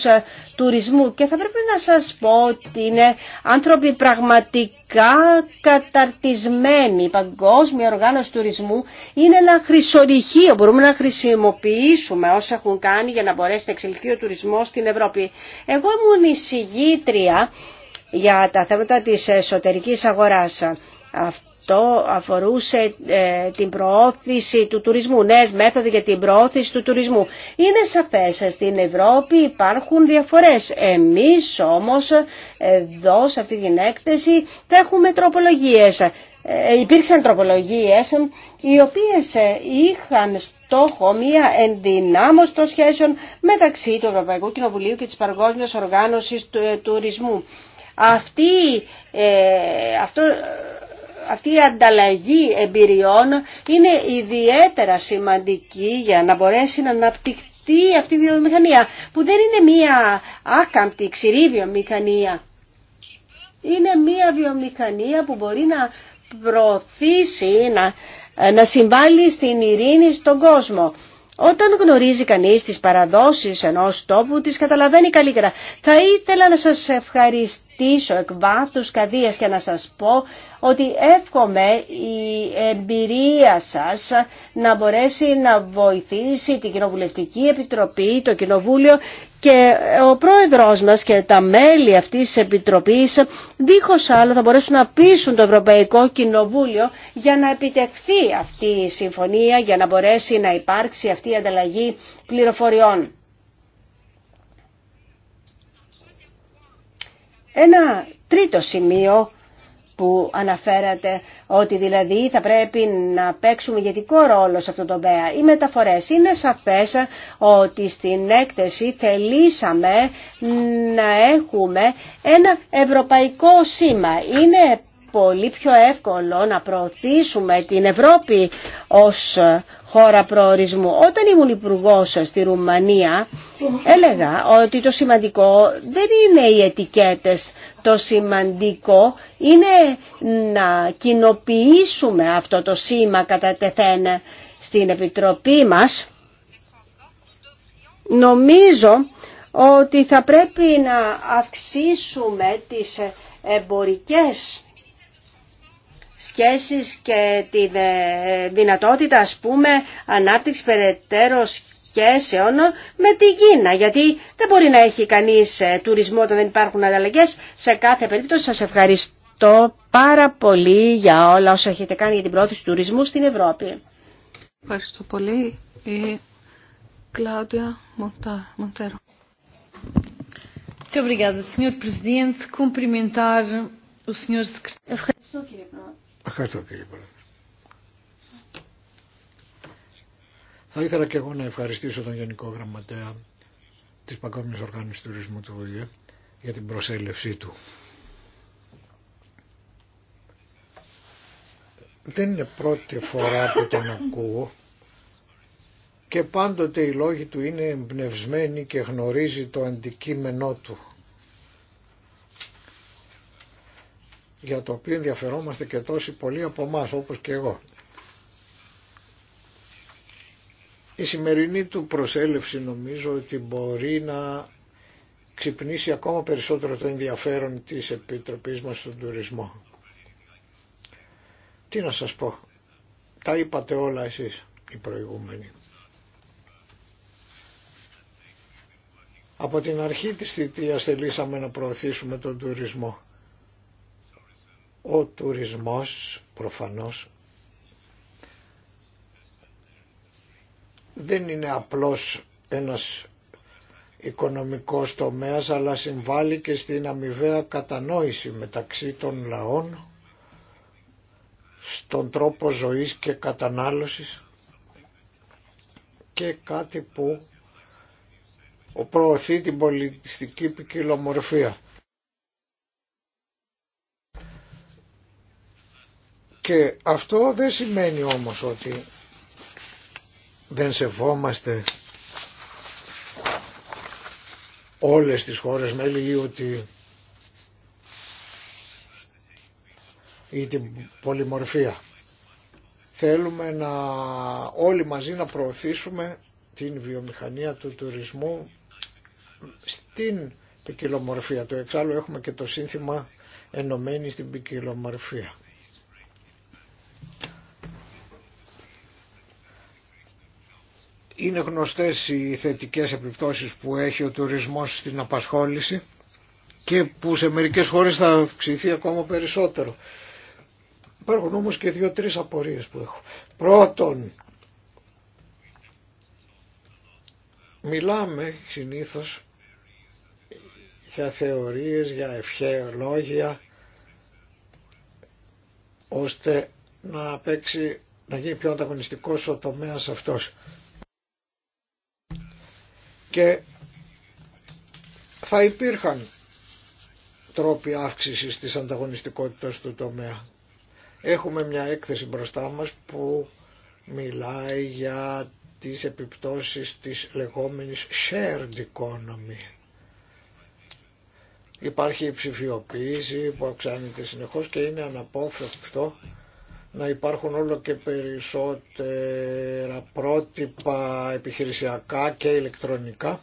τουρισμού και θα πρέπει να σας πω ότι είναι άνθρωποι πραγματικά καταρτισμένοι. Η Παγκόσμια Οργάνωση Τουρισμού είναι ένα χρυσορυχείο, μπορούμε να χρησιμοποιήσουμε όσα έχουν κάνει για να μπορέσει να εξελιχθεί ο τουρισμός στην Ευρώπη. Εγώ ήμουν εισηγήτρια για τα θέματα της εσωτερικής αγοράς αυτό αφορούσε ε, την προώθηση του τουρισμού, νέες μέθοδοι για την προώθηση του τουρισμού. Είναι σαφές, στην Ευρώπη υπάρχουν διαφορές. Εμείς όμως εδώ σε αυτή την έκθεση θα έχουμε τροπολογίες. Ε, υπήρξαν τροπολογίες οι οποίες ε, είχαν στόχο μία ενδυνάμωση των σχέσεων μεταξύ του Ευρωπαϊκού Κοινοβουλίου και της Παγκόσμιας Οργάνωσης του Τουρισμού. Αυτή, αυτό, αυτή η ανταλλαγή εμπειριών είναι ιδιαίτερα σημαντική για να μπορέσει να αναπτυχθεί αυτή η βιομηχανία που δεν είναι μία άκαμπτη, ξηρή βιομηχανία. Είναι μία βιομηχανία που μπορεί να προωθήσει, να, να συμβάλλει στην ειρήνη στον κόσμο. Όταν γνωρίζει κανείς τις παραδόσεις ενός τόπου, τις καταλαβαίνει καλύτερα. Θα ήθελα να σας ευχαριστήσω εκ βάθους καδίας και να σας πω ότι εύχομαι η εμπειρία σας να μπορέσει να βοηθήσει την Κοινοβουλευτική Επιτροπή, το Κοινοβούλιο και ο πρόεδρός μας και τα μέλη αυτής της Επιτροπής δίχως άλλο θα μπορέσουν να πείσουν το Ευρωπαϊκό Κοινοβούλιο για να επιτευχθεί αυτή η συμφωνία, για να μπορέσει να υπάρξει αυτή η ανταλλαγή πληροφοριών. Ένα τρίτο σημείο που αναφέρατε ότι δηλαδή θα πρέπει να παίξουμε ηγετικό ρόλο σε αυτό το τομέα. Οι μεταφορές είναι σαφές ότι στην έκθεση θελήσαμε να έχουμε ένα ευρωπαϊκό σήμα. Είναι πολύ πιο εύκολο να προωθήσουμε την Ευρώπη ως χώρα προορισμού. Όταν ήμουν υπουργό στη Ρουμανία έλεγα ότι το σημαντικό δεν είναι οι ετικέτες. Το σημαντικό είναι να κοινοποιήσουμε αυτό το σήμα κατά τεθέν στην Επιτροπή μας. Νομίζω ότι θα πρέπει να αυξήσουμε τις εμπορικές σχέσεις και τη ε, δυνατότητα ας πούμε ανάπτυξη περαιτέρω σχέσεων με την Κίνα. Γιατί δεν μπορεί να έχει κανείς ε, τουρισμό όταν δεν υπάρχουν ανταλλαγές. Σε κάθε περίπτωση σας ευχαριστώ πάρα πολύ για όλα όσα έχετε κάνει για την πρόθεση του τουρισμού στην Ευρώπη. Ευχαριστώ πολύ. Η Κλάουδια Μοντέρο. Ευχαριστώ κύριε Πρόεδρε. Ευχαριστώ κύριε Πρόεδρε. Θα ήθελα και εγώ να ευχαριστήσω τον Γενικό Γραμματέα της Παγκόσμιας Οργάνωσης Τουρισμού του ΟΗΕ για την προσέλευσή του. Δεν είναι πρώτη φορά που τον ακούω και πάντοτε οι λόγοι του είναι εμπνευσμένοι και γνωρίζει το αντικείμενό του. για το οποίο ενδιαφερόμαστε και τόσοι πολλοί από εμά όπως και εγώ. Η σημερινή του προσέλευση νομίζω ότι μπορεί να ξυπνήσει ακόμα περισσότερο το ενδιαφέρον της Επιτροπής μας στον τουρισμό. Τι να σας πω, τα είπατε όλα εσείς οι προηγούμενοι. Από την αρχή της θητείας θελήσαμε να προωθήσουμε τον τουρισμό. Ο τουρισμός προφανώς δεν είναι απλώς ένας οικονομικός τομέας αλλά συμβάλλει και στην αμοιβαία κατανόηση μεταξύ των λαών στον τρόπο ζωής και κατανάλωσης και κάτι που προωθεί την πολιτιστική ποικιλομορφία. Και αυτό δεν σημαίνει όμως ότι δεν σεβόμαστε όλες τις χώρες μέλη ή ότι ή την πολυμορφία. Θέλουμε να όλοι μαζί να προωθήσουμε την βιομηχανία του τουρισμού στην ποικιλομορφία. του. εξάλλου έχουμε και το σύνθημα ενωμένη στην ποικιλομορφία. Είναι γνωστές οι θετικές επιπτώσεις που έχει ο τουρισμός στην απασχόληση και που σε μερικές χώρες θα αυξηθεί ακόμα περισσότερο. Υπάρχουν όμως και δύο-τρεις απορίες που έχω. Πρώτον, μιλάμε συνήθως για θεωρίες, για ευχαιολόγια, ώστε να παίξει, να γίνει πιο ανταγωνιστικός ο τομέας αυτός και θα υπήρχαν τρόποι αύξησης της ανταγωνιστικότητας του τομέα. Έχουμε μια έκθεση μπροστά μας που μιλάει για τις επιπτώσεις της λεγόμενης shared economy. Υπάρχει η ψηφιοποίηση που αυξάνεται συνεχώς και είναι αναπόφευκτο να υπάρχουν όλο και περισσότερα πρότυπα επιχειρησιακά και ηλεκτρονικά,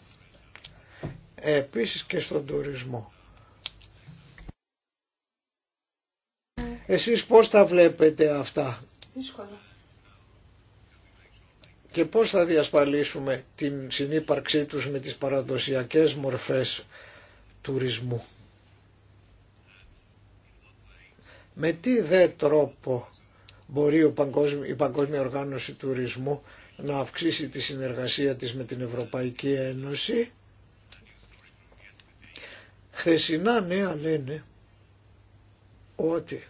επίσης και στον τουρισμό. Εσείς πώς τα βλέπετε αυτά. Δύσκολα. Και πώς θα διασφαλίσουμε την συνύπαρξή τους με τις παραδοσιακές μορφές τουρισμού. Με τι δε τρόπο μπορεί ο η Παγκόσμια Οργάνωση Τουρισμού να αυξήσει τη συνεργασία της με την Ευρωπαϊκή Ένωση. Χθεσινά νέα λένε ότι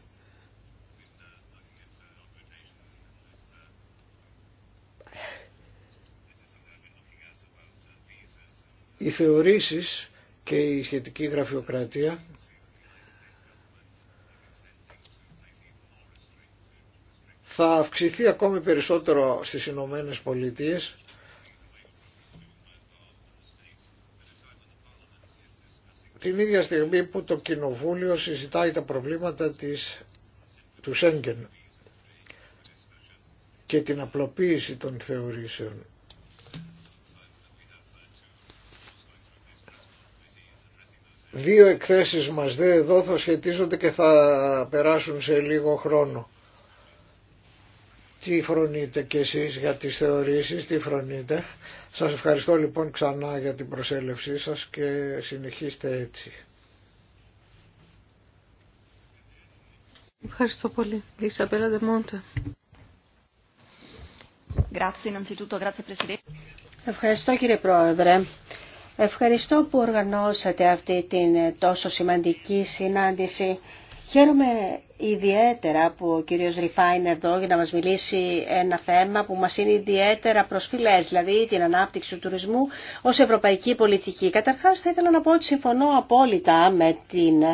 οι θεωρήσεις και η σχετική γραφειοκρατία θα αυξηθεί ακόμη περισσότερο στις Ηνωμένε Πολιτείε. την ίδια στιγμή που το Κοινοβούλιο συζητάει τα προβλήματα της, του Σέγγεν και την απλοποίηση των θεωρήσεων. Δύο εκθέσεις μας δε εδώ θα σχετίζονται και θα περάσουν σε λίγο χρόνο τι φρονείτε κι εσείς για τις θεωρήσεις, τι φρονείτε. Σας ευχαριστώ λοιπόν ξανά για την προσέλευσή σας και συνεχίστε έτσι. Ευχαριστώ πολύ. Ευχαριστώ κύριε Πρόεδρε. Ευχαριστώ που οργανώσατε αυτή την τόσο σημαντική συνάντηση. Χαίρομαι ιδιαίτερα που ο κύριος Ριφά είναι εδώ για να μας μιλήσει ένα θέμα που μας είναι ιδιαίτερα προσφυλές, δηλαδή την ανάπτυξη του τουρισμού ως ευρωπαϊκή πολιτική. Καταρχάς θα ήθελα να πω ότι συμφωνώ απόλυτα με την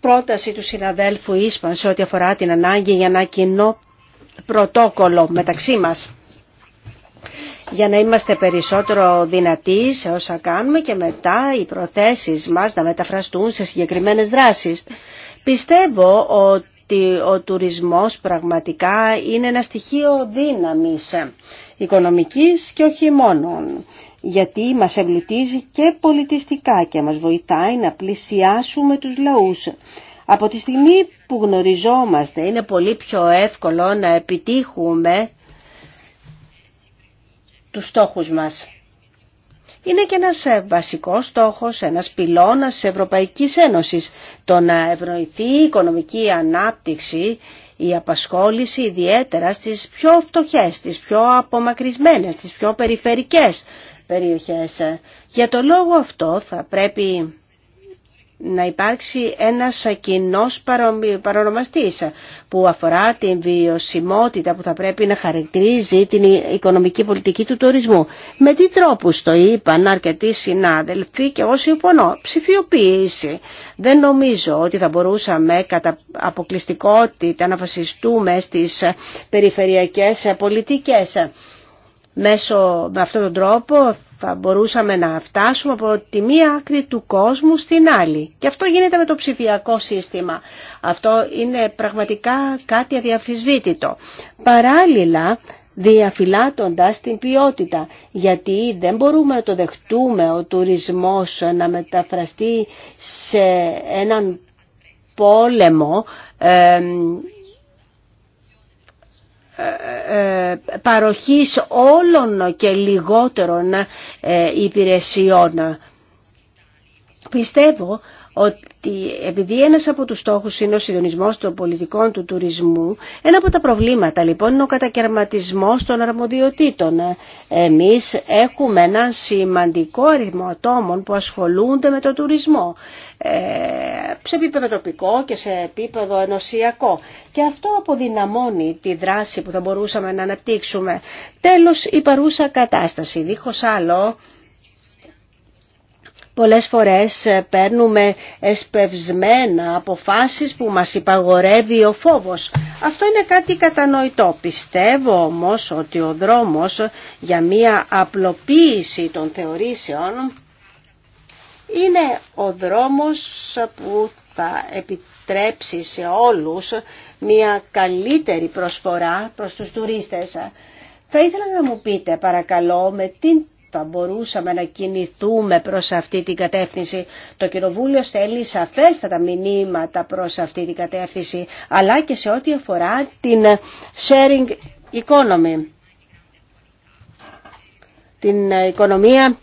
πρόταση του συναδέλφου Ίσπαν σε ό,τι αφορά την ανάγκη για ένα κοινό πρωτόκολλο μεταξύ μας για να είμαστε περισσότερο δυνατοί σε όσα κάνουμε και μετά οι προθέσεις μας να μεταφραστούν σε συγκεκριμένες δράσεις. Πιστεύω ότι ο τουρισμός πραγματικά είναι ένα στοιχείο δύναμης οικονομικής και όχι μόνον γιατί μας εμπλουτίζει και πολιτιστικά και μας βοηθάει να πλησιάσουμε τους λαούς. Από τη στιγμή που γνωριζόμαστε είναι πολύ πιο εύκολο να επιτύχουμε τους στόχους μας. Είναι και ένας ε, βασικός στόχος, ένας πυλώνας της Ευρωπαϊκής Ένωσης, το να ευνοηθεί η οικονομική ανάπτυξη, η απασχόληση ιδιαίτερα στις πιο φτωχές, στις πιο απομακρυσμένες, στις πιο περιφερικές περιοχές. Για το λόγο αυτό θα πρέπει να υπάρξει ένας κοινό παρονομαστής που αφορά την βιωσιμότητα που θα πρέπει να χαρακτηρίζει την οικονομική πολιτική του τουρισμού. Με τι τρόπους το είπαν αρκετοί συνάδελφοι και όσοι συμφωνώ. Ψηφιοποίηση. Δεν νομίζω ότι θα μπορούσαμε κατά αποκλειστικότητα να βασιστούμε στις περιφερειακές πολιτικές. Μέσω με αυτόν τον τρόπο θα μπορούσαμε να φτάσουμε από τη μία άκρη του κόσμου στην άλλη. Και αυτό γίνεται με το ψηφιακό σύστημα. Αυτό είναι πραγματικά κάτι αδιαφυσβήτητο. Παράλληλα, διαφυλάτοντας την ποιότητα, γιατί δεν μπορούμε να το δεχτούμε ο τουρισμός να μεταφραστεί σε έναν πόλεμο παροχής όλων και λιγότερων ε, υπηρεσιών. Πιστεύω ότι επειδή ένας από τους στόχους είναι ο συντονισμός των πολιτικών του τουρισμού, ένα από τα προβλήματα λοιπόν είναι ο κατακαιρματισμός των αρμοδιοτήτων. Εμείς έχουμε ένα σημαντικό αριθμό ατόμων που ασχολούνται με τον τουρισμό. Ε, σε επίπεδο τοπικό και σε επίπεδο ενωσιακό. Και αυτό αποδυναμώνει τη δράση που θα μπορούσαμε να αναπτύξουμε. Τέλος, η παρούσα κατάσταση. Δίχως άλλο, Πολλές φορές παίρνουμε εσπευσμένα αποφάσεις που μας υπαγορεύει ο φόβος. Αυτό είναι κάτι κατανοητό. Πιστεύω όμως ότι ο δρόμος για μία απλοποίηση των θεωρήσεων είναι ο δρόμος που θα επιτρέψει σε όλους μια καλύτερη προσφορά προς τους τουρίστες. Θα ήθελα να μου πείτε παρακαλώ με τι θα μπορούσαμε να κινηθούμε προς αυτή την κατεύθυνση. Το Κοινοβούλιο στέλνει σαφέστατα μηνύματα προς αυτή την κατεύθυνση, αλλά και σε ό,τι αφορά την sharing economy, την ε, οικονομία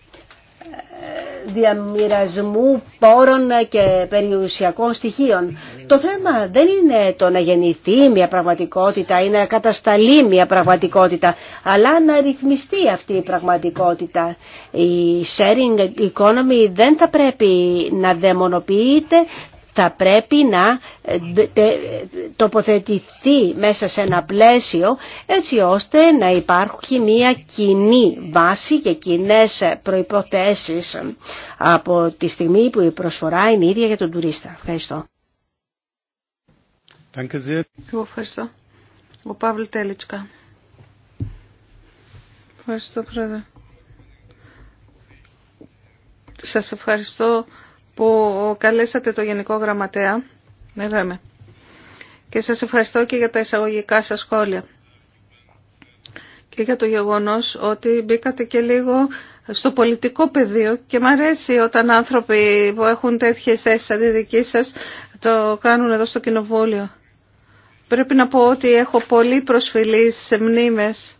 διαμοιρασμού πόρων και περιουσιακών στοιχείων. Το θέμα δεν είναι το να γεννηθεί μια πραγματικότητα ή να κατασταλεί μια πραγματικότητα, αλλά να ρυθμιστεί αυτή η πραγματικότητα. Η sharing economy δεν θα πρέπει να δαιμονοποιείται θα πρέπει να ε, ε, τοποθετηθεί μέσα σε ένα πλαίσιο έτσι ώστε να υπάρχει μια κοινή βάση και κοινέ προϋποθέσεις ε, από τη στιγμή που η προσφορά είναι ίδια για τον τουρίστα. Ευχαριστώ. ευχαριστώ. Ο Παύλ Τέλιτσκα. Ευχαριστώ, Πρόεδρε. Σας ευχαριστώ που καλέσατε το Γενικό Γραμματέα. Ναι, Και σας ευχαριστώ και για τα εισαγωγικά σας σχόλια. Και για το γεγονός ότι μπήκατε και λίγο στο πολιτικό πεδίο και μ' αρέσει όταν άνθρωποι που έχουν τέτοιες θέσεις αντί δική σας το κάνουν εδώ στο κοινοβούλιο. Πρέπει να πω ότι έχω πολύ προσφυλή σε μνήμες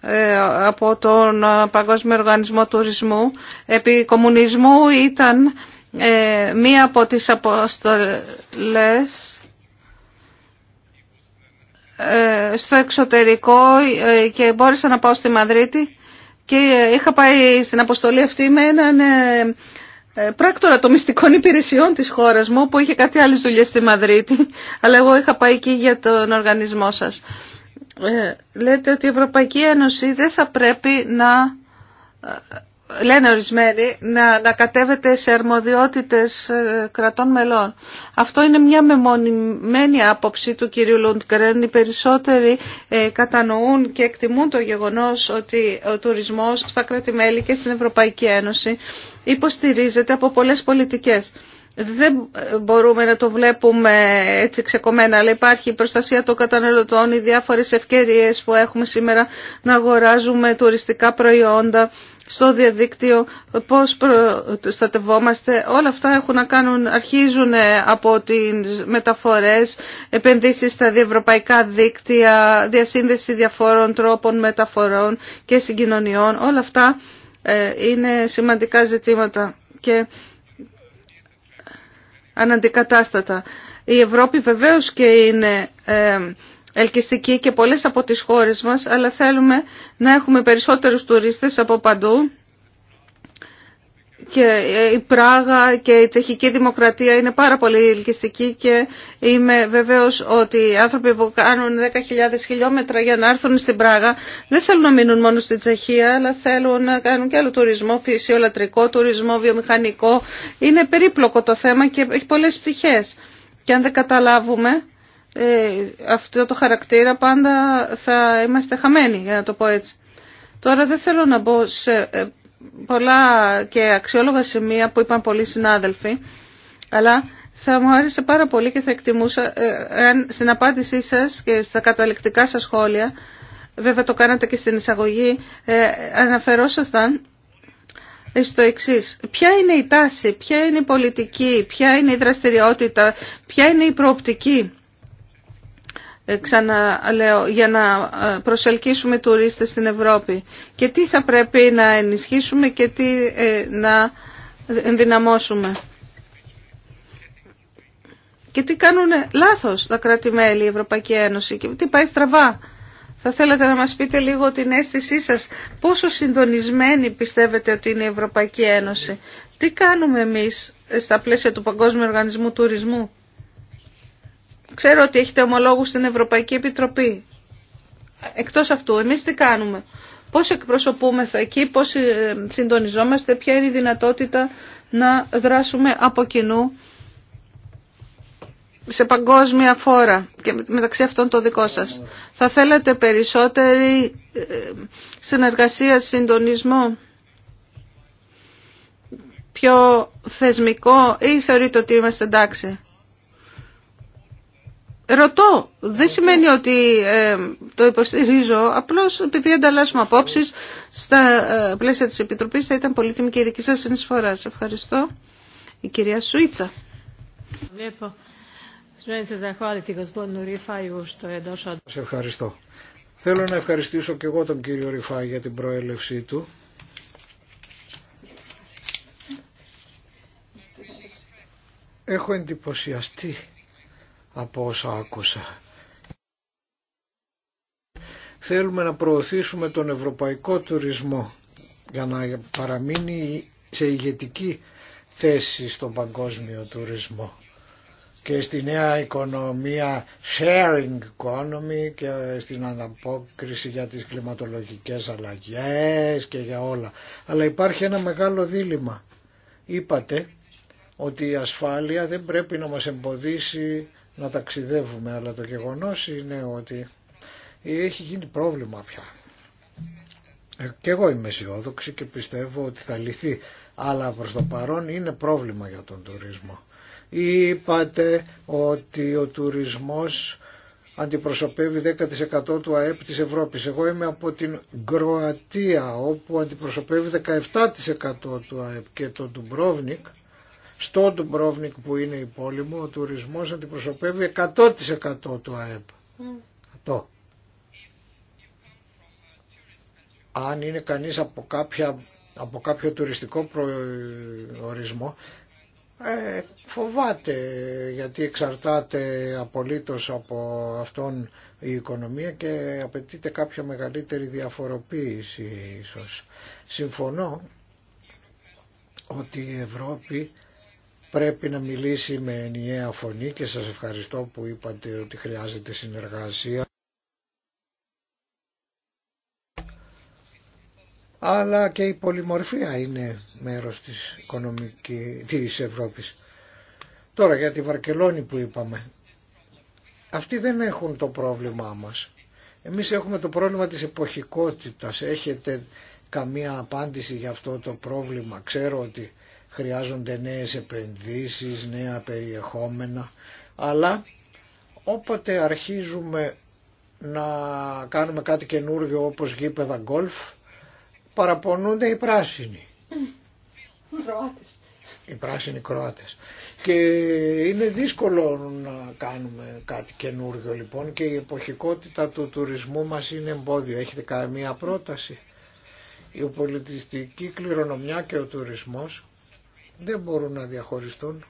ε, από τον ε, Παγκόσμιο Οργανισμό Τουρισμού. Επί κομμουνισμού ήταν ε, μία από τις αποστολές στο εξωτερικό και μπόρεσα να πάω στη Μαδρίτη και είχα πάει στην αποστολή αυτή με έναν πράκτορα των μυστικών υπηρεσιών της χώρας μου που είχε κάτι άλλες δουλειές στη Μαδρίτη αλλά εγώ είχα πάει εκεί για τον οργανισμό σας. Ε, λέτε ότι η Ευρωπαϊκή Ένωση δεν θα πρέπει να, ε, λένε ορισμένοι, να, να κατέβεται σε αρμοδιότητες ε, κρατών μελών. Αυτό είναι μια μεμονημένη άποψη του κυρίου Λούντγκρέν. Οι περισσότεροι κατανοούν και εκτιμούν το γεγονός ότι ο τουρισμός στα κράτη-μέλη και στην Ευρωπαϊκή Ένωση υποστηρίζεται από πολλές πολιτικές δεν μπορούμε να το βλέπουμε έτσι ξεκομμένα, αλλά υπάρχει η προστασία των καταναλωτών, οι διάφορες ευκαιρίες που έχουμε σήμερα να αγοράζουμε τουριστικά προϊόντα στο διαδίκτυο, πώς προστατευόμαστε. Όλα αυτά έχουν να κάνουν, αρχίζουν από τις μεταφορές, επενδύσεις στα διευρωπαϊκά δίκτυα, διασύνδεση διαφόρων τρόπων μεταφορών και συγκοινωνιών. Όλα αυτά ε, είναι σημαντικά ζητήματα αναντικατάστατα. Η Ευρώπη βεβαίως και είναι ε, ελκυστική και πολλές από τις χώρες μας, αλλά θέλουμε να έχουμε περισσότερους τουρίστες από παντού και η Πράγα και η Τσεχική Δημοκρατία είναι πάρα πολύ ελκυστική και είμαι βεβαίως ότι οι άνθρωποι που κάνουν 10.000 χιλιόμετρα για να έρθουν στην Πράγα δεν θέλουν να μείνουν μόνο στην Τσεχία αλλά θέλουν να κάνουν και άλλο τουρισμό, φυσιολατρικό τουρισμό, βιομηχανικό. Είναι περίπλοκο το θέμα και έχει πολλές ψυχέ. Και αν δεν καταλάβουμε ε, αυτό το χαρακτήρα πάντα θα είμαστε χαμένοι για να το πω έτσι. Τώρα δεν θέλω να μπω σε ε, πολλά και αξιόλογα σημεία που είπαν πολλοί συνάδελφοι, αλλά θα μου άρεσε πάρα πολύ και θα εκτιμούσα αν ε, στην απάντησή σας και στα καταληκτικά σας σχόλια, βέβαια το κάνατε και στην εισαγωγή, ε, αναφερόσασταν στο εξή. Ποια είναι η τάση, ποια είναι η πολιτική, ποια είναι η δραστηριότητα, ποια είναι η προοπτική ε, ξαναλέω, για να ε, προσελκύσουμε τουρίστες στην Ευρώπη και τι θα πρέπει να ενισχύσουμε και τι ε, να ενδυναμώσουμε. Και τι κάνουν λάθος τα κράτη-μέλη, η Ευρωπαϊκή Ένωση και τι πάει στραβά. Θα θέλατε να μας πείτε λίγο την αίσθησή σας, πόσο συντονισμένη πιστεύετε ότι είναι η Ευρωπαϊκή Ένωση. Τι κάνουμε εμείς στα πλαίσια του Παγκόσμιου Οργανισμού Τουρισμού. Ξέρω ότι έχετε ομολόγους στην Ευρωπαϊκή Επιτροπή. Εκτός αυτού, εμείς τι κάνουμε. Πώς εκπροσωπούμεθα εκεί, πώς ε, συντονιζόμαστε, ποια είναι η δυνατότητα να δράσουμε από κοινού σε παγκόσμια φόρα και μεταξύ αυτών το δικό σας. Θα θέλατε περισσότερη ε, συνεργασία, συντονισμό, πιο θεσμικό ή θεωρείτε ότι είμαστε εντάξει. Ρωτώ, δεν σημαίνει ότι ε, το υποστηρίζω, απλώς επειδή ανταλλάσσουμε απόψει στα ε, πλαίσια της Επιτροπής θα ήταν πολύτιμη και η δική σας συνεισφορά. Σας ευχαριστώ. Η κυρία Σουίτσα. Σας ευχαριστώ. Θέλω να ευχαριστήσω και εγώ τον κύριο Ριφάη για την προέλευσή του. Έχω εντυπωσιαστεί από όσα άκουσα. Θέλουμε να προωθήσουμε τον ευρωπαϊκό τουρισμό για να παραμείνει σε ηγετική θέση στον παγκόσμιο τουρισμό και στη νέα οικονομία sharing economy και στην ανταπόκριση για τις κλιματολογικές αλλαγές και για όλα. Αλλά υπάρχει ένα μεγάλο δίλημα. Είπατε ότι η ασφάλεια δεν πρέπει να μας εμποδίσει να ταξιδεύουμε, αλλά το γεγονός είναι ότι έχει γίνει πρόβλημα πια. Ε, και εγώ είμαι αισιόδοξη και πιστεύω ότι θα λυθεί, αλλά προς το παρόν είναι πρόβλημα για τον τουρισμό. Είπατε ότι ο τουρισμός αντιπροσωπεύει 10% του ΑΕΠ της Ευρώπης. Εγώ είμαι από την Κροατία όπου αντιπροσωπεύει 17% του ΑΕΠ και το Ντουμπρόβνικ στο Ντουμπρόβνικ που είναι η πόλη μου, ο τουρισμός αντιπροσωπεύει 100% του ΑΕΠ. Αν είναι κανείς από, από κάποιο τουριστικό προορισμό, ε, φοβάται γιατί εξαρτάται απολύτως από αυτόν η οικονομία και απαιτείται κάποια μεγαλύτερη διαφοροποίηση ίσως. Συμφωνώ ότι η Ευρώπη πρέπει να μιλήσει με ενιαία φωνή και σας ευχαριστώ που είπατε ότι χρειάζεται συνεργασία. Αλλά και η πολυμορφία είναι μέρος της, οικονομικής της Ευρώπης. Τώρα για τη Βαρκελόνη που είπαμε. Αυτοί δεν έχουν το πρόβλημά μας. Εμείς έχουμε το πρόβλημα της εποχικότητας. Έχετε καμία απάντηση για αυτό το πρόβλημα. Ξέρω ότι χρειάζονται νέες επενδύσεις, νέα περιεχόμενα, αλλά όποτε αρχίζουμε να κάνουμε κάτι καινούργιο όπως γήπεδα γκολφ, παραπονούνται οι πράσινοι. Κροάτες. Οι πράσινοι Κροάτες. Και είναι δύσκολο να κάνουμε κάτι καινούργιο λοιπόν και η εποχικότητα του τουρισμού μας είναι εμπόδιο. Έχετε καμία πρόταση. Η πολιτιστική κληρονομιά και ο τουρισμός δεν μπορούν να διαχωριστούν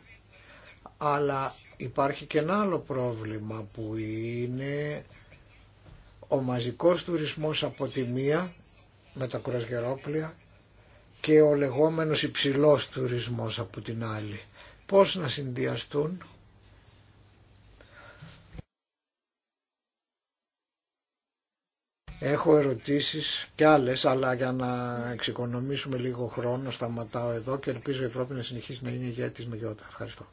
αλλά υπάρχει και ένα άλλο πρόβλημα που είναι ο μαζικός τουρισμός από τη μία με τα κουρασγερόπλια και ο λεγόμενος υψηλός τουρισμός από την άλλη. Πώς να συνδυαστούν Έχω ερωτήσεις και άλλες, αλλά για να εξοικονομήσουμε λίγο χρόνο σταματάω εδώ και ελπίζω η Ευρώπη να συνεχίσει να είναι ηγέτης με γιώτα. Ευχαριστώ.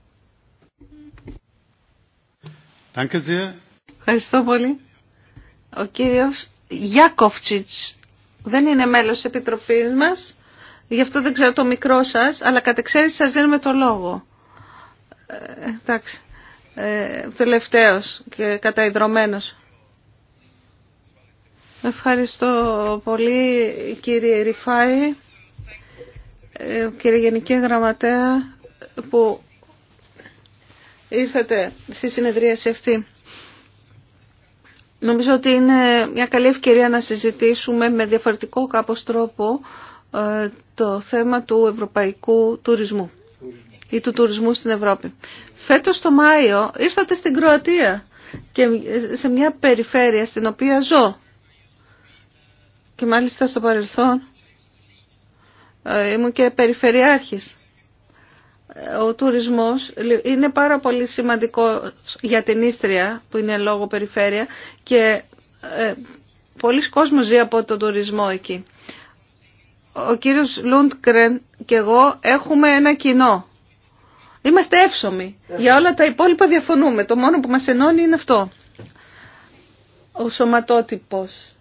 Ευχαριστώ πολύ. Ο κύριος Γιάκοφτσιτς δεν είναι μέλος της Επιτροπής μας, γι' αυτό δεν ξέρω το μικρό σας, αλλά κατ' εξαίρεση σας δίνουμε το λόγο. Ε, εντάξει, ε, τελευταίος και καταϊδρωμένος. Ευχαριστώ πολύ κύριε Ριφάη, ε, κύριε Γενική Γραμματέα που ήρθατε στη σε αυτή. Νομίζω ότι είναι μια καλή ευκαιρία να συζητήσουμε με διαφορετικό κάπως τρόπο ε, το θέμα του ευρωπαϊκού τουρισμού ή του τουρισμού στην Ευρώπη. Φέτος το Μάιο ήρθατε στην Κροατία και σε μια περιφέρεια στην οποία ζω και μάλιστα στο παρελθόν ε, ήμουν και περιφερειάρχης. Ε, ο τουρισμός είναι πάρα πολύ σημαντικό για την Ίστρια που είναι λόγο περιφέρεια και ε, πολλοί κόσμος ζει από τον τουρισμό εκεί. Ο κύριος Λούντκρεν και εγώ έχουμε ένα κοινό. Είμαστε εύσομοι. Για όλα τα υπόλοιπα διαφωνούμε. Το μόνο που μας ενώνει είναι αυτό. Ο σωματότυπος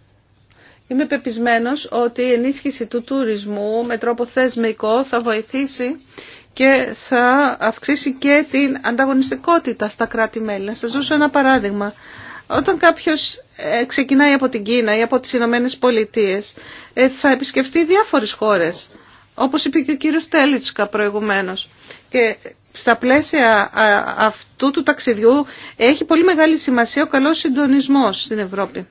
Είμαι πεπισμένος ότι η ενίσχυση του τουρισμού με τρόπο θεσμικό θα βοηθήσει και θα αυξήσει και την ανταγωνιστικότητα στα κράτη-μέλη. Να σας δώσω ένα παράδειγμα. Όταν κάποιος ε, ξεκινάει από την Κίνα ή από τις Ηνωμένε Πολιτείες, ε, θα επισκεφτεί διάφορες χώρες, όπως είπε και ο κύριος Τέλιτσκα προηγουμένως. Και στα πλαίσια αυτού του ταξιδιού έχει πολύ μεγάλη σημασία ο καλός συντονισμός στην Ευρώπη.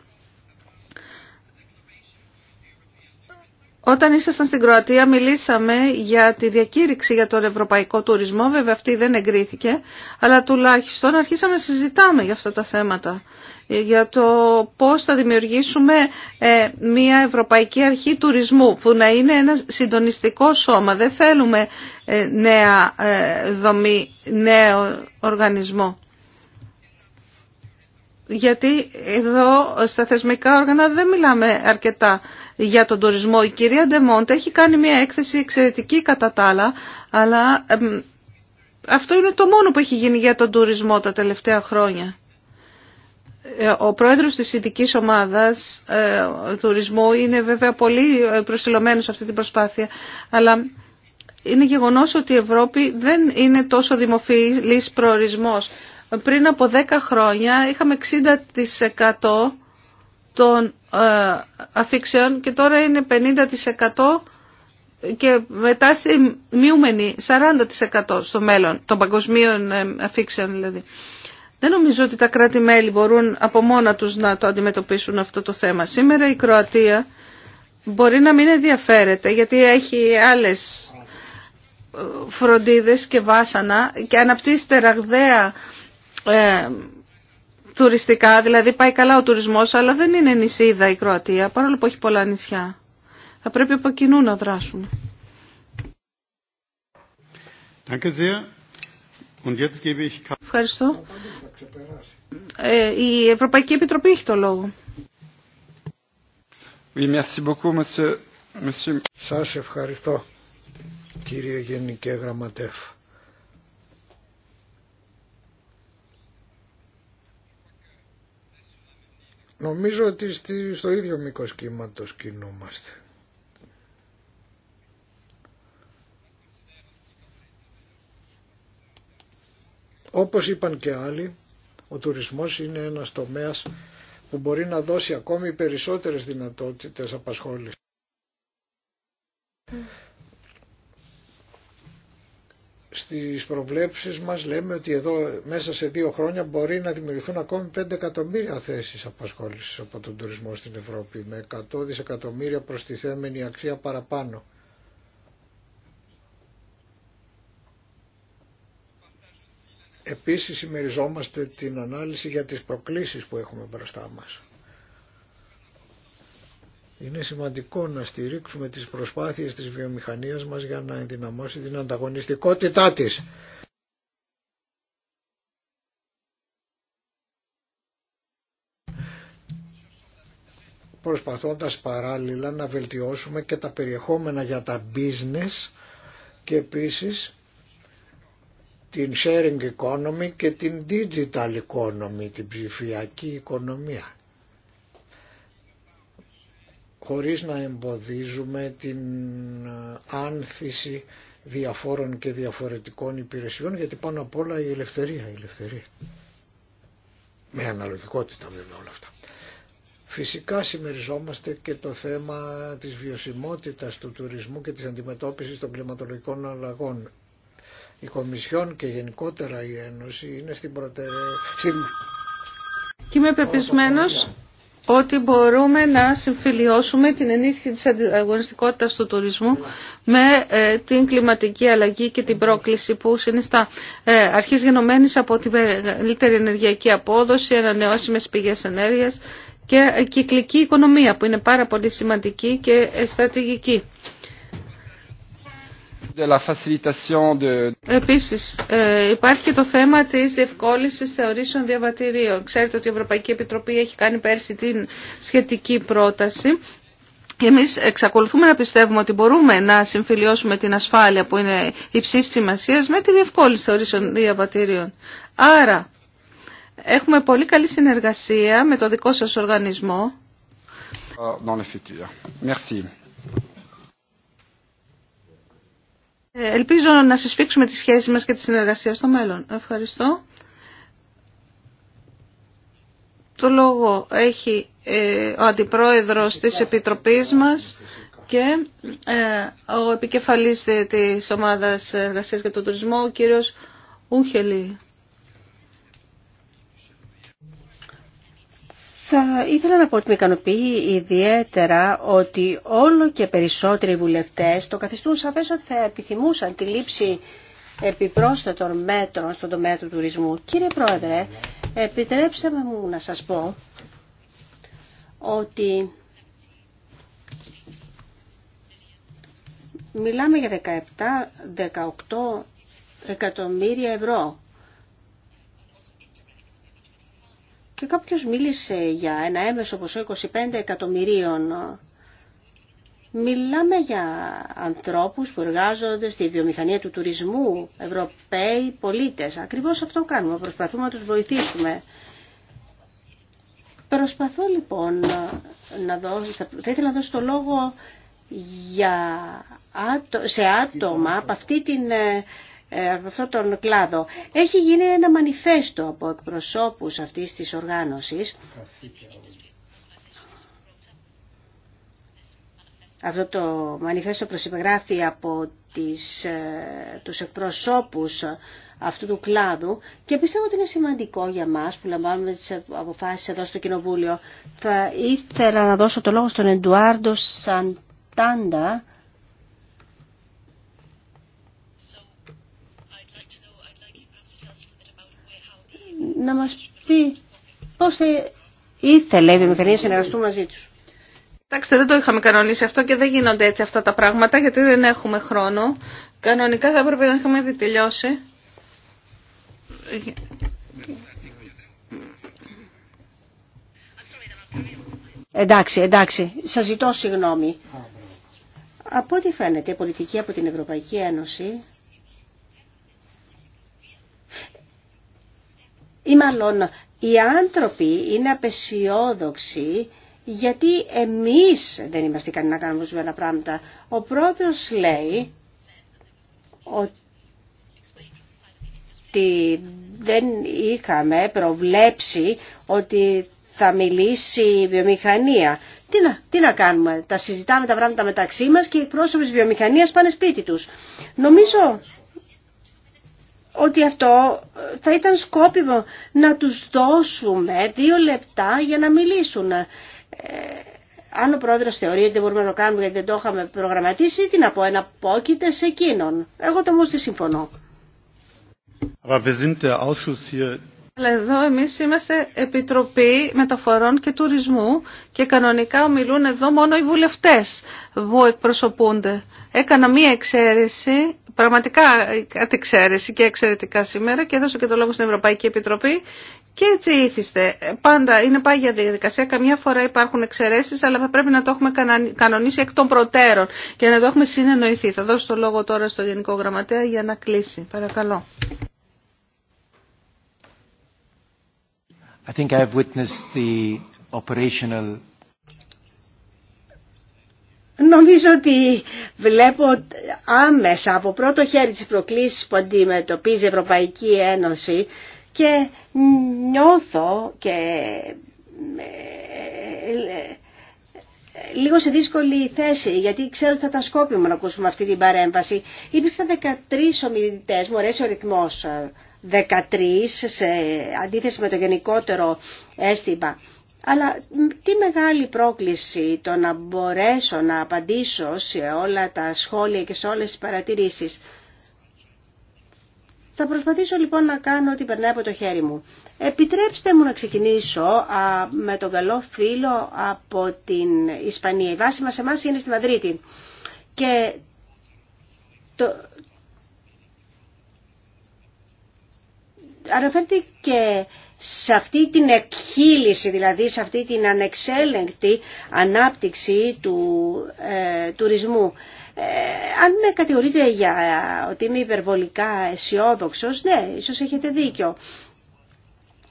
Όταν ήσασταν στην Κροατία μιλήσαμε για τη διακήρυξη για τον ευρωπαϊκό τουρισμό, βέβαια αυτή δεν εγκρίθηκε, αλλά τουλάχιστον αρχίσαμε να συζητάμε για αυτά τα θέματα, για το πώς θα δημιουργήσουμε ε, μια ευρωπαϊκή αρχή τουρισμού που να είναι ένα συντονιστικό σώμα. Δεν θέλουμε ε, νέα ε, δομή, νέο οργανισμό γιατί εδώ στα θεσμικά όργανα δεν μιλάμε αρκετά για τον τουρισμό. Η κυρία Ντεμόντε έχει κάνει μια έκθεση εξαιρετική κατά τα άλλα, αλλά αυτό είναι το μόνο που έχει γίνει για τον τουρισμό τα τελευταία χρόνια. Ε, ο πρόεδρος της ειδικής ομάδας ε, τουρισμού είναι βέβαια πολύ ε, προσιλωμένος σε αυτή την προσπάθεια, αλλά είναι γεγονός ότι η Ευρώπη δεν είναι τόσο δημοφιλής προορισμός πριν από 10 χρόνια είχαμε 60% των ε, αφήξεων και τώρα είναι 50% και μετά μειούμενη 40% στο μέλλον των παγκοσμίων ε, αφήξεων δηλαδή. Δεν νομίζω ότι τα κράτη-μέλη μπορούν από μόνα τους να το αντιμετωπίσουν αυτό το θέμα. Σήμερα η Κροατία μπορεί να μην ενδιαφέρεται γιατί έχει άλλες ε, φροντίδες και βάσανα και αναπτύσσεται ραγδαία ε, τουριστικά, δηλαδή πάει καλά ο τουρισμός, αλλά δεν είναι νησίδα η Κροατία, παρόλο που έχει πολλά νησιά. Θα πρέπει από κοινού να δράσουμε. Ευχαριστώ. Ε, η Ευρωπαϊκή Επιτροπή έχει το λόγο. Σας ευχαριστώ, κύριε Γενικέ Γραμματεύ. Νομίζω ότι στο ίδιο μήκος κύματος κινούμαστε. Όπως είπαν και άλλοι, ο τουρισμός είναι ένας τομέας που μπορεί να δώσει ακόμη περισσότερες δυνατότητες απασχόλησης στις προβλέψεις μας λέμε ότι εδώ μέσα σε δύο χρόνια μπορεί να δημιουργηθούν ακόμη 5 εκατομμύρια θέσεις απασχόλησης από τον τουρισμό στην Ευρώπη με 100 δισεκατομμύρια προστιθέμενη αξία παραπάνω. Επίσης συμμεριζόμαστε την ανάλυση για τις προκλήσεις που έχουμε μπροστά μας. Είναι σημαντικό να στηρίξουμε τις προσπάθειες της βιομηχανίας μας για να ενδυναμώσει την ανταγωνιστικότητά της. προσπαθώντας παράλληλα να βελτιώσουμε και τα περιεχόμενα για τα business και επίσης την sharing economy και την digital economy, την ψηφιακή οικονομία χωρίς να εμποδίζουμε την ε, άνθηση διαφόρων και διαφορετικών υπηρεσιών γιατί πάνω απ' όλα η ελευθερία, η ελευθερία. Με αναλογικότητα βέβαια όλα αυτά. Φυσικά συμμεριζόμαστε και το θέμα της βιωσιμότητας του τουρισμού και της αντιμετώπισης των κλιματολογικών αλλαγών. Η Κομισιόν και γενικότερα η Ένωση είναι στην προτεραιότητα. Και είμαι πεπισμένος ότι μπορούμε να συμφιλιώσουμε την ενίσχυση της αγωνιστικότητας του τουρισμού με ε, την κλιματική αλλαγή και την πρόκληση που συνιστά ε, αρχής γενομένης από την μεγαλύτερη ενεργειακή απόδοση, ανανεώσιμες πηγές ενέργειας και κυκλική οικονομία που είναι πάρα πολύ σημαντική και στρατηγική. Επίσης, ε, υπάρχει και το θέμα της διευκόλυνσης θεωρήσεων διαβατηρίων. Ξέρετε ότι η Ευρωπαϊκή Επιτροπή έχει κάνει πέρσι την σχετική πρόταση. Και εμείς εξακολουθούμε να πιστεύουμε ότι μπορούμε να συμφιλιώσουμε την ασφάλεια που είναι υψής σημασία με τη διευκόλυνση θεωρήσεων διαβατηρίων. Άρα, έχουμε πολύ καλή συνεργασία με το δικό σας οργανισμό. Ε, ελπίζω να συσφίξουμε τις σχέσεις μας και τη συνεργασία στο μέλλον. Ευχαριστώ. Το λόγο έχει ε, ο Αντιπρόεδρος της Επιτροπής μας και ε, ο επικεφαλής της Ομάδας Εργασίας για τον Τουρισμό, ο κύριος Ούχελη. Θα ήθελα να πω ότι με ικανοποιεί ιδιαίτερα ότι όλο και περισσότεροι βουλευτές το καθιστούν σαφές ότι θα επιθυμούσαν τη λήψη επιπρόσθετων μέτρων στον τομέα του τουρισμού. Κύριε Πρόεδρε, επιτρέψτε μου να σας πω ότι μιλάμε για 17-18 εκατομμύρια ευρώ Και κάποιος μίλησε για ένα έμεσο ποσό 25 εκατομμυρίων. Μιλάμε για ανθρώπους που εργάζονται στη βιομηχανία του τουρισμού, Ευρωπαίοι πολίτες. Ακριβώς αυτό κάνουμε, προσπαθούμε να τους βοηθήσουμε. Προσπαθώ λοιπόν να δώσω, θα ήθελα να δώσω το λόγο για, σε άτομα από αυτή την ε, ε, αυτόν τον κλάδο. Έχει γίνει ένα μανιφέστο από εκπροσώπους αυτής της οργάνωσης. Αυτό το μανιφέστο προσυπεγράφει από τις, ε, τους εκπροσώπους αυτού του κλάδου και πιστεύω ότι είναι σημαντικό για μας που λαμβάνουμε τις αποφάσεις εδώ στο Κοινοβούλιο. Θα ήθελα να δώσω το λόγο στον Εντουάρντο Σαντάντα να μας πει πώς θα ήθελε η βιομηχανία συνεργαστούν μαζί τους. Εντάξει, δεν το είχαμε κανονίσει αυτό και δεν γίνονται έτσι αυτά τα πράγματα γιατί δεν έχουμε χρόνο. Κανονικά θα έπρεπε να είχαμε δει τελειώσει. Εντάξει, εντάξει, σας ζητώ συγγνώμη. Από ό,τι φαίνεται, η πολιτική από την Ευρωπαϊκή Ένωση ή μάλλον οι άνθρωποι είναι απεσιόδοξοι γιατί εμείς δεν είμαστε ικανοί να κάνουμε ορισμένα πράγματα. Ο πρόεδρος λέει ότι δεν είχαμε προβλέψει ότι θα μιλήσει η βιομηχανία. Τι να, τι να κάνουμε, τα συζητάμε τα πράγματα μεταξύ μας και οι πρόσωποι της βιομηχανίας πάνε σπίτι τους. Νομίζω ότι αυτό ε, θα ήταν σκόπιμο να τους δώσουμε δύο λεπτά για να μιλήσουν. Ε, αν ο πρόεδρος θεωρεί ότι δεν μπορούμε να το κάνουμε γιατί δεν το είχαμε προγραμματίσει, τι να πω, πόκειται σε εκείνον. Εγώ το όμως δεν συμφωνώ. Ausschuss hier αλλά εδώ εμείς είμαστε Επιτροπή Μεταφορών και Τουρισμού και κανονικά ομιλούν εδώ μόνο οι βουλευτές που εκπροσωπούνται. Έκανα μία εξαίρεση, πραγματικά κάτι εξαίρεση και εξαιρετικά σήμερα και έδωσα και το λόγο στην Ευρωπαϊκή Επιτροπή και έτσι ήθιστε. Πάντα είναι πάγια διαδικασία. Καμιά φορά υπάρχουν εξαιρέσει, αλλά θα πρέπει να το έχουμε κανονίσει εκ των προτέρων και να το έχουμε συνεννοηθεί. Θα δώσω το λόγο τώρα στο Γενικό Γραμματέα για να κλείσει. Παρακαλώ. I think I have witnessed the operational Νομίζω ότι βλέπω άμεσα από πρώτο χέρι τις προκλήσεις που αντιμετωπίζει η Ευρωπαϊκή Ένωση και νιώθω και ε, ε, λίγο σε δύσκολη θέση, γιατί ξέρω ότι θα τα σκόπιμο να ακούσουμε αυτή την παρέμβαση. Υπήρξαν 13 ομιλητές, μου αρέσει ο ρυθμός ε, 13 σε αντίθεση με το γενικότερο αίσθημα. Αλλά τι μεγάλη πρόκληση το να μπορέσω να απαντήσω σε όλα τα σχόλια και σε όλες τις παρατηρήσεις. Θα προσπαθήσω λοιπόν να κάνω ό,τι περνάει από το χέρι μου. Επιτρέψτε μου να ξεκινήσω α, με τον καλό φίλο από την Ισπανία. Η βάση μας εμάς είναι στη Μαδρίτη. Και το, και σε αυτή την εκχύληση, δηλαδή σε αυτή την ανεξέλεγκτη ανάπτυξη του ε, τουρισμού. Ε, αν με κατηγορείτε για ότι είμαι υπερβολικά αισιόδοξο, ναι, ίσως έχετε δίκιο.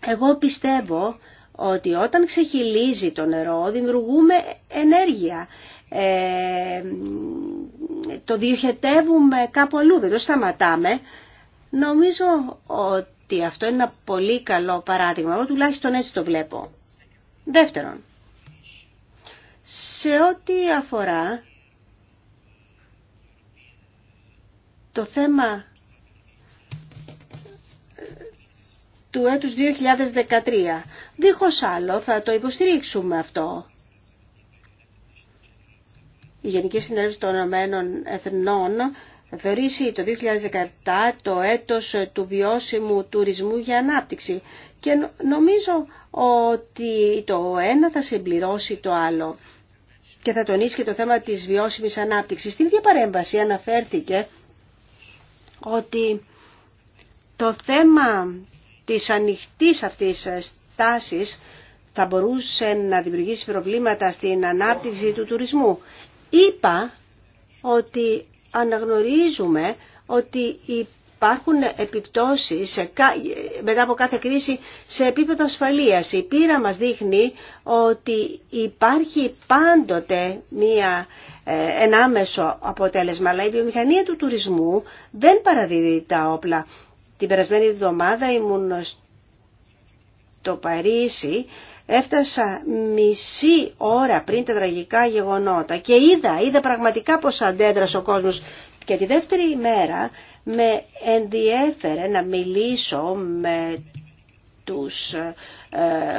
Εγώ πιστεύω ότι όταν ξεχυλίζει το νερό δημιουργούμε ενέργεια. Ε, το διοχετεύουμε κάπου αλλού, δεν το σταματάμε. Νομίζω ότι ότι αυτό είναι ένα πολύ καλό παράδειγμα. Εγώ τουλάχιστον έτσι το βλέπω. Δεύτερον, σε ό,τι αφορά το θέμα του έτους 2013. Δίχως άλλο θα το υποστηρίξουμε αυτό. Η Γενική Συνέλευση των Ηνωμένων Εθνών θεωρήσει το 2017 το έτος του βιώσιμου τουρισμού για ανάπτυξη. Και νομίζω ότι το ένα θα συμπληρώσει το άλλο και θα τονίσει και το θέμα της βιώσιμης ανάπτυξης. Στην ίδια παρέμβαση αναφέρθηκε ότι το θέμα της ανοιχτής αυτής στάσης θα μπορούσε να δημιουργήσει προβλήματα στην ανάπτυξη του τουρισμού. Είπα ότι αναγνωρίζουμε ότι υπάρχουν επιπτώσεις μετά από κάθε κρίση σε επίπεδο ασφαλείας. Η πείρα μας δείχνει ότι υπάρχει πάντοτε μία ε, ένα αποτέλεσμα, αλλά η βιομηχανία του τουρισμού δεν παραδίδει τα όπλα. Την περασμένη εβδομάδα ήμουν στο Παρίσι Έφτασα μισή ώρα πριν τα τραγικά γεγονότα και είδα, είδα πραγματικά πως αντέδρασε ο κόσμος. Και τη δεύτερη μέρα με ενδιέφερε να μιλήσω με τους ε,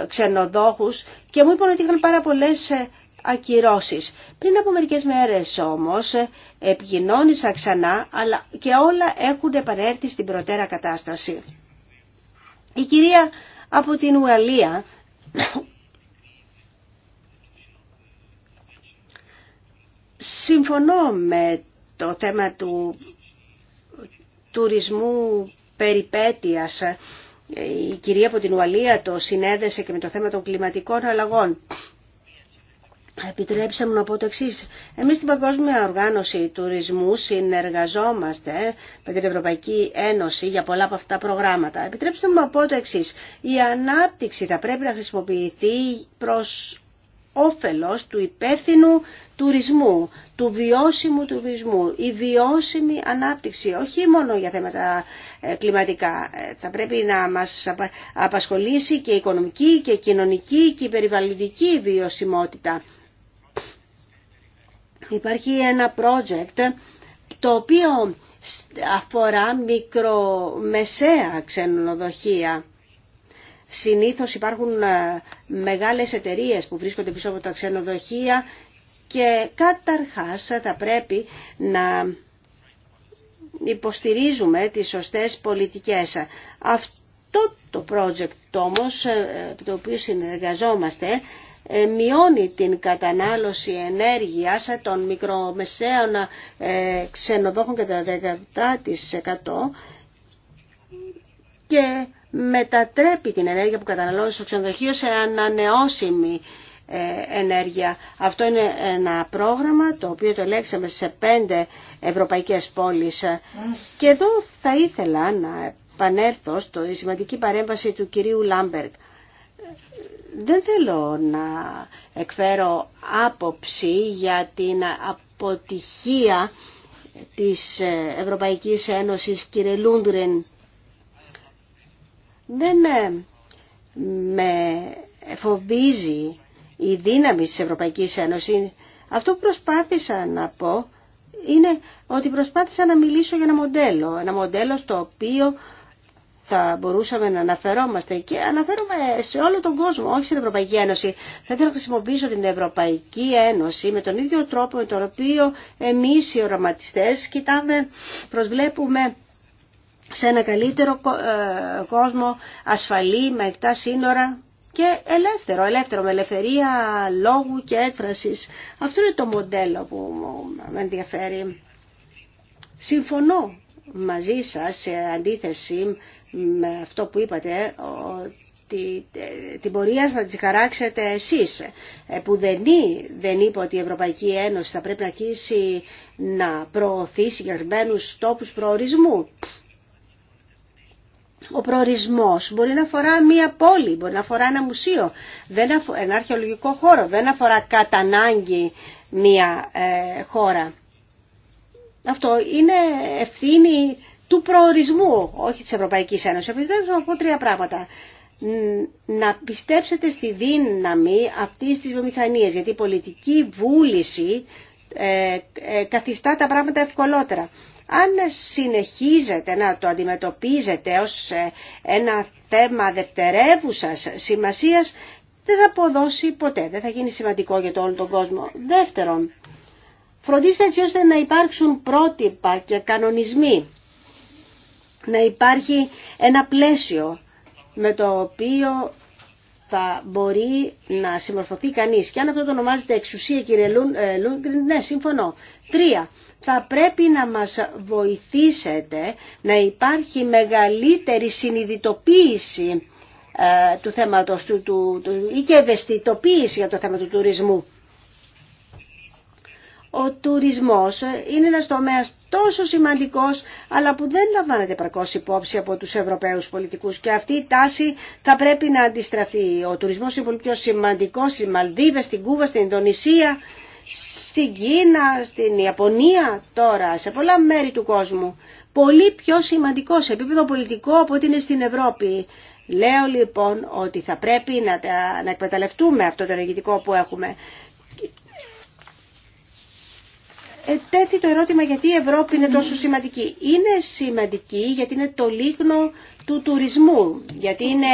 ξενοδόχους και μου είπαν ότι είχαν πάρα πολλές ε, ακυρώσεις. Πριν από μερικές μέρες όμως ε, επικοινώνησα ξανά αλλά και όλα έχουν επανέρθει στην προτέρα κατάσταση. Η κυρία από την Ουαλία Συμφωνώ με το θέμα του τουρισμού περιπέτειας. Η κυρία από την Ουαλία το συνέδεσε και με το θέμα των κλιματικών αλλαγών. Επιτρέψτε μου να πω το εξή. Εμεί στην Παγκόσμια Οργάνωση Τουρισμού συνεργαζόμαστε με την Ευρωπαϊκή Ένωση για πολλά από αυτά τα προγράμματα. Επιτρέψτε μου να πω το εξή. Η ανάπτυξη θα πρέπει να χρησιμοποιηθεί προ όφελος του υπεύθυνου τουρισμού, του βιώσιμου τουρισμού, η βιώσιμη ανάπτυξη, όχι μόνο για θέματα ε, κλιματικά. Ε, θα πρέπει να μας απασχολήσει και η οικονομική και η κοινωνική και η περιβαλλοντική βιωσιμότητα υπάρχει ένα project το οποίο αφορά μικρομεσαία ξενοδοχεία. Συνήθως υπάρχουν ε, μεγάλες εταιρείες που βρίσκονται πίσω από τα ξενοδοχεία και καταρχάς θα πρέπει να υποστηρίζουμε τις σωστές πολιτικές. Αυτό το project όμως, ε, το οποίο συνεργαζόμαστε, ε, μειώνει την κατανάλωση ενέργειας των μικρομεσαίων ε, ξενοδόχων κατά 17% και μετατρέπει την ενέργεια που καταναλώνει στο ξενοδοχείο σε ανανεώσιμη ε, ενέργεια. Αυτό είναι ένα πρόγραμμα το οποίο το ελέγξαμε σε πέντε ευρωπαϊκές πόλεις. Και εδώ θα ήθελα να επανέλθω στο σημαντική παρέμβαση του κυρίου Λάμπεργκ. Δεν θέλω να εκφέρω άποψη για την αποτυχία της Ευρωπαϊκής Ένωσης, κύριε Λούντρεν. Δεν ε, με φοβίζει η δύναμη της Ευρωπαϊκής Ένωσης. Αυτό που προσπάθησα να πω είναι ότι προσπάθησα να μιλήσω για ένα μοντέλο. Ένα μοντέλο στο οποίο θα μπορούσαμε να αναφερόμαστε και αναφέρομαι σε όλο τον κόσμο, όχι στην Ευρωπαϊκή Ένωση. Θα ήθελα να χρησιμοποιήσω την Ευρωπαϊκή Ένωση με τον ίδιο τρόπο με τον οποίο εμείς οι οραματιστές κοιτάμε, προσβλέπουμε σε ένα καλύτερο ε, κόσμο ασφαλή, με εκτά σύνορα και ελεύθερο, ελεύθερο με ελευθερία λόγου και έκφρασης. Αυτό είναι το μοντέλο που με ενδιαφέρει. Συμφωνώ μαζί σας σε αντίθεση με αυτό που είπατε, ε, ότι ε, την πορεία θα τη χαράξετε εσείς, ε, που δεν, δεν είπε ότι η Ευρωπαϊκή Ένωση θα πρέπει να αρχίσει να προωθεί συγκεκριμένου τόπους προορισμού. Ο προορισμός μπορεί να αφορά μία πόλη, μπορεί να αφορά ένα μουσείο, ένα αρχαιολογικό χώρο, δεν αφορά κατά ανάγκη μία χώρα. Αυτό είναι ευθύνη του προορισμού, όχι της Ευρωπαϊκής Ένωσης. Επιτρέψτε να πω τρία πράγματα. Να πιστέψετε στη δύναμη αυτής της βιομηχανίας, γιατί η πολιτική βούληση ε, ε, καθιστά τα πράγματα ευκολότερα. Αν συνεχίζετε να το αντιμετωπίζετε ως ε, ένα θέμα δευτερεύουσας σημασίας, δεν θα αποδώσει ποτέ, δεν θα γίνει σημαντικό για το όλο τον κόσμο. Δεύτερον, φροντίστε έτσι ώστε να υπάρξουν πρότυπα και κανονισμοί να υπάρχει ένα πλαίσιο με το οποίο θα μπορεί να συμμορφωθεί κανείς. Και αν αυτό το ονομάζεται εξουσία κύριε ε, Λούγκριν, ναι, συμφωνώ. Τρία, θα πρέπει να μας βοηθήσετε να υπάρχει μεγαλύτερη συνειδητοποίηση ε, του θέματος του, του, του, ή και ευαισθητοποίηση για το θέμα του τουρισμού ο τουρισμός είναι ένας τομέας τόσο σημαντικός αλλά που δεν λαμβάνεται πρακώς υπόψη από τους Ευρωπαίους πολιτικούς και αυτή η τάση θα πρέπει να αντιστραφεί. Ο τουρισμός είναι πολύ πιο σημαντικός στις Μαλδίβες, στην Κούβα, στην Ινδονησία, στην Κίνα, στην Ιαπωνία τώρα, σε πολλά μέρη του κόσμου. Πολύ πιο σημαντικό σε επίπεδο πολιτικό από ότι είναι στην Ευρώπη. Λέω λοιπόν ότι θα πρέπει να, να εκμεταλλευτούμε αυτό το ενεργητικό που έχουμε. Ε, τέθη το ερώτημα γιατί η Ευρώπη είναι τόσο σημαντική. Είναι σημαντική γιατί είναι το λίγνο του τουρισμού, γιατί είναι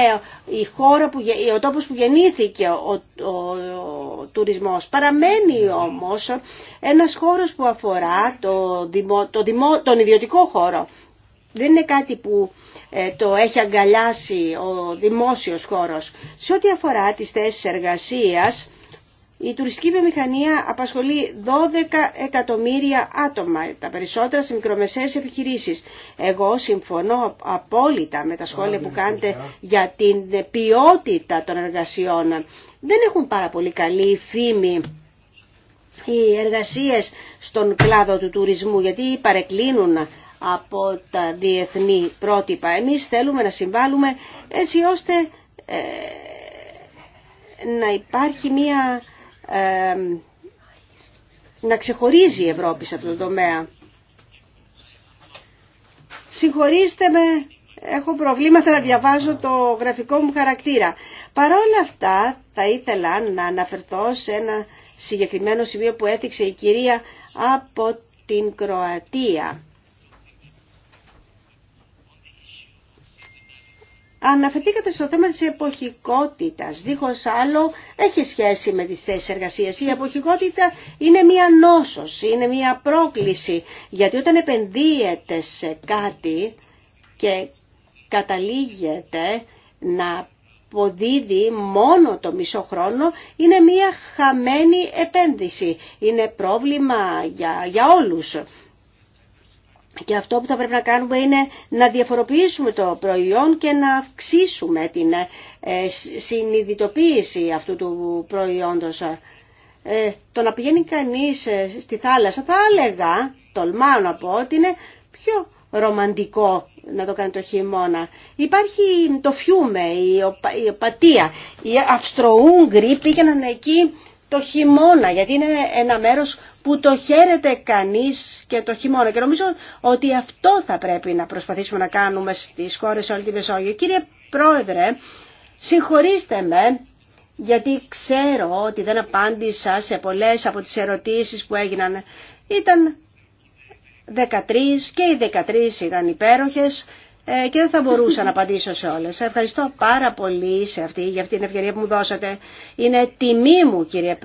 η χώρα που, ο τόπος που γεννήθηκε ο, ο, τουρισμός. Παραμένει όμως ένας χώρος που αφορά το, δημο, το τον ιδιωτικό χώρο. Δεν είναι κάτι που ε, το έχει αγκαλιάσει ο δημόσιος χώρος. Σε ό,τι αφορά τις θέσεις εργασίας, η τουριστική βιομηχανία απασχολεί 12 εκατομμύρια άτομα, τα περισσότερα σε μικρομεσαίες επιχειρήσεις. Εγώ συμφωνώ απόλυτα με τα σχόλια που κάνετε για την ποιότητα των εργασιών. Δεν έχουν πάρα πολύ καλή φήμη οι εργασίες στον κλάδο του τουρισμού, γιατί παρεκκλίνουν από τα διεθνή πρότυπα. Εμείς θέλουμε να συμβάλλουμε έτσι ώστε ε, να υπάρχει μια να ξεχωρίζει η Ευρώπη σε αυτό το τομέα. Συγχωρήστε με, έχω προβλήματα να διαβάζω το γραφικό μου χαρακτήρα. Παρ' όλα αυτά θα ήθελα να αναφερθώ σε ένα συγκεκριμένο σημείο που έθιξε η κυρία από την Κροατία. Αναφερθήκατε στο θέμα της εποχικότητας. Δίχως άλλο έχει σχέση με τις θέσεις εργασίας. Η εποχικότητα είναι μία νόσος, είναι μία πρόκληση. Γιατί όταν επενδύεται σε κάτι και καταλήγεται να ποδίδει μόνο το μισό χρόνο, είναι μία χαμένη επένδυση. Είναι πρόβλημα για, για όλους. Και αυτό που θα πρέπει να κάνουμε είναι να διαφοροποιήσουμε το προϊόν και να αυξήσουμε την ε, συνειδητοποίηση αυτού του προϊόντος. Ε, το να πηγαίνει κανείς ε, στη θάλασσα θα έλεγα, τολμάω να πω, ότι είναι πιο ρομαντικό να το κάνει το χειμώνα. Υπάρχει το φιούμε, η οπατία. Οι Αυστροούγγροι πήγαιναν εκεί το χειμώνα, γιατί είναι ένα μέρος που το χαίρεται κανείς και το χειμώνα. Και νομίζω ότι αυτό θα πρέπει να προσπαθήσουμε να κάνουμε στις χώρες όλη τη Μεσόγειο. Κύριε Πρόεδρε, συγχωρήστε με, γιατί ξέρω ότι δεν απάντησα σε πολλές από τις ερωτήσεις που έγιναν. Ήταν 13 και οι 13 ήταν υπέροχες ε, και δεν θα μπορούσα να απαντήσω σε όλες. Ευχαριστώ πάρα πολύ σε αυτή, για αυτή την ευκαιρία που μου δώσατε. Είναι τιμή μου κύριε,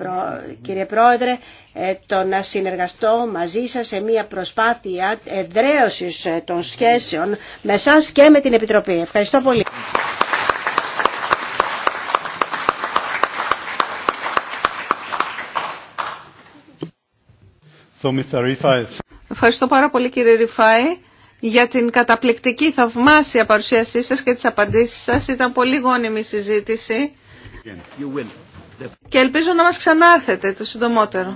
κύριε Πρόεδρε ε, το να συνεργαστώ μαζί σας σε μια προσπάθεια εδραίωσης ε, των σχέσεων με σας και με την Επιτροπή. Ευχαριστώ πολύ. Ευχαριστώ πάρα πολύ κύριε Ριφάη για την καταπληκτική θαυμάσια παρουσίασή σας και τις απαντήσεις σας. Ήταν πολύ γόνιμη συζήτηση και ελπίζω να μας ξανάρθετε το συντομότερο.